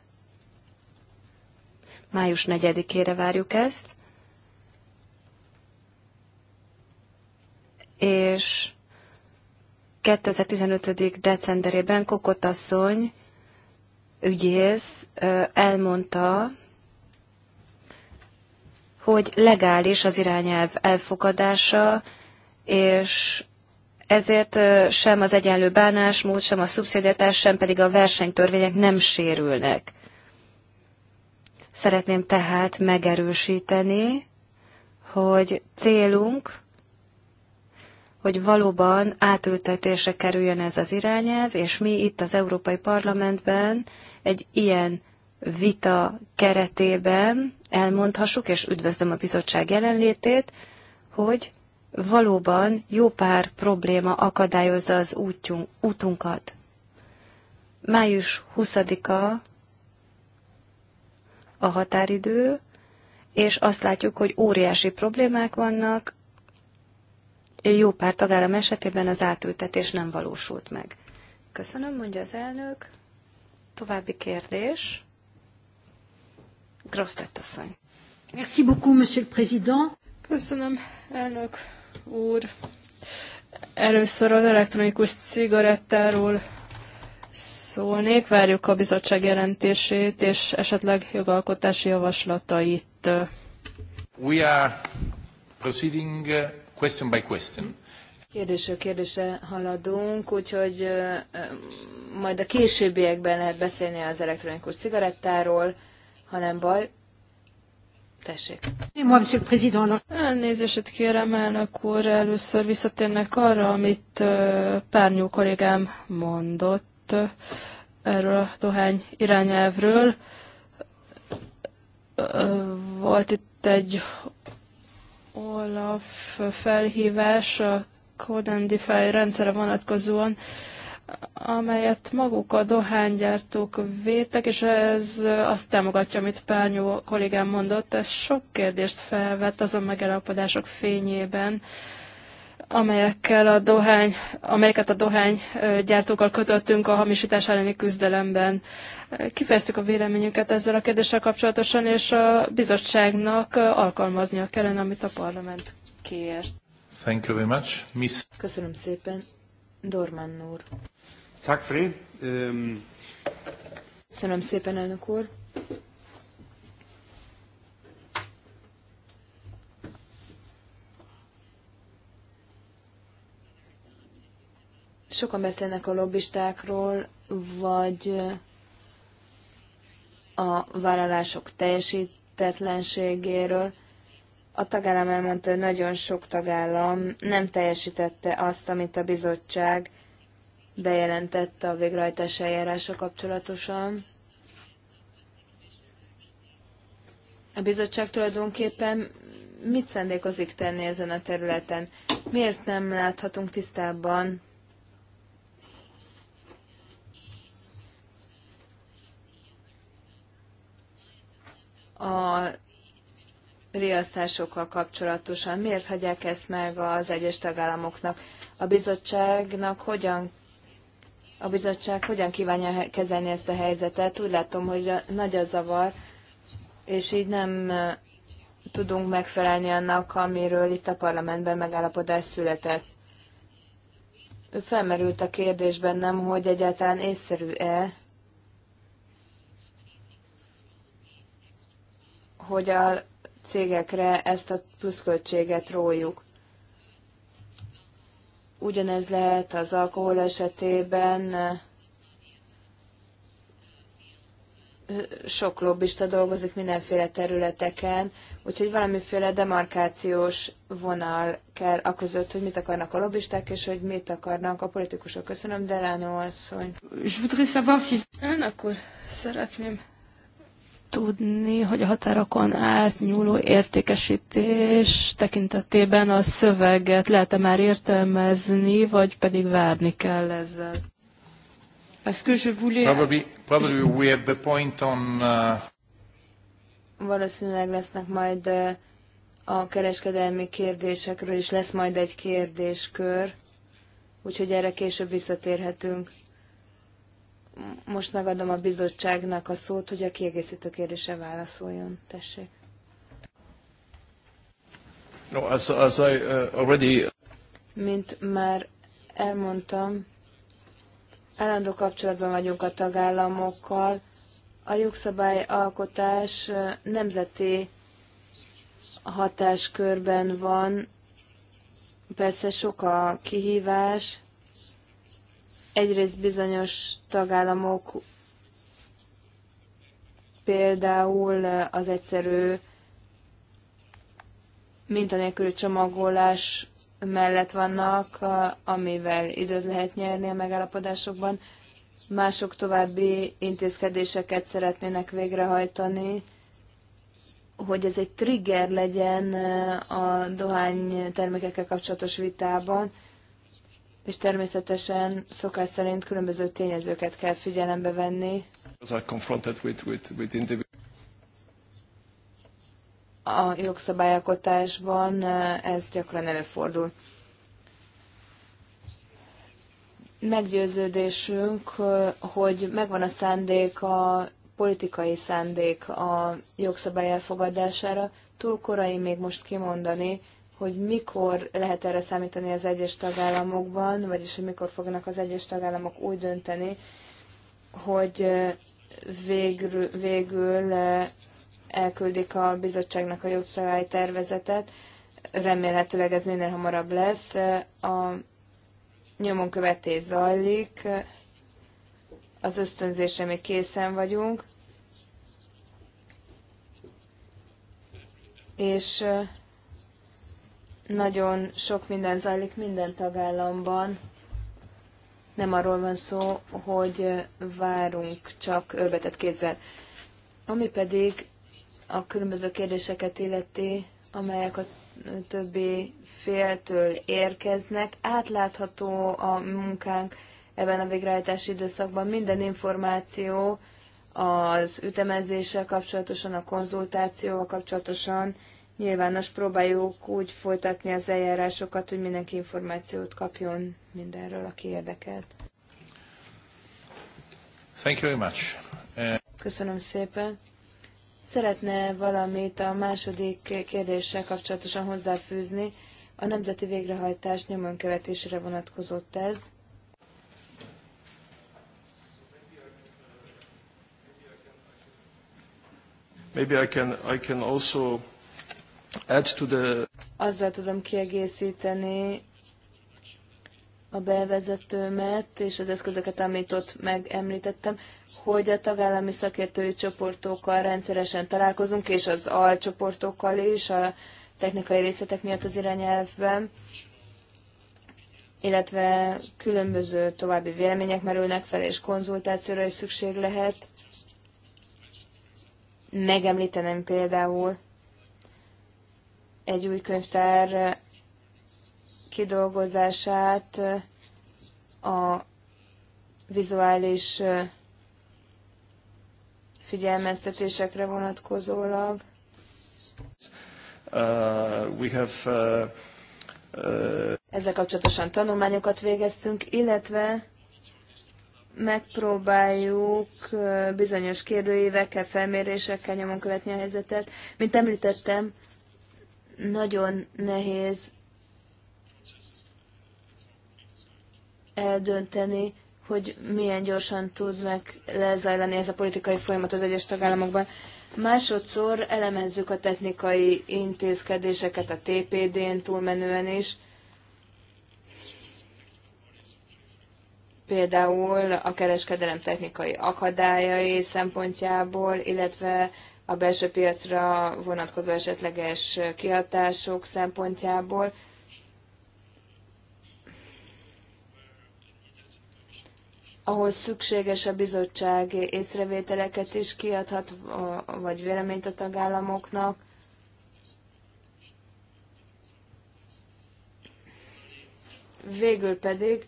Május 4-ére várjuk ezt. És 2015. decemberében asszony, ügyész elmondta, hogy legális az irányelv elfogadása, és ezért sem az egyenlő bánásmód, sem a szubszidiatás, sem pedig a versenytörvények nem sérülnek. Szeretném tehát megerősíteni, hogy célunk hogy valóban átültetése kerüljön ez az irányelv, és mi itt az Európai Parlamentben egy ilyen vita keretében elmondhassuk, és üdvözlöm a bizottság jelenlétét, hogy valóban jó pár probléma akadályozza az útjunk, útunkat. Május 20-a a határidő, és azt látjuk, hogy óriási problémák vannak, jó pár tagállam esetében az átültetés nem valósult meg. Köszönöm, mondja az elnök. További kérdés. Grosztett asszony. Merci beaucoup, monsieur le président. Köszönöm, elnök úr. Először az elektronikus cigarettáról szólnék, várjuk a bizottság jelentését és esetleg jogalkotási javaslatait. We are proceeding question by question. Kérdésről kérdésre haladunk, úgyhogy majd a későbbiekben lehet beszélni az elektronikus cigarettáról, hanem baj. Tessék. Elnézést kérem, elnök úr, először visszatérnek arra, amit párnyú kollégám mondott erről a dohány irányelvről. Volt itt egy Olaf felhívás a Code Defy rendszere vonatkozóan, amelyet maguk a dohánygyártók vétek, és ez azt támogatja, amit Pányó kollégám mondott, ez sok kérdést felvet azon megállapodások fényében, amelyekkel a dohány, amelyeket a dohány gyártókkal kötöttünk a hamisítás elleni küzdelemben. Kifejeztük a véleményünket ezzel a kérdéssel kapcsolatosan, és a bizottságnak alkalmaznia kellene, amit a parlament kért. Thank you very much. Miss... Köszönöm szépen. Dorman úr. Köszönöm szépen, elnök úr. Sokan beszélnek a lobbistákról, vagy a vállalások teljesítetlenségéről. A tagállam elmondta, hogy nagyon sok tagállam nem teljesítette azt, amit a bizottság bejelentette a végrehajtás eljárása kapcsolatosan. A bizottság tulajdonképpen mit szándékozik tenni ezen a területen? Miért nem láthatunk tisztában a riasztásokkal kapcsolatosan. Miért hagyják ezt meg az egyes tagállamoknak? A bizottságnak hogyan a bizottság hogyan kívánja kezelni ezt a helyzetet? Úgy látom, hogy nagy a zavar, és így nem tudunk megfelelni annak, amiről itt a parlamentben megállapodás született. Felmerült a kérdés bennem, hogy egyáltalán észszerű-e hogy a cégekre ezt a pluszköltséget róljuk. Ugyanez lehet az alkohol esetében, sok lobbista dolgozik mindenféle területeken, úgyhogy valamiféle demarkációs vonal kell a között, hogy mit akarnak a lobbisták, és hogy mit akarnak a politikusok. Köszönöm, Delano asszony. Ön akkor szeretném tudni, hogy a határokon átnyúló értékesítés tekintetében a szöveget lehet-e már értelmezni, vagy pedig várni kell ezzel? Parce que je voulais... Probably, probably we have the point on... Uh... Valószínűleg lesznek majd uh, a kereskedelmi kérdésekről is lesz majd egy kérdéskör, úgyhogy erre később visszatérhetünk. Most megadom a bizottságnak a szót, hogy a kiegészítő kérdése válaszoljon. Tessék. No, as, as I, uh, already... Mint már elmondtam, állandó kapcsolatban vagyunk a tagállamokkal. A jogszabályalkotás uh, nemzeti hatáskörben van. Persze sok a kihívás, Egyrészt bizonyos tagállamok például az egyszerű mintanélküli csomagolás mellett vannak, amivel időt lehet nyerni a megállapodásokban. Mások további intézkedéseket szeretnének végrehajtani, hogy ez egy trigger legyen a dohány termékekkel kapcsolatos vitában, és természetesen szokás szerint különböző tényezőket kell figyelembe venni. A jogszabályalkotásban eh, ez gyakran előfordul. Meggyőződésünk, eh, hogy megvan a szándék, a politikai szándék a jogszabály elfogadására, túl korai még most kimondani, hogy mikor lehet erre számítani az egyes tagállamokban, vagyis hogy mikor fognak az egyes tagállamok úgy dönteni, hogy végül, végül elküldik a bizottságnak a tervezetet, Remélhetőleg ez minél hamarabb lesz. A nyomon követés zajlik, az ösztönzésre még készen vagyunk, és nagyon sok minden zajlik minden tagállamban. Nem arról van szó, hogy várunk csak öbetett kézzel. Ami pedig a különböző kérdéseket illeti, amelyek a többi féltől érkeznek. Átlátható a munkánk ebben a végrehajtási időszakban. Minden információ az ütemezéssel kapcsolatosan, a konzultációval kapcsolatosan nyilvános próbáljuk úgy folytatni az eljárásokat, hogy mindenki információt kapjon mindenről, aki érdekelt. Thank you very much. Köszönöm szépen. Szeretne valamit a második kérdéssel kapcsolatosan hozzáfűzni. A nemzeti végrehajtás nyomon követésére vonatkozott ez. Maybe I can, I can also add to the... Azzal tudom kiegészíteni a bevezetőmet és az eszközöket, amit ott megemlítettem, hogy a tagállami szakértői csoportokkal rendszeresen találkozunk, és az alcsoportokkal is, a technikai részletek miatt az irányelvben, illetve különböző további vélemények merülnek fel, és konzultációra is szükség lehet. Megemlítenem például egy új könyvtár kidolgozását a vizuális figyelmeztetésekre vonatkozólag. Uh, we have, uh, uh... Ezzel kapcsolatosan tanulmányokat végeztünk, illetve megpróbáljuk uh, bizonyos kérdőívekkel, felmérésekkel nyomon követni a helyzetet. Mint említettem, nagyon nehéz eldönteni, hogy milyen gyorsan meg lezajlani ez a politikai folyamat az egyes tagállamokban. Másodszor elemezzük a technikai intézkedéseket a TPD-n túlmenően is. Például a kereskedelem technikai akadályai szempontjából, illetve a belső piacra vonatkozó esetleges kihatások szempontjából. ahol szükséges a bizottság észrevételeket is kiadhat, vagy véleményt a tagállamoknak. Végül pedig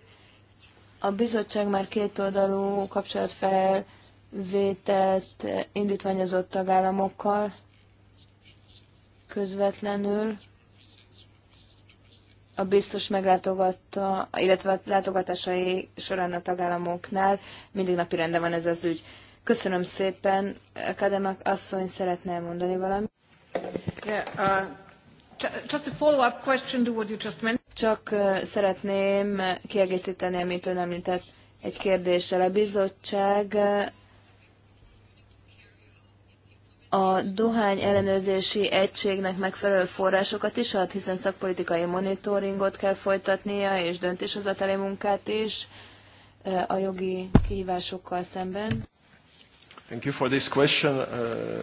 a bizottság már kétoldalú kapcsolatfel vételt indítványozott tagállamokkal közvetlenül. A biztos meglátogatta, illetve a látogatásai során a tagállamoknál mindig napi rende van ez az ügy. Köszönöm szépen. Kademak asszony szeretne mondani valamit. Yeah, uh... Csak uh, szeretném kiegészíteni, amit ön említett egy kérdéssel. A bizottság uh, a dohány ellenőrzési egységnek megfelelő forrásokat is ad, hiszen szakpolitikai monitoringot kell folytatnia, és döntéshozatali munkát is a jogi kihívásokkal szemben. Thank you for this question, uh,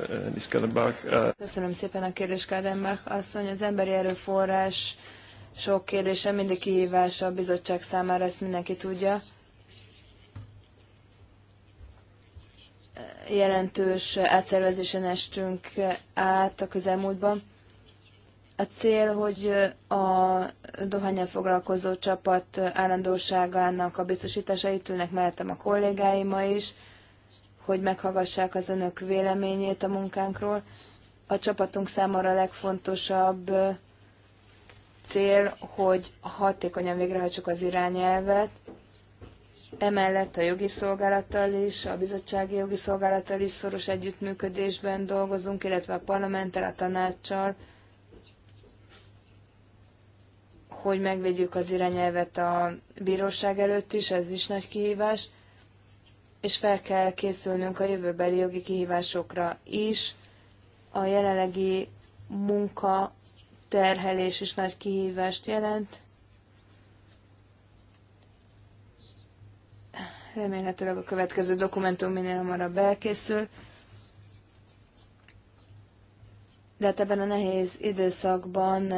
uh Ms. Kadenbach. Uh, Köszönöm szépen a kérdés, Azt mondja, Az emberi erőforrás sok kérdése mindig kihívása a bizottság számára, ezt mindenki tudja. jelentős átszervezésen estünk át a közelmúltban. A cél, hogy a dohányan foglalkozó csapat állandóságának a biztosítása itt ülnek mellettem a kollégáima is, hogy meghallgassák az önök véleményét a munkánkról. A csapatunk számára a legfontosabb cél, hogy hatékonyan végrehajtsuk az irányelvet, Emellett a jogi szolgálattal is, a bizottsági jogi szolgálattal is szoros együttműködésben dolgozunk, illetve a parlamenttel, a tanácssal, hogy megvédjük az irányelvet a bíróság előtt is, ez is nagy kihívás, és fel kell készülnünk a jövőbeli jogi kihívásokra is. A jelenlegi munka terhelés is nagy kihívást jelent, Remélhetőleg a következő dokumentum minél hamarabb elkészül. De hát ebben a nehéz időszakban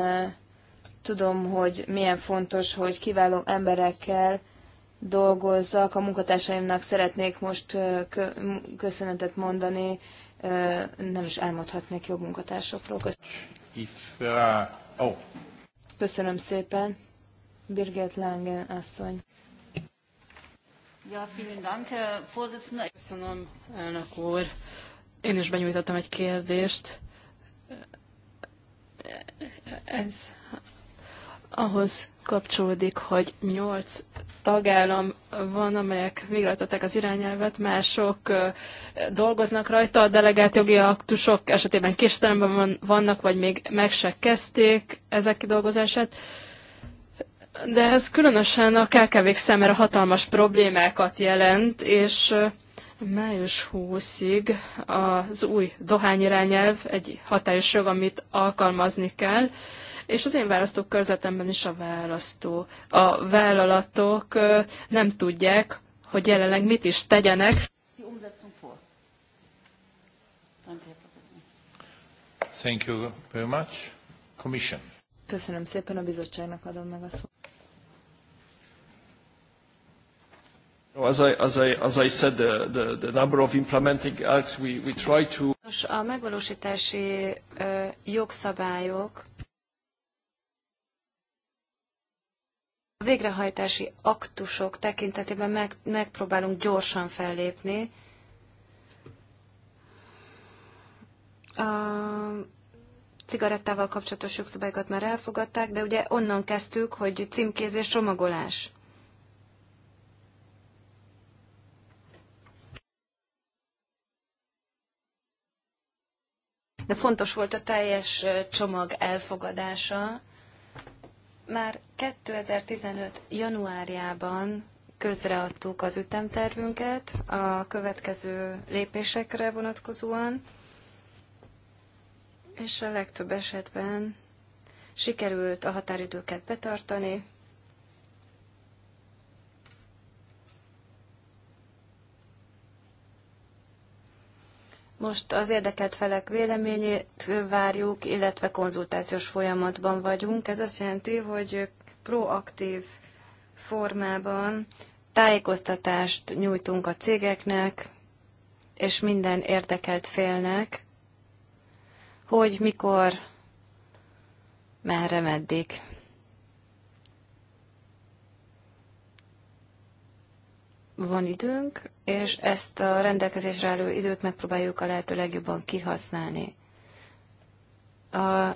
tudom, hogy milyen fontos, hogy kiváló emberekkel dolgozzak. A munkatársaimnak szeretnék most köszönetet mondani. Nem is elmondhatnék jobb munkatársokról. Köszönöm szépen. Birgit Langen asszony. Ja, vielen Dank, Vorsitzender. Köszönöm, elnök úr. Én is benyújtottam egy kérdést. Ez ahhoz kapcsolódik, hogy nyolc tagállam van, amelyek végrehajtották az irányelvet, mások dolgoznak rajta, a delegált jogi aktusok esetében késtelemben vannak, vagy még meg se kezdték ezek kidolgozását. dolgozását de ez különösen a KKV-k számára hatalmas problémákat jelent, és május 20-ig az új dohányirányelv egy hatályos jog, amit alkalmazni kell, és az én választókörzetemben is a választó, a vállalatok nem tudják, hogy jelenleg mit is tegyenek. Thank you very much. Commission. Köszönöm szépen, a bizottságnak adom meg a szót. As I, as I, as I said, the, the, the number of implementing acts we, we try to... A megvalósítási uh, jogszabályok a végrehajtási aktusok tekintetében meg, megpróbálunk gyorsan fellépni. Uh, cigarettával kapcsolatos jogszabályokat már elfogadták, de ugye onnan kezdtük, hogy címkézés, csomagolás. De fontos volt a teljes csomag elfogadása. Már 2015. januárjában közreadtuk az ütemtervünket a következő lépésekre vonatkozóan és a legtöbb esetben sikerült a határidőket betartani. Most az érdekelt felek véleményét várjuk, illetve konzultációs folyamatban vagyunk. Ez azt jelenti, hogy proaktív formában tájékoztatást nyújtunk a cégeknek és minden érdekelt félnek hogy mikor, merre, meddig. Van időnk, és ezt a rendelkezésre álló időt megpróbáljuk a lehető legjobban kihasználni. A,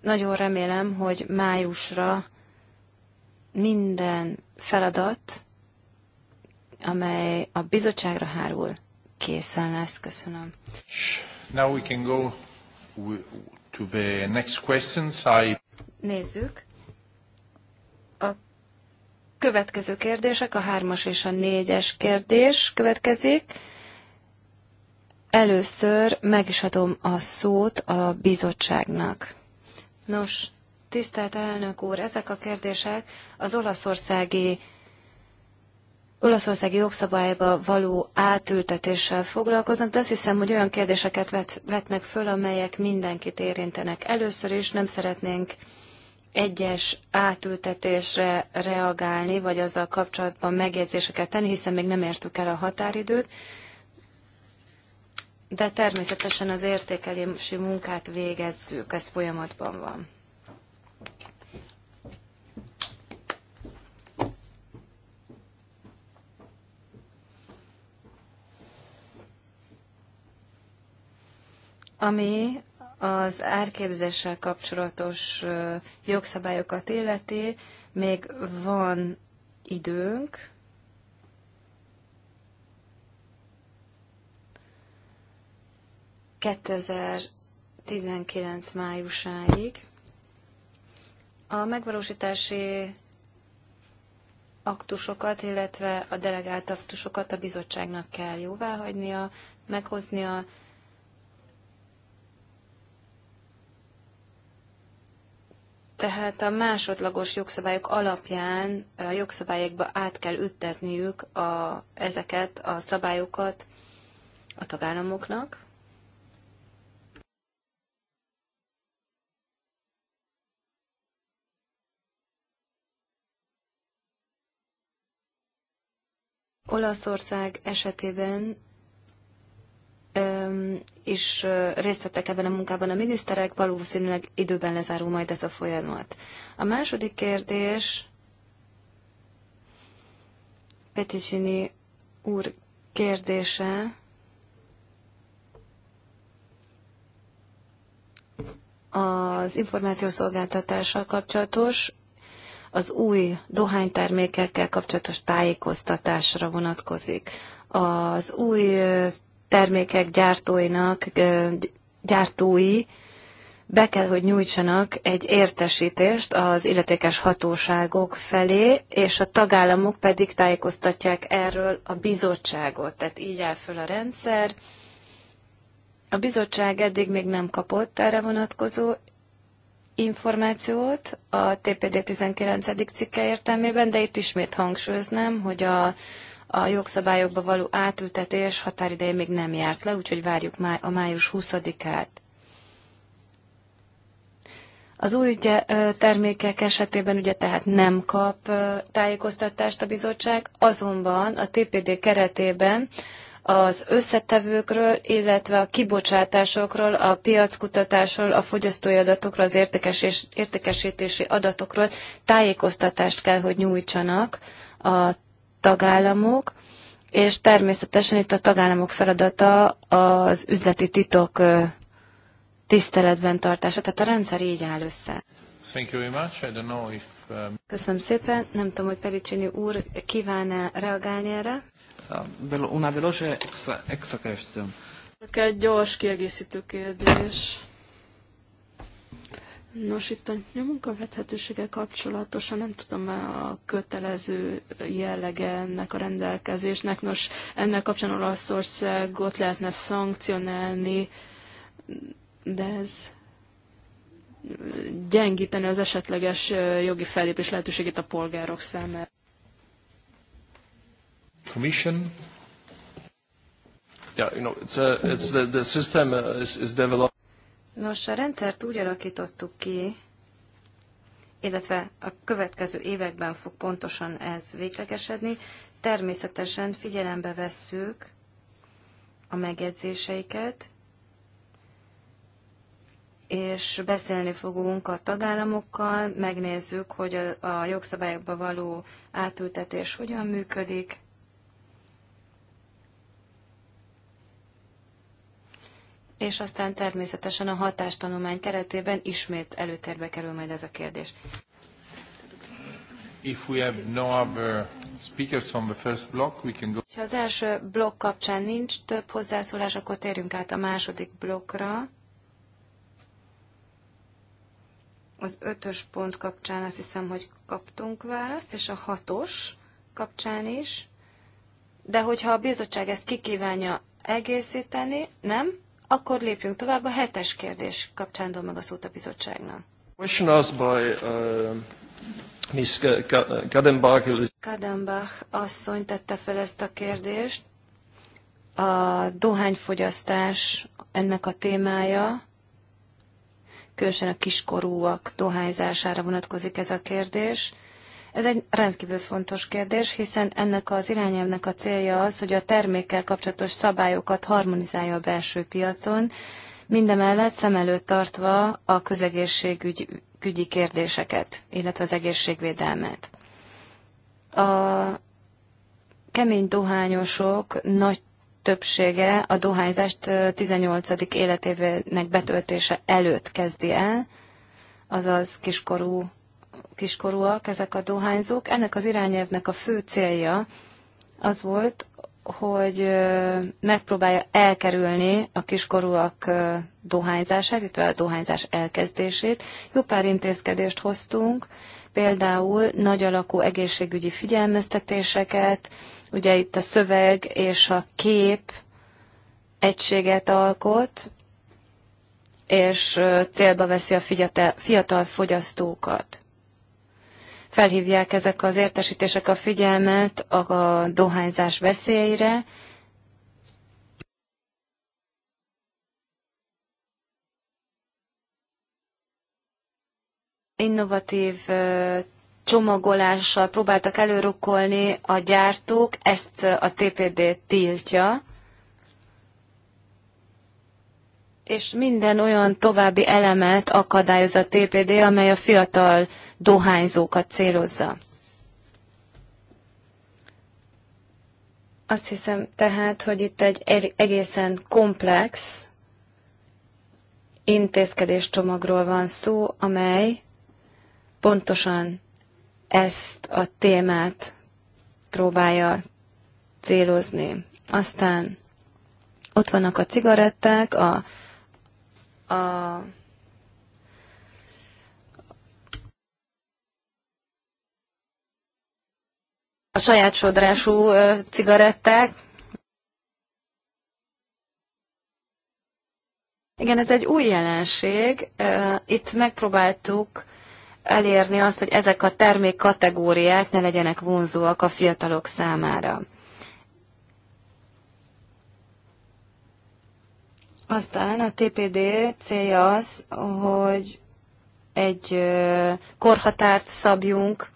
nagyon remélem, hogy májusra minden feladat, amely a bizottságra hárul, készen lesz. Köszönöm. Now we can go to the next questions. I... Nézzük. A következő kérdések, a hármas és a négyes kérdés következik. Először meg is adom a szót a bizottságnak. Nos, tisztelt elnök úr, ezek a kérdések az olaszországi olaszországi jogszabályba való átültetéssel foglalkoznak, de azt hiszem, hogy olyan kérdéseket vet, vetnek föl, amelyek mindenkit érintenek. Először is nem szeretnénk egyes átültetésre reagálni, vagy azzal kapcsolatban megjegyzéseket tenni, hiszen még nem értük el a határidőt, de természetesen az értékelési munkát végezzük, ez folyamatban van. Ami az árképzéssel kapcsolatos jogszabályokat illeti, még van időnk, ...2019 májusáig. A megvalósítási aktusokat, illetve a delegált aktusokat a bizottságnak kell jóváhagynia, meghoznia, Tehát a másodlagos jogszabályok alapján a jogszabályokba át kell üttetniük a, ezeket a szabályokat a tagállamoknak. Olaszország esetében és részt vettek ebben a munkában a miniszterek, valószínűleg időben lezárul majd ez a folyamat. A második kérdés Petisini úr kérdése az információszolgáltatással kapcsolatos, az új dohánytermékekkel kapcsolatos tájékoztatásra vonatkozik. Az új termékek gyártóinak, gyártói be kell, hogy nyújtsanak egy értesítést az illetékes hatóságok felé, és a tagállamok pedig tájékoztatják erről a bizottságot. Tehát így áll föl a rendszer. A bizottság eddig még nem kapott erre vonatkozó információt a TPD 19. cikke értelmében, de itt ismét hangsúlyoznám, hogy a, a jogszabályokba való átültetés határideje még nem járt le, úgyhogy várjuk a május 20-át. Az új termékek esetében ugye tehát nem kap tájékoztatást a bizottság, azonban a TPD keretében az összetevőkről, illetve a kibocsátásokról, a piackutatásról, a fogyasztói adatokról, az értékesítési adatokról tájékoztatást kell, hogy nyújtsanak a tagállamok, és természetesen itt a tagállamok feladata az üzleti titok tiszteletben tartása, tehát a rendszer így áll össze. Um, Köszönöm szépen. Nem tudom, hogy Pericini úr kíván-e reagálni erre. Una veloce extra question. Egy gyors kiegészítő kérdés. Nos, itt a munkavethetősége kapcsolatosan nem tudom a kötelező jellege ennek a rendelkezésnek. Nos, ennek kapcsán Olaszországot lehetne szankcionálni, de ez gyengíteni az esetleges jogi fellépés lehetőségét a polgárok számára. Commission. Yeah, you know, it's, a, uh, it's the, the system uh, is, is developed. Nos, a rendszert úgy alakítottuk ki, illetve a következő években fog pontosan ez véglegesedni. Természetesen figyelembe vesszük a megjegyzéseiket, és beszélni fogunk a tagállamokkal, megnézzük, hogy a, a jogszabályokba való átültetés hogyan működik, és aztán természetesen a hatástanulmány keretében ismét előtérbe kerül majd ez a kérdés. If we have no other speakers the first block, we can go. Ha az első blokk kapcsán nincs több hozzászólás, akkor térjünk át a második blokkra. Az ötös pont kapcsán azt hiszem, hogy kaptunk választ, és a hatos kapcsán is. De hogyha a bizottság ezt kikívánja egészíteni, nem? Akkor lépjünk tovább. A hetes kérdés kapcsán dom meg a szót a bizottságnak. Question asked by uh, Kadenbach. Kadenbach asszony tette fel ezt a kérdést. A dohányfogyasztás ennek a témája különösen a kiskorúak dohányzására vonatkozik ez a kérdés. Ez egy rendkívül fontos kérdés, hiszen ennek az irányelvnek a célja az, hogy a termékkel kapcsolatos szabályokat harmonizálja a belső piacon, mindemellett szem előtt tartva a közegészségügyi kérdéseket, illetve az egészségvédelmet. A kemény dohányosok nagy többsége a dohányzást 18. életévének betöltése előtt kezdi el, azaz kiskorú kiskorúak, ezek a dohányzók. Ennek az irányelvnek a fő célja az volt, hogy megpróbálja elkerülni a kiskorúak dohányzását, illetve a dohányzás elkezdését. Jó pár intézkedést hoztunk, például nagy alakú egészségügyi figyelmeztetéseket, ugye itt a szöveg és a kép egységet alkot, és célba veszi a fiatal, fiatal fogyasztókat felhívják ezek az értesítések a figyelmet a dohányzás veszélyeire, innovatív csomagolással próbáltak előrukkolni a gyártók, ezt a TPD tiltja. és minden olyan további elemet akadályoz a TPD, amely a fiatal dohányzókat célozza. Azt hiszem tehát, hogy itt egy e- egészen komplex intézkedéscsomagról van szó, amely pontosan ezt a témát próbálja célozni. Aztán ott vannak a cigaretták, a a a saját sodrású cigaretták. Igen, ez egy új jelenség. Itt megpróbáltuk elérni azt, hogy ezek a termékkategóriák ne legyenek vonzóak a fiatalok számára. Aztán a TPD célja az, hogy egy korhatárt szabjunk,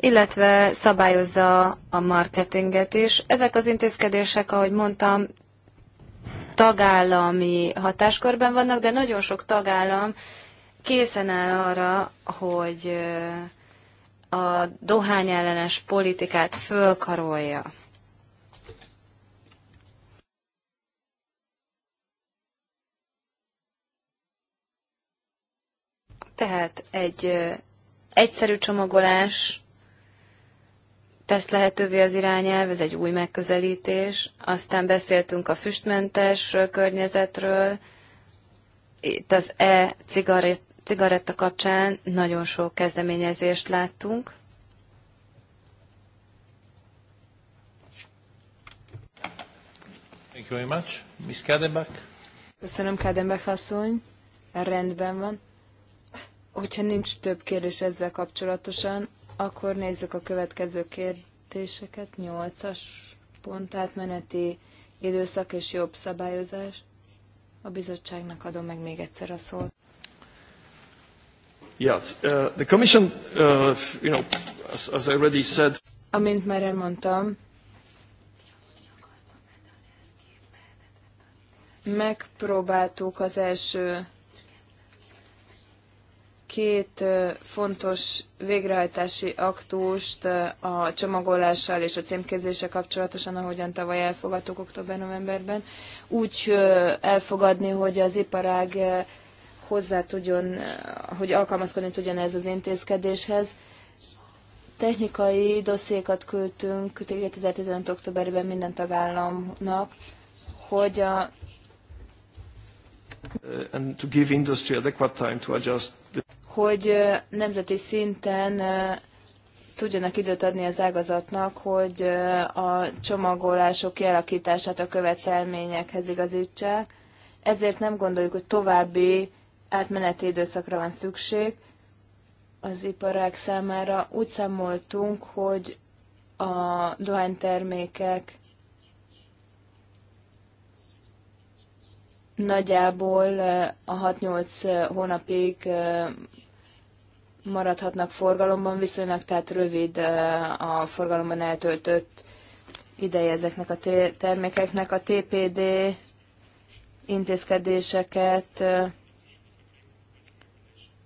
illetve szabályozza a marketinget is. Ezek az intézkedések, ahogy mondtam, tagállami hatáskörben vannak, de nagyon sok tagállam készen áll arra, hogy a dohányellenes politikát fölkarolja. tehát egy egyszerű csomagolás tesz lehetővé az irányelv, ez egy új megközelítés. Aztán beszéltünk a füstmentes környezetről, itt az e-cigaretta kapcsán nagyon sok kezdeményezést láttunk. Thank you very much. Miss Kadenbach. Köszönöm, Kadenbach asszony. Rendben van. Hogyha nincs több kérdés ezzel kapcsolatosan, akkor nézzük a következő kérdéseket. Nyolcas pont, pont átmeneti időszak és jobb szabályozás. A bizottságnak adom meg még egyszer a szót. Yes, uh, the Commission, uh, you know, as, as I already said. Amint már elmondtam, megpróbáltuk az első két fontos végrehajtási aktust a csomagolással és a címkézéssel kapcsolatosan, ahogyan tavaly elfogadtuk október-novemberben, úgy elfogadni, hogy az iparág hozzá tudjon, hogy alkalmazkodni tudjon ez az intézkedéshez. Technikai dossziékat küldtünk 2015. októberben minden tagállamnak, hogy a uh, and to give industry adequate time to adjust the hogy nemzeti szinten tudjanak időt adni az ágazatnak, hogy a csomagolások kialakítását a követelményekhez igazítsák. Ezért nem gondoljuk, hogy további átmeneti időszakra van szükség az iparág számára. Úgy számoltunk, hogy a dohánytermékek nagyjából eh, a 6-8 eh, hónapig eh, maradhatnak forgalomban, viszonylag tehát rövid a forgalomban eltöltött ideje ezeknek a termékeknek. A TPD intézkedéseket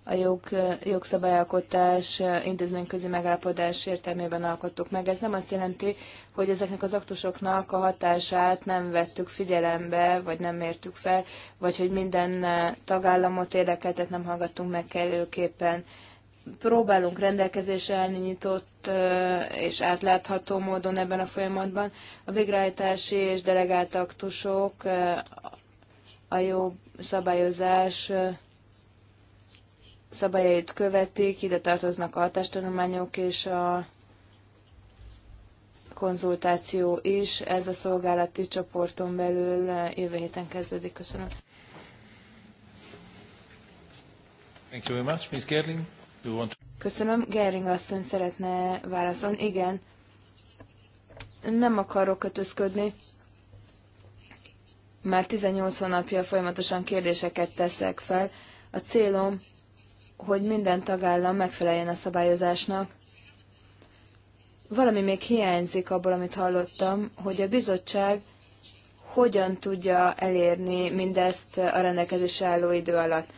a jog, jogszabályalkotás intézményközi megállapodás értelmében alkottuk meg. Ez nem azt jelenti, hogy ezeknek az aktusoknak a hatását nem vettük figyelembe, vagy nem mértük fel, vagy hogy minden eh, tagállamot érdekeltet nem hallgattunk meg kellőképpen. Próbálunk rendelkezésre állni nyitott eh, és átlátható módon ebben a folyamatban. A végrehajtási és delegált aktusok eh, a jó szabályozás szabályait követik, ide tartoznak a hatástanulmányok és a konzultáció is. Ez a szolgálati csoporton belül eh, jövő héten kezdődik. Köszönöm. Thank you very much, Ms. Gerling. Do you want to... Köszönöm. Gerling asszony szeretne válaszolni. Igen. Nem akarok kötözködni. Már 18 hónapja folyamatosan kérdéseket teszek fel. A célom, hogy minden tagállam megfeleljen a szabályozásnak, valami még hiányzik abból, amit hallottam, hogy a bizottság hogyan tudja elérni mindezt a rendelkezés álló idő alatt.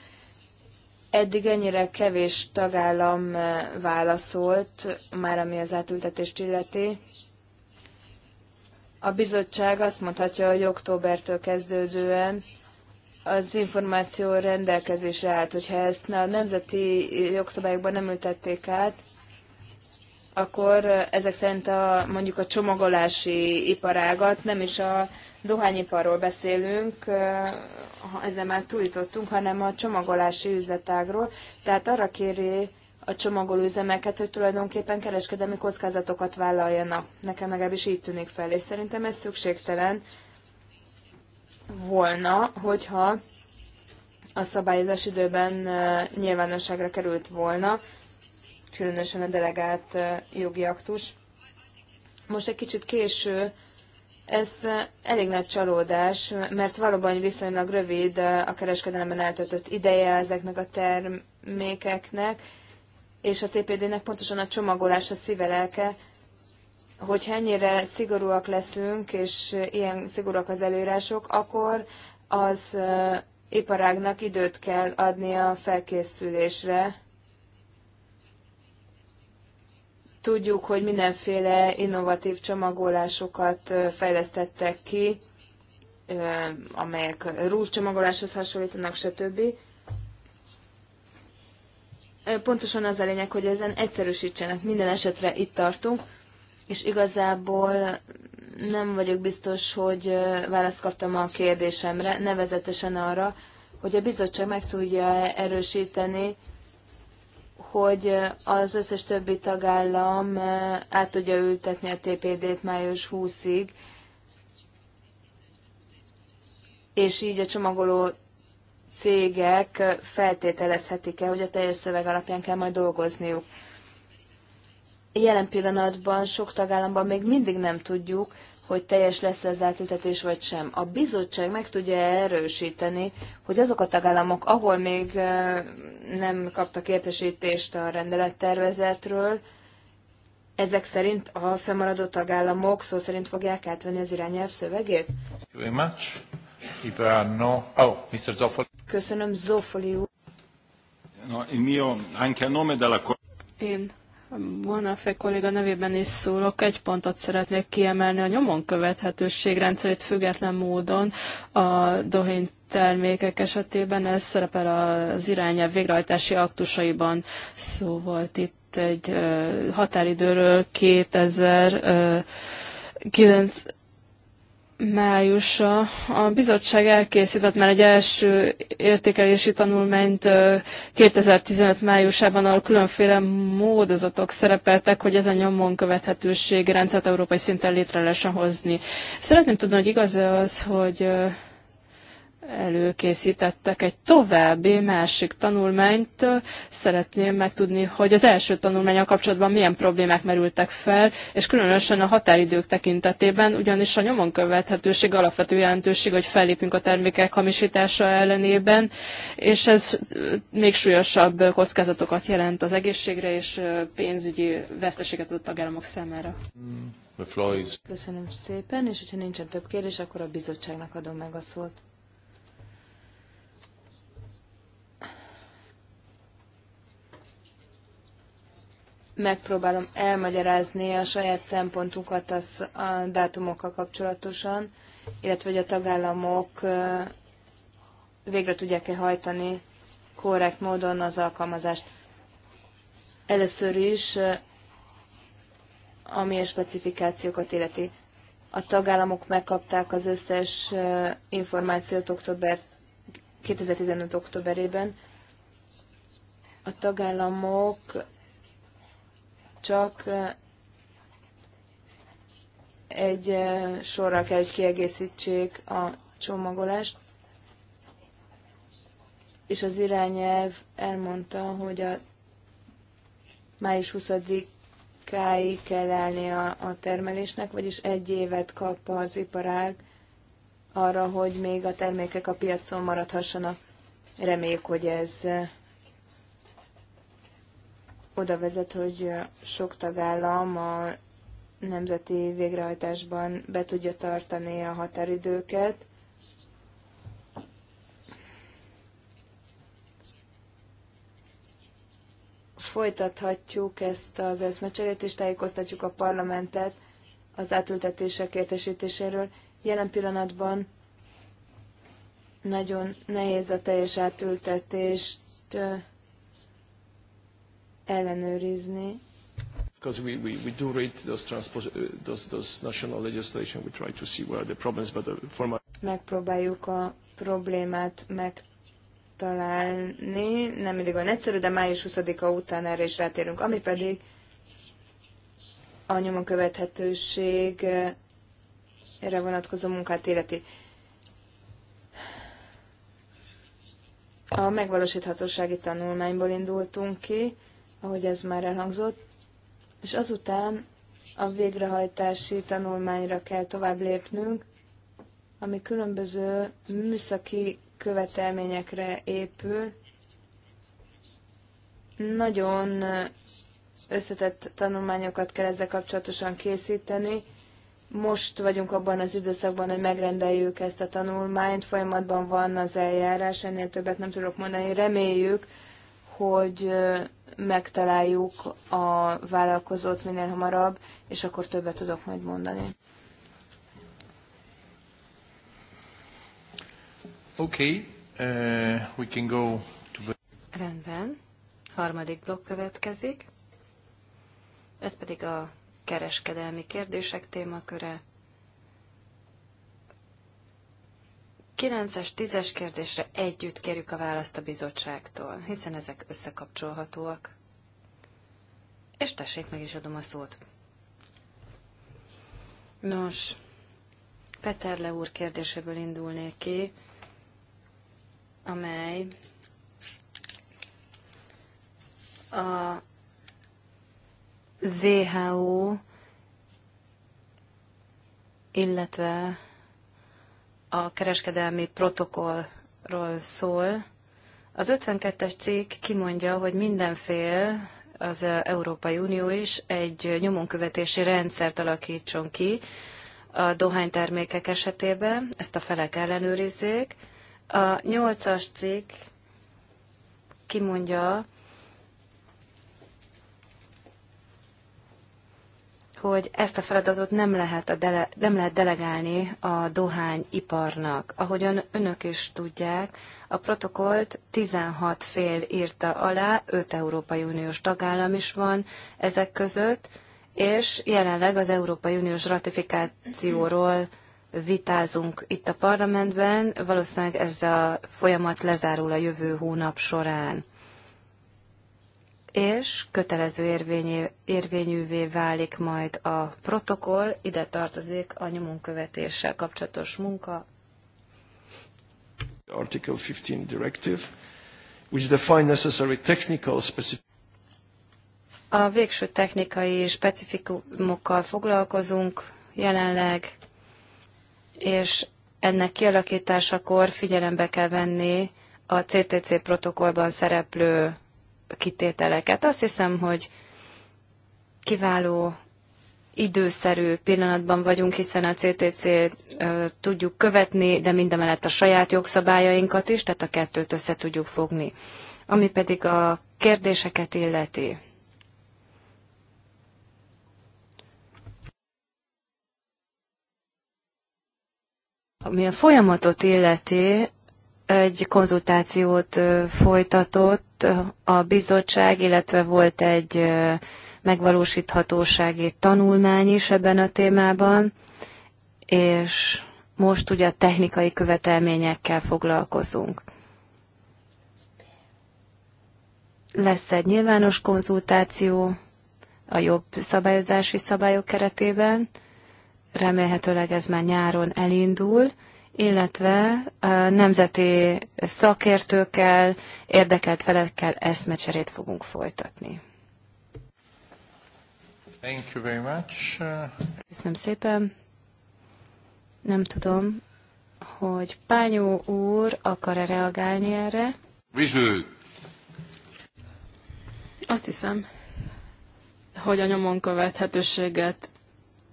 Eddig ennyire kevés tagállam eh, válaszolt, már ami az átültetést illeti. A bizottság azt mondhatja, hogy októbertől kezdődően az információ rendelkezésre állt, hogyha ezt a nemzeti jogszabályokban nem ültették át, akkor ezek szerint a, mondjuk a csomagolási iparágat, nem is a dohányiparról beszélünk, ezzel már túlítottunk, hanem a csomagolási üzletágról. Tehát arra kéri a üzemeket, hogy tulajdonképpen kereskedelmi kockázatokat vállaljanak. Nekem legalábbis így tűnik fel, és szerintem ez szükségtelen volna, hogyha a szabályozás időben nyilvánosságra került volna, különösen a delegált jogi aktus. Most egy kicsit késő, ez elég nagy csalódás, mert valóban viszonylag rövid a kereskedelemben eltöltött ideje ezeknek a termékeknek, és a TPD-nek pontosan a csomagolás a szívelelke, hogyha ennyire szigorúak leszünk, és ilyen szigorúak az előírások, akkor az iparágnak időt kell adni a felkészülésre, Tudjuk, hogy mindenféle innovatív csomagolásokat fejlesztettek ki, amelyek rúzscsomagoláshoz hasonlítanak, stb. Pontosan az a lényeg, hogy ezen egyszerűsítsenek. Minden esetre itt tartunk, és igazából nem vagyok biztos, hogy választ kaptam a kérdésemre, nevezetesen arra, hogy a bizottság meg tudja erősíteni hogy az összes többi tagállam eh, át tudja ültetni a TPD-t május 20-ig, és így a csomagoló cégek feltételezhetik-e, hogy a teljes szöveg alapján kell majd dolgozniuk. Jelen pillanatban sok tagállamban még mindig nem tudjuk, hogy teljes lesz az átültetés vagy sem. A bizottság meg tudja erősíteni, hogy azok a tagállamok, ahol még eh, nem kaptak értesítést a rendelettervezetről, ezek szerint a fennmaradó tagállamok szó szerint fogják átvenni az irányelv szövegét? Oh, Köszönöm, Zofoli úr. Én Bonafé kolléga nevében is szólok. Egy pontot szeretnék kiemelni, a nyomon követhetőség rendszerét független módon a dohány termékek esetében ez szerepel az irányelv végrehajtási aktusaiban. Szó volt itt egy határidőről 2000 májusa a bizottság elkészített már egy első értékelési tanulmányt 2015 májusában, ahol különféle módozatok szerepeltek, hogy ez a nyomon követhetőség rendszert európai szinten létre lehessen hozni. Szeretném tudni, hogy igaz -e az, hogy előkészítettek egy további másik tanulmányt. Szeretném megtudni, hogy az első tanulmányal kapcsolatban milyen problémák merültek fel, és különösen a határidők tekintetében, ugyanis a nyomon követhetőség alapvető jelentőség, hogy fellépünk a termékek hamisítása ellenében, és ez még súlyosabb kockázatokat jelent az egészségre, és pénzügyi veszteséget a tagállamok számára. Köszönöm szépen, és hogyha nincsen több kérdés, akkor a bizottságnak adom meg a szót. megpróbálom elmagyarázni a saját szempontunkat az, a dátumokkal kapcsolatosan, illetve hogy a tagállamok végre tudják-e hajtani korrekt módon az alkalmazást. Először is, ami a specifikációkat illeti. A tagállamok megkapták az összes információt október 2015. októberében. A tagállamok csak egy sorra kell, hogy kiegészítsék a csomagolást, és az irányelv elmondta, hogy a május 20-áig kell állni a, a termelésnek, vagyis egy évet kap az iparág arra, hogy még a termékek a piacon maradhassanak. Reméljük, hogy ez oda vezet, hogy sok tagállam a nemzeti végrehajtásban be tudja tartani a határidőket. Folytathatjuk ezt az eszmecserét, és tájékoztatjuk a parlamentet az átültetések értesítéséről. Jelen pillanatban nagyon nehéz a teljes átültetést ellenőrizni. Because we, we, we do read those, transpos, uh, those, those national legislation, we try to see where the problems, but the format... Megpróbáljuk a problémát megtalálni. Nem mindig olyan egyszerű, de május 20-a után erre is rátérünk. Ami pedig a nyomon követhetőség erre vonatkozó munkát életi. A megvalósíthatósági tanulmányból indultunk ki, ahogy ez már elhangzott, és azután a végrehajtási tanulmányra kell tovább lépnünk, ami különböző műszaki követelményekre épül. Nagyon összetett tanulmányokat kell ezzel kapcsolatosan készíteni. Most vagyunk abban az időszakban, hogy megrendeljük ezt a tanulmányt, folyamatban van az eljárás, ennél többet nem tudok mondani. Reméljük, hogy megtaláljuk a vállalkozót minél hamarabb, és akkor többet tudok majd mondani. Okay, uh, we can go to the... Rendben. Harmadik blokk következik. Ez pedig a kereskedelmi kérdések témaköre. 9-es, 10-es kérdésre együtt kérjük a választ a bizottságtól, hiszen ezek összekapcsolhatóak. És tessék, meg is adom a szót. Nos, Peterle úr kérdéséből indulnék ki, amely a WHO, illetve a kereskedelmi protokollról szól. Az 52-es cikk kimondja, hogy minden fél, az Európai Unió is egy nyomonkövetési rendszert alakítson ki a dohánytermékek esetében, ezt a felek ellenőrizzék. A 8-as cikk kimondja, hogy ezt a feladatot nem lehet, a dele, nem lehet delegálni a dohányiparnak. Ahogyan önök is tudják, a protokolt 16 fél írta alá, 5 Európai Uniós tagállam is van ezek között, és jelenleg az Európai Uniós ratifikációról vitázunk itt a parlamentben, valószínűleg ez a folyamat lezárul a jövő hónap során és kötelező érvényé, érvényűvé válik majd a protokoll, ide tartozik a nyomonkövetéssel kapcsolatos munka. Article 15 Directive, which define necessary technical specific a végső technikai specifikumokkal foglalkozunk jelenleg, és ennek kialakításakor figyelembe kell venni a CTC protokollban szereplő kitételeket. Azt hiszem, hogy kiváló időszerű pillanatban vagyunk, hiszen a CTC tudjuk követni, de mindemellett a saját jogszabályainkat is, tehát a kettőt össze tudjuk fogni. Ami pedig a kérdéseket illeti. Ami a folyamatot illeti, egy konzultációt folytatott a bizottság, illetve volt egy megvalósíthatósági tanulmány is ebben a témában, és most ugye a technikai követelményekkel foglalkozunk. Lesz egy nyilvános konzultáció a jobb szabályozási szabályok keretében, remélhetőleg ez már nyáron elindul, illetve a nemzeti szakértőkkel, érdekelt felekkel eszmecserét fogunk folytatni. Thank you very much. Köszönöm szépen. Nem tudom, hogy Pányó úr akar-e reagálni erre? Vizső. Azt hiszem, hogy a nyomon követhetőséget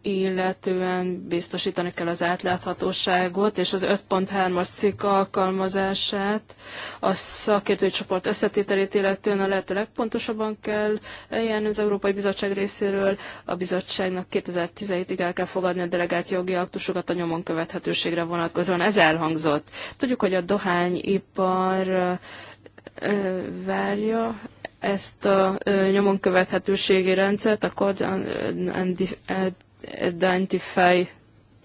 illetően biztosítani kell az átláthatóságot és az 5.3-as cikk alkalmazását, a szakértői csoport összetételét illetően a lehető legpontosabban kell eljárni az Európai Bizottság részéről. A bizottságnak 2017-ig el kell fogadni a delegált jogi aktusokat a nyomon követhetőségre vonatkozóan. Ez elhangzott. Tudjuk, hogy a dohányipar várja ezt a nyomon követhetőségi rendszert, a Code and Identify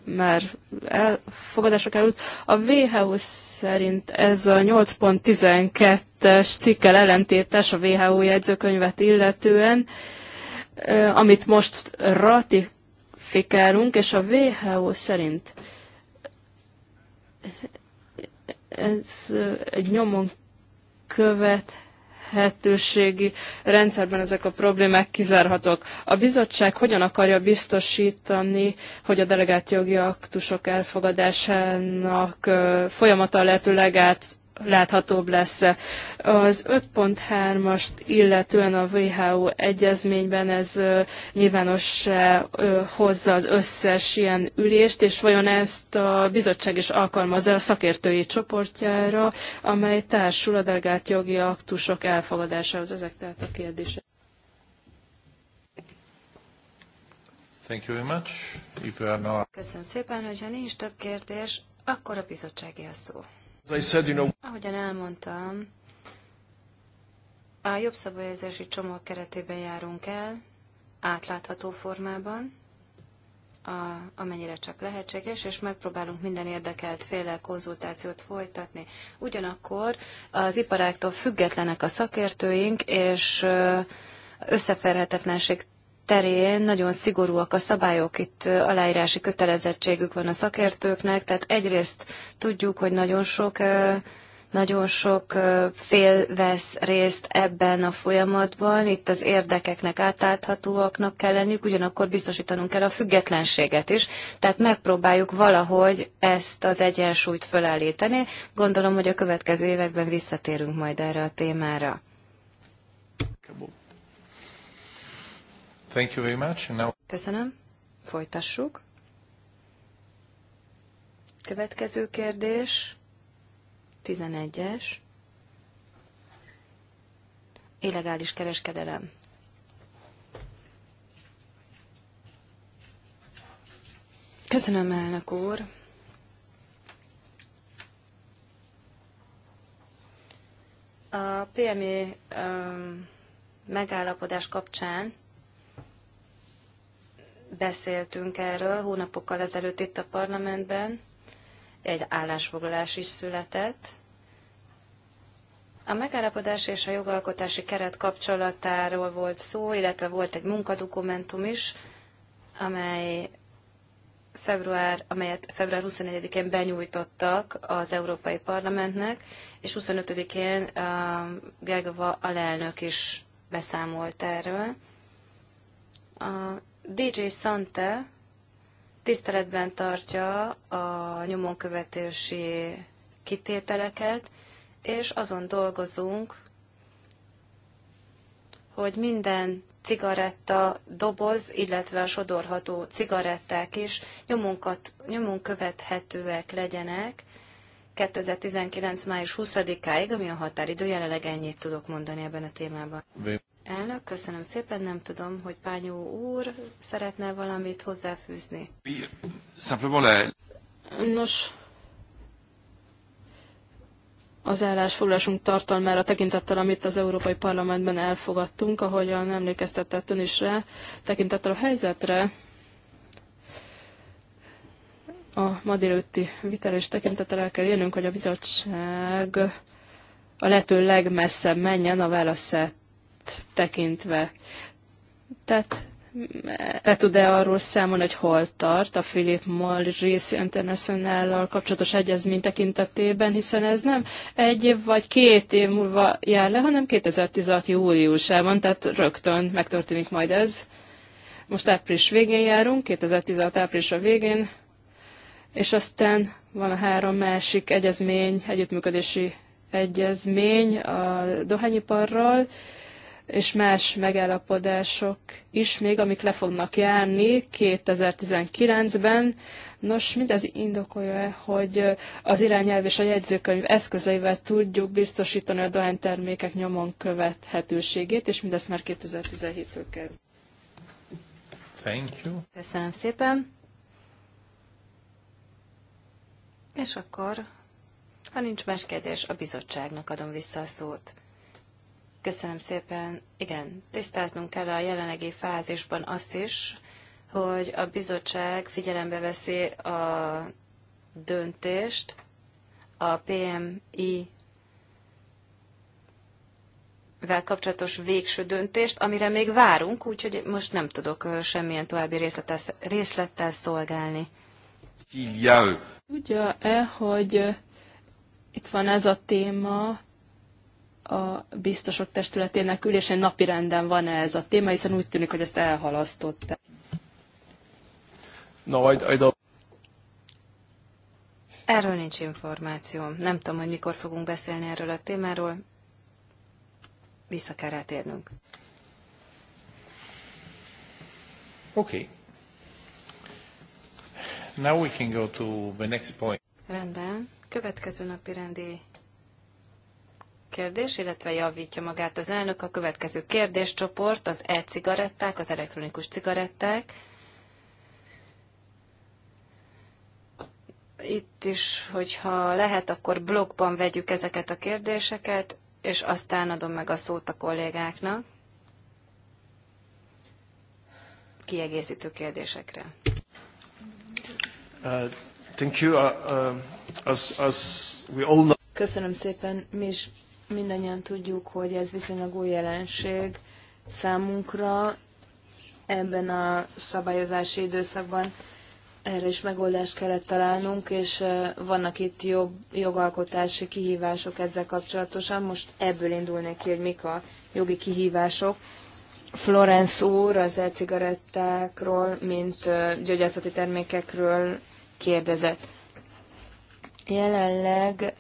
már elfogadásra került. A WHO szerint ez a 8.12-es cikkel ellentétes a WHO jegyzőkönyvet illetően, amit most ratifikálunk, és a WHO szerint ez egy nyomon követ elérhetőségi rendszerben ezek a problémák kizárhatók. A bizottság hogyan akarja biztosítani, hogy a delegált jogi aktusok elfogadásának folyamata a lehető legát láthatóbb lesz. Az 5.3-ast illetően a WHO egyezményben ez nyilvános hozza az összes ilyen ülést, és vajon ezt a bizottság is alkalmazza a szakértői csoportjára, amely társul a delegált jogi aktusok elfogadásához. Ezek tehát a kérdések. Thank you very much. If you are not... Köszönöm szépen, hogyha nincs több kérdés, akkor a bizottsági a szó. Ahogyan elmondtam, a jobb szabályozási csomag keretében járunk el, átlátható formában, a, amennyire csak lehetséges, és megpróbálunk minden érdekelt féle konzultációt folytatni. Ugyanakkor az iparáktól függetlenek a szakértőink, és összeférhetetlenség terén nagyon szigorúak a szabályok, itt aláírási kötelezettségük van a szakértőknek, tehát egyrészt tudjuk, hogy nagyon sok nagyon sok fél vesz részt ebben a folyamatban, itt az érdekeknek átláthatóaknak kell lenniük, ugyanakkor biztosítanunk kell a függetlenséget is, tehát megpróbáljuk valahogy ezt az egyensúlyt fölállítani. Gondolom, hogy a következő években visszatérünk majd erre a témára. Thank you very much. Now... Köszönöm. Folytassuk. Következő kérdés, 11-es. Illegális kereskedelem. Köszönöm, elnök úr. A PME um, megállapodás kapcsán beszéltünk erről hónapokkal ezelőtt itt a parlamentben, egy állásfoglalás is született. A megállapodás és a jogalkotási keret kapcsolatáról volt szó, illetve volt egy munkadokumentum is, amely február, amelyet február 24-én benyújtottak az Európai Parlamentnek, és 25-én Gergova alelnök is beszámolt erről. A DJ Sante tiszteletben tartja a nyomonkövetési kitételeket, és azon dolgozunk, hogy minden cigaretta doboz, illetve a sodorható cigaretták is nyomunkat, nyomon követhetőek legyenek 2019. május 20-áig, ami a határidő, jelenleg ennyit tudok mondani ebben a témában. Elnök, köszönöm szépen, nem tudom, hogy Pányó úr szeretne valamit hozzáfűzni. Nos, az állásfoglalásunk tartalmára tekintettel, amit az Európai Parlamentben elfogadtunk, ahogyan emlékeztetett ön is rá, tekintettel a helyzetre, a ma délőtti vitel és tekintettel el kell érnünk, hogy a bizottság a lehető legmesszebb menjen a válaszát tekintve. Tehát le tud-e arról számolni, hogy hol tart a Philip Morris international kapcsolatos egyezmény tekintetében, hiszen ez nem egy év vagy két év múlva jár le, hanem 2016 júliusában, tehát rögtön megtörténik majd ez. Most április végén járunk, 2016 április a végén, és aztán van a három másik egyezmény, együttműködési egyezmény a dohányiparral, és más megállapodások is még, amik le fognak járni 2019-ben. Nos, mindez indokolja, hogy az irányelv és a jegyzőkönyv eszközeivel tudjuk biztosítani a dohánytermékek nyomon követhetőségét, és mindezt már 2017-től kezd. Thank you. Köszönöm szépen. És akkor, ha nincs más kérdés, a bizottságnak adom vissza a szót. Köszönöm szépen. Igen, tisztáznunk kell a jelenlegi fázisban azt is, hogy a bizottság figyelembe veszi a döntést a PMI vel kapcsolatos végső döntést, amire még várunk, úgyhogy most nem tudok semmilyen további részlettel, részlettel szolgálni. Tudja-e, hogy itt van ez a téma, a biztosok testületének ülésén napirenden van -e ez a téma, hiszen úgy tűnik, hogy ezt elhalasztották. No, I, I Erről nincs információ. Nem tudom, hogy mikor fogunk beszélni erről a témáról. Vissza kell rátérnünk. Okay. Now we can go to the next point. Rendben. Következő napi rendi kérdés, illetve javítja magát az elnök. A következő kérdéscsoport az e-cigaretták, az elektronikus cigaretták. Itt is, hogyha lehet, akkor blogban vegyük ezeket a kérdéseket, és aztán adom meg a szót a kollégáknak kiegészítő kérdésekre. Uh, thank you. Uh, uh, as, as we all know... Köszönöm szépen. Mi is Mindannyian tudjuk, hogy ez viszonylag új jelenség számunkra ebben a szabályozási időszakban. Erre is megoldást kellett találnunk, és vannak itt jobb jogalkotási kihívások ezzel kapcsolatosan. Most ebből indulnék ki, hogy mik a jogi kihívások. Florence úr az e-cigarettákról, mint gyógyászati termékekről kérdezett. Jelenleg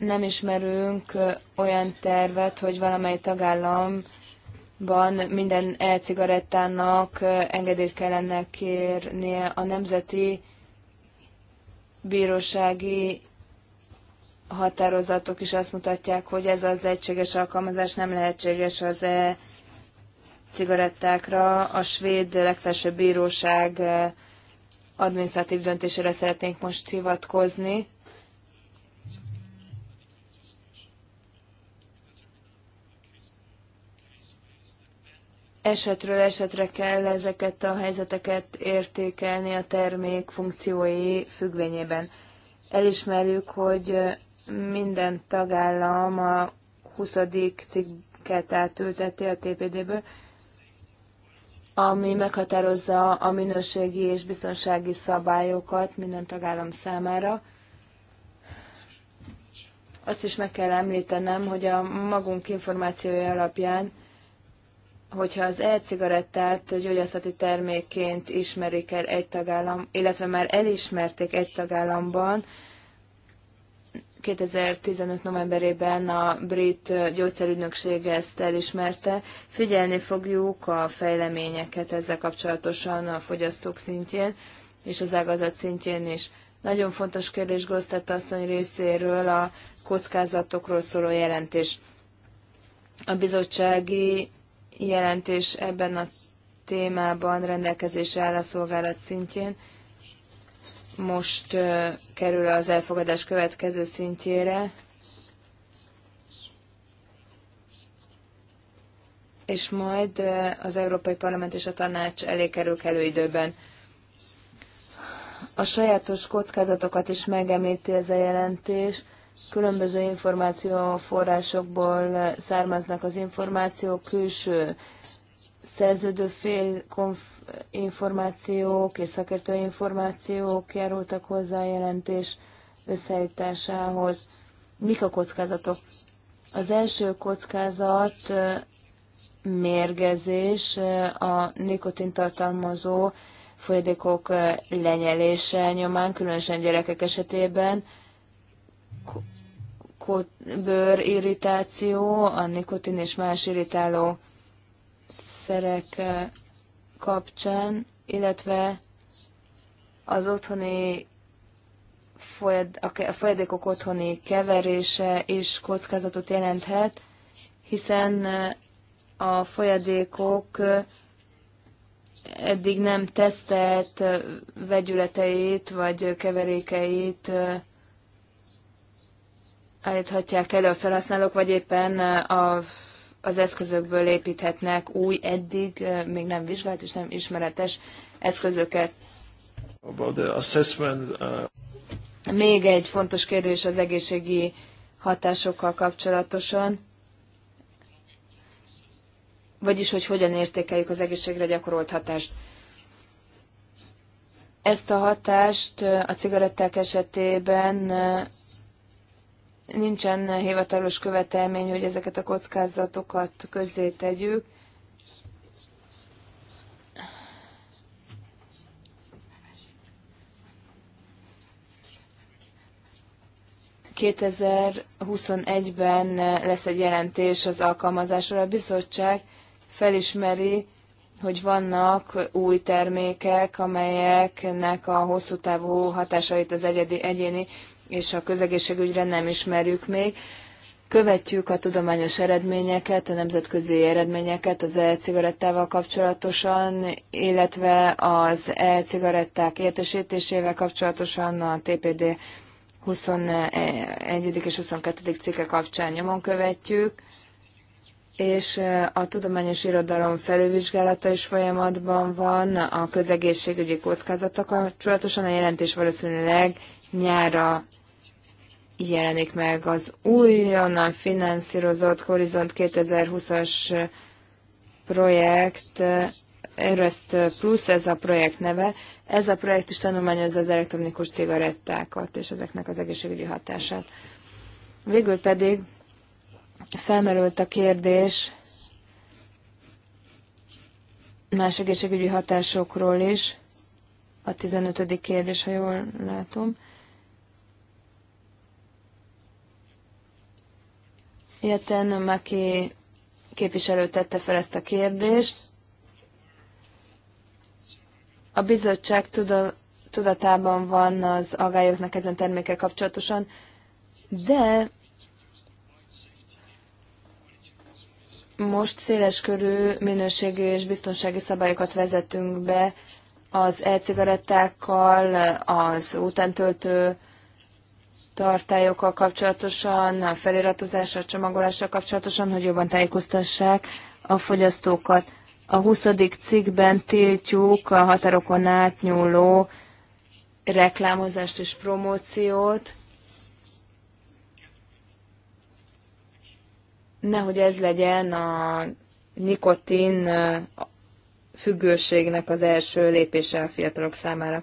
nem ismerünk olyan tervet, hogy valamely tagállamban minden e-cigarettának engedélyt kellene kérnie a nemzeti bírósági határozatok is azt mutatják, hogy ez az egységes alkalmazás nem lehetséges az e cigarettákra. A svéd legfelsőbb bíróság adminisztratív döntésére szeretnénk most hivatkozni. esetről esetre kell ezeket a helyzeteket értékelni a termék funkciói függvényében. Elismerjük, hogy minden tagállam a 20. cikket átülteti a TPD-ből, ami meghatározza a minőségi és biztonsági szabályokat minden tagállam számára. Azt is meg kell említenem, hogy a magunk információja alapján hogyha az e-cigarettát gyógyászati termékként ismerik el egy tagállam, illetve már elismerték egy tagállamban, 2015. novemberében a brit gyógyszerügynökség ezt elismerte. Figyelni fogjuk a fejleményeket ezzel kapcsolatosan a fogyasztók szintjén és az ágazat szintjén is. Nagyon fontos kérdés Gosztett asszony részéről a kockázatokról szóló jelentés. A bizottsági jelentés ebben a témában rendelkezésre áll a szolgálat szintjén. Most kerül az elfogadás következő szintjére. és majd az Európai Parlament és a Tanács elé kerül kellő időben. A sajátos kockázatokat is megemlíti ez a jelentés, különböző információforrásokból származnak az információk, külső szerződő fél információk és szakértő információk járultak hozzá a jelentés összeállításához. Mik a kockázatok? Az első kockázat mérgezés, a nikotin tartalmazó folyadékok lenyelése nyomán, különösen gyerekek esetében, bőr irritáció a nikotin és más irritáló szerek eh, kapcsán, illetve az otthoni a folyadékok otthoni keverése is kockázatot jelenthet, hiszen eh, a folyadékok eh, eddig nem tesztelt vegyületeit vagy keverékeit állíthatják elő a felhasználók, vagy éppen a, az eszközökből építhetnek új, eddig még nem vizsgált és nem ismeretes eszközöket. About the assessment, uh... Még egy fontos kérdés az egészségi hatásokkal kapcsolatosan, vagyis hogy hogyan értékeljük az egészségre gyakorolt hatást. Ezt a hatást a cigaretták esetében nincsen hivatalos követelmény, hogy ezeket a kockázatokat közzé tegyük. ...2021-ben lesz egy jelentés az alkalmazásról. A bizottság felismeri, hogy vannak új termékek, amelyeknek a hosszú távú hatásait az egyedi, egyéni és a közegészségügyre nem ismerjük még. Követjük a tudományos eredményeket, a nemzetközi eredményeket az e-cigarettával kapcsolatosan, illetve az e-cigaretták értesítésével kapcsolatosan a TPD 21. és 22. cikke kapcsán nyomon követjük, és a tudományos irodalom felülvizsgálata is folyamatban van, a közegészségügyi kockázata kapcsolatosan a jelentés valószínűleg nyára jelenik meg az újonnan finanszírozott Horizont 2020-as projekt, Erőszt Plus, ez a projekt neve. Ez a projekt is tanulmányozza az elektronikus cigarettákat és ezeknek az egészségügyi hatását. Végül pedig felmerült a kérdés más egészségügyi hatásokról is. A 15. kérdés, ha jól látom. Jeten, aki képviselő tette fel ezt a kérdést. A bizottság tudatában van az agályoknak ezen termékkel kapcsolatosan, de most széleskörű minőségű és biztonsági szabályokat vezetünk be az e-cigarettákkal, az utántöltő tartályokkal kapcsolatosan, a feliratozással, csomagolással kapcsolatosan, hogy jobban tájékoztassák a fogyasztókat. A 20. cikkben tiltjuk a határokon átnyúló reklámozást és promóciót. Nehogy ez legyen a nikotin függőségnek az első lépése a fiatalok számára.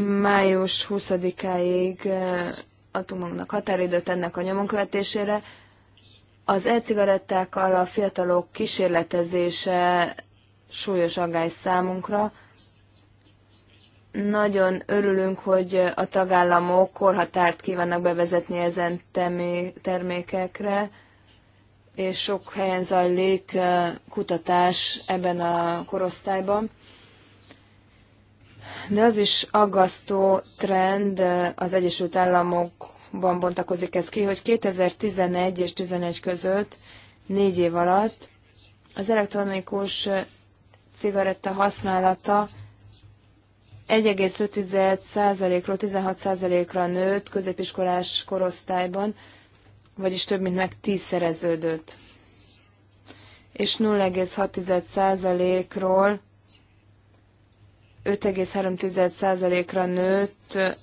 május 20-áig eh, adtunk határidőt ennek a követésére. Az e-cigarettákkal a fiatalok kísérletezése súlyos aggály számunkra. Nagyon örülünk, hogy a tagállamok korhatárt kívánnak bevezetni ezen termékekre, és sok helyen zajlik eh, kutatás ebben a korosztályban. De az is aggasztó trend az Egyesült Államokban bontakozik ez ki, hogy 2011 és 2011 között, négy év alatt az elektronikus cigaretta használata 1,5%-ról 16%-ra nőtt középiskolás korosztályban, vagyis több mint meg tízszereződött. És 0,6%-ról 5,3%-ra nőtt. The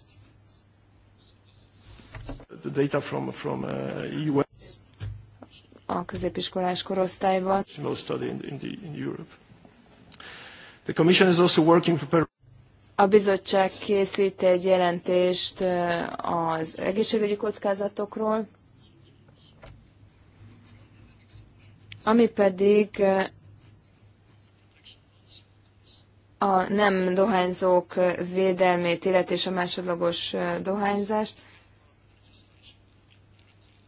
data from, from EU uh, a középiskolás korosztályban. A bizottság készít egy jelentést uh, az egészségügyi kockázatokról, ami pedig uh, a nem dohányzók védelmét, illetve és a másodlagos dohányzást.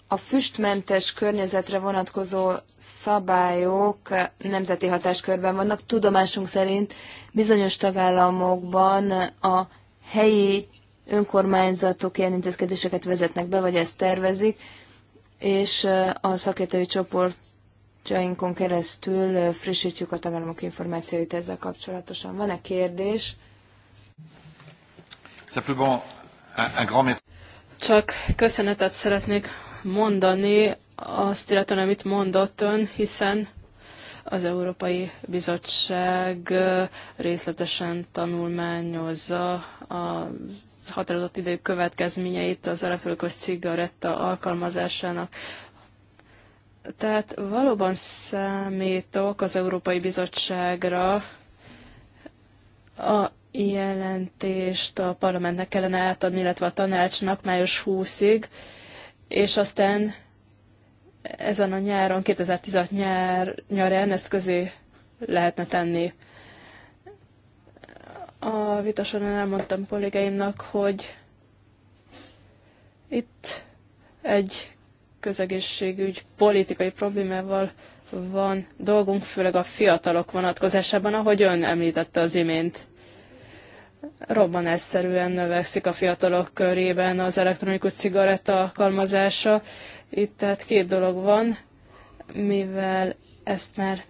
A füstmentes környezetre vonatkozó szabályok nemzeti hatáskörben vannak. Tudomásunk szerint bizonyos tagállamokban a helyi önkormányzatok ilyen intézkedéseket vezetnek be, vagy ezt tervezik, és a szakértői csoport csoportjainkon keresztül frissítjük a tagállamok információit ezzel kapcsolatosan. Van-e kérdés? Csak köszönetet szeretnék mondani azt illetően, amit mondott ön, hiszen az Európai Bizottság részletesen tanulmányozza a határozott idő következményeit az elektronikus cigaretta alkalmazásának. Tehát valóban számítok az Európai Bizottságra a jelentést a parlamentnek kellene átadni, illetve a tanácsnak május 20-ig, és aztán ezen a nyáron, 2016 nyár, nyarán ezt közé lehetne tenni. A vita elmondtam kollégáimnak, hogy itt egy közegészségügy politikai problémával van dolgunk, főleg a fiatalok vonatkozásában, ahogy ön említette az imént. Robbanásszerűen növekszik a fiatalok körében az elektronikus cigaretta alkalmazása. Itt tehát két dolog van, mivel ezt már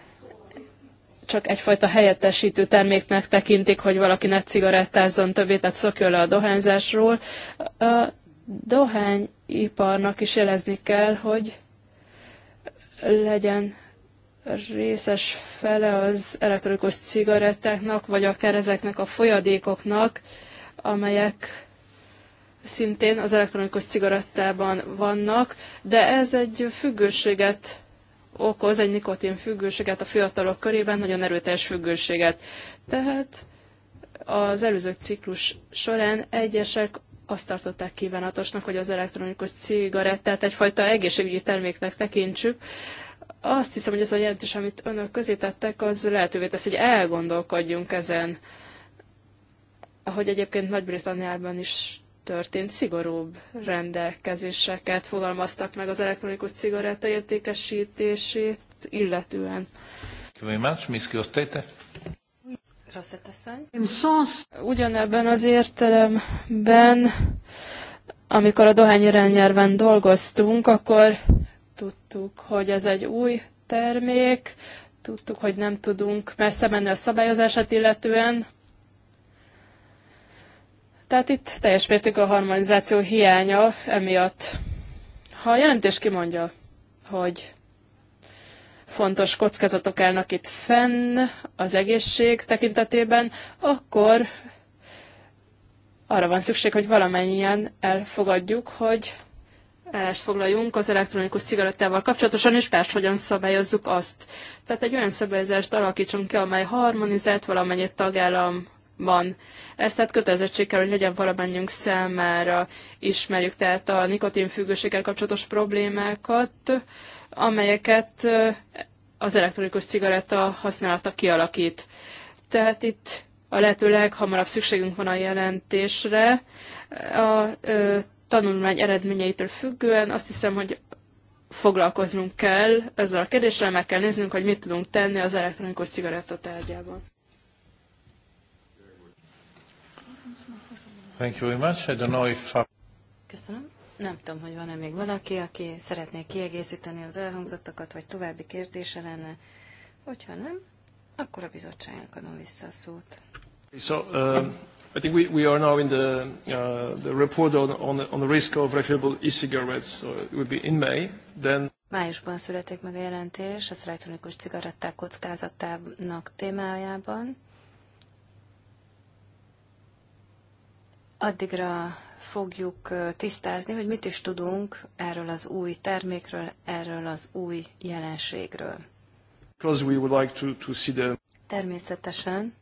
csak egyfajta helyettesítő terméknek tekintik, hogy valaki ne cigarettázzon többé, tehát szokjon le a dohányzásról. A dohány iparnak is jelezni kell, hogy legyen részes fele az elektronikus cigarettáknak, vagy akár ezeknek a folyadékoknak, amelyek szintén az elektronikus cigarettában vannak, de ez egy függőséget okoz, egy nikotin függőséget a fiatalok körében, nagyon erőteljes függőséget. Tehát az előző ciklus során egyesek azt tartották kívánatosnak, hogy az elektronikus cigarettát egyfajta egészségügyi terméknek tekintsük. Azt hiszem, hogy ez a jelentés, amit önök közé tettek, az lehetővé tesz, hogy elgondolkodjunk ezen, ahogy egyébként Nagy-Britanniában is történt, szigorúbb rendelkezéseket fogalmaztak meg az elektronikus cigaretta értékesítését illetően. Köszönöm, Miss Rosszett Ugyanebben az értelemben, amikor a dohány irányelven dolgoztunk, akkor tudtuk, hogy ez egy új termék, tudtuk, hogy nem tudunk messze menni a szabályozását illetően. Tehát itt teljes mértékű a harmonizáció hiánya emiatt. Ha a jelentés kimondja, hogy fontos kockázatok állnak itt fenn az egészség tekintetében, akkor arra van szükség, hogy valamennyien elfogadjuk, hogy állást foglaljunk az elektronikus cigarettával kapcsolatosan, és persze hogyan szabályozzuk azt. Tehát egy olyan szabályozást alakítsunk ki, amely harmonizált valamennyi tagállam van. Ezt tehát kötelezettség kell, hogy legyen valamennyünk számára. Ismerjük tehát a nikotinfüggőséggel kapcsolatos problémákat, amelyeket az elektronikus cigaretta használata kialakít. Tehát itt a lehető leghamarabb szükségünk van a jelentésre. A ö, tanulmány eredményeitől függően azt hiszem, hogy foglalkoznunk kell ezzel a kérdéssel, meg kell néznünk, hogy mit tudunk tenni az elektronikus cigaretta tárgyában. Thank you very much. I don't know if... Köszönöm. Nem tudom, hogy van-e még valaki, aki szeretné kiegészíteni az elhangzottakat, vagy további kérdése lenne. Hogyha nem, akkor a bizottságnak adom vissza a szót. So, um, I think we, we are now in the, uh, the report on, on, the, on the risk of refillable e-cigarettes. So it will be in May. Then... Májusban születik meg a jelentés az elektronikus cigaretták kockázatának témájában. Addigra fogjuk tisztázni, hogy mit is tudunk erről az új termékről, erről az új jelenségről. Like to, to the... Természetesen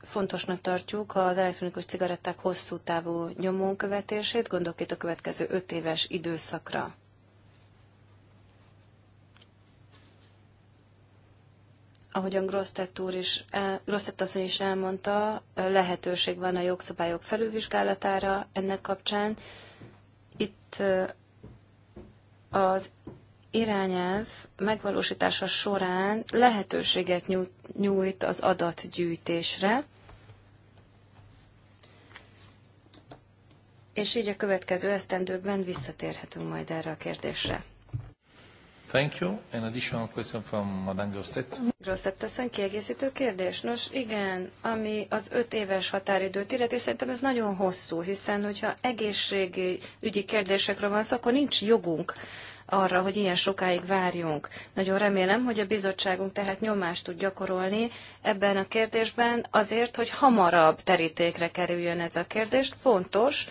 fontosnak tartjuk az elektronikus cigaretták hosszú távú nyomon követését, gondolok itt a következő öt éves időszakra. ahogyan Grosztett úr is, Grosztett asszony is elmondta, lehetőség van a jogszabályok felülvizsgálatára ennek kapcsán. Itt az irányelv megvalósítása során lehetőséget nyújt az adatgyűjtésre, és így a következő esztendőkben visszatérhetünk majd erre a kérdésre. Thank you. An additional question from Madame teszem kiegészítő kérdés. Nos, igen, ami az öt éves határidőt illeti, szerintem ez nagyon hosszú, hiszen hogyha egészségi ügyi kérdésekről van szó, akkor nincs jogunk arra, hogy ilyen sokáig várjunk. Nagyon remélem, hogy a bizottságunk tehát nyomást tud gyakorolni ebben a kérdésben azért, hogy hamarabb terítékre kerüljön ez a kérdés. Fontos,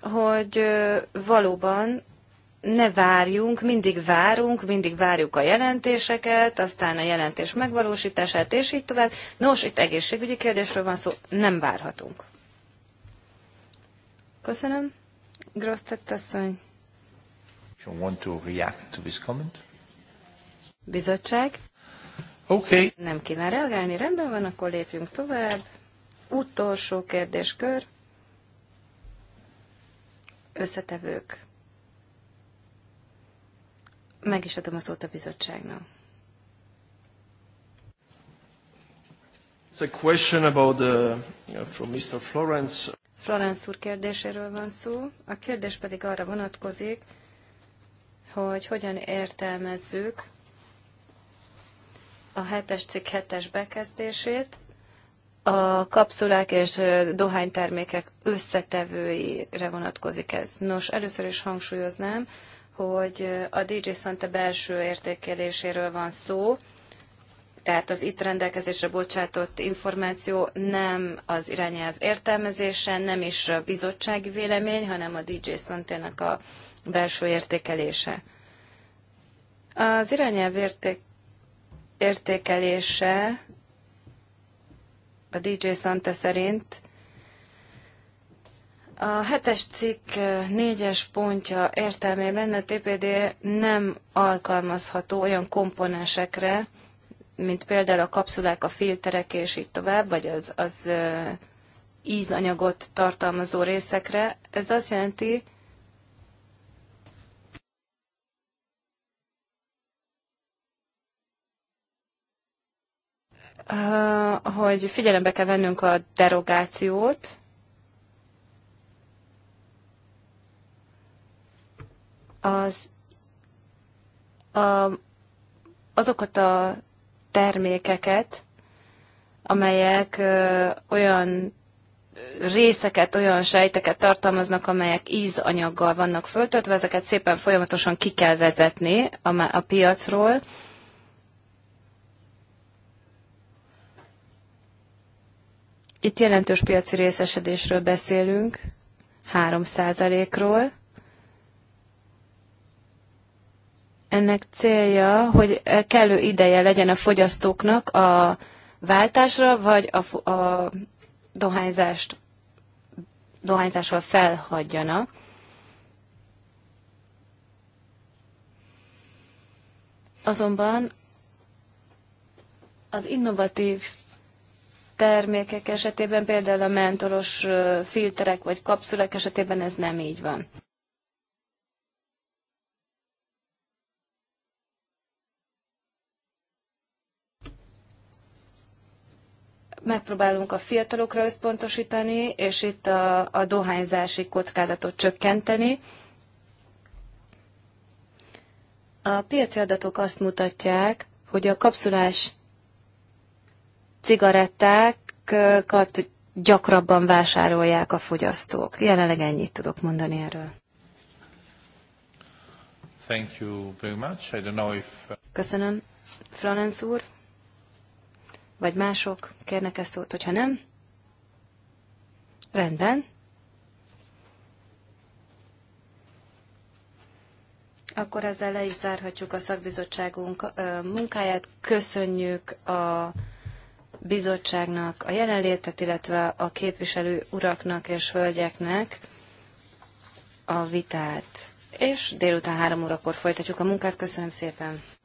hogy valóban ne várjunk, mindig várunk, mindig várjuk a jelentéseket, aztán a jelentés megvalósítását, és így tovább. Nos, itt egészségügyi kérdésről van szó, nem várhatunk. Köszönöm. Grosztett asszony. Want to react to this comment? Bizottság. Okay. Nem kíván reagálni, rendben van, akkor lépjünk tovább. Utolsó kérdéskör. Összetevők. Meg is adom a szót a bizottságnak. It's a question about the, from Mr. Florence. Florence úr kérdéséről van szó. A kérdés pedig arra vonatkozik, hogy hogyan értelmezzük a hetes cikk hetes bekezdését, a kapszulák és dohánytermékek összetevőire vonatkozik ez. Nos, először is hangsúlyoznám, hogy a DJ Santa belső értékeléséről van szó, tehát az itt rendelkezésre bocsátott információ nem az irányelv értelmezése, nem is a bizottsági vélemény, hanem a DJ Santénak a belső értékelése. Az irányelv érték, értékelése a DJ Santa szerint a hetes cikk eh, négyes pontja értelmében a TPD nem alkalmazható olyan komponensekre, mint például a kapszulák, a filterek és így tovább, vagy az, az eh, ízanyagot tartalmazó részekre. Ez azt jelenti, eh, hogy figyelembe kell vennünk a derogációt, az a, azokat a termékeket, amelyek ö, olyan részeket, olyan sejteket tartalmaznak, amelyek ízanyaggal vannak föltöltve, ezeket szépen folyamatosan ki kell vezetni a, a piacról. Itt jelentős piaci részesedésről beszélünk, 3%-ról. Ennek célja, hogy kellő ideje legyen a fogyasztóknak a váltásra, vagy a, a dohányzást, dohányzással felhagyjanak. Azonban az innovatív termékek esetében, például a mentolos filterek vagy kapszulek esetében ez nem így van. megpróbálunk a fiatalokra összpontosítani, és itt a, a dohányzási kockázatot csökkenteni. A piaci adatok azt mutatják, hogy a kapszulás cigarettákat gyakrabban vásárolják a fogyasztók. Jelenleg ennyit tudok mondani erről. Thank you very much. I don't know if... Köszönöm, Franz úr. Vagy mások kérnek ezt szót, hogyha nem? Rendben. Akkor ezzel le is zárhatjuk a szakbizottságunk munkáját. Köszönjük a bizottságnak a jelenlétet, illetve a képviselő uraknak és hölgyeknek a vitát. És délután három órakor folytatjuk a munkát. Köszönöm szépen!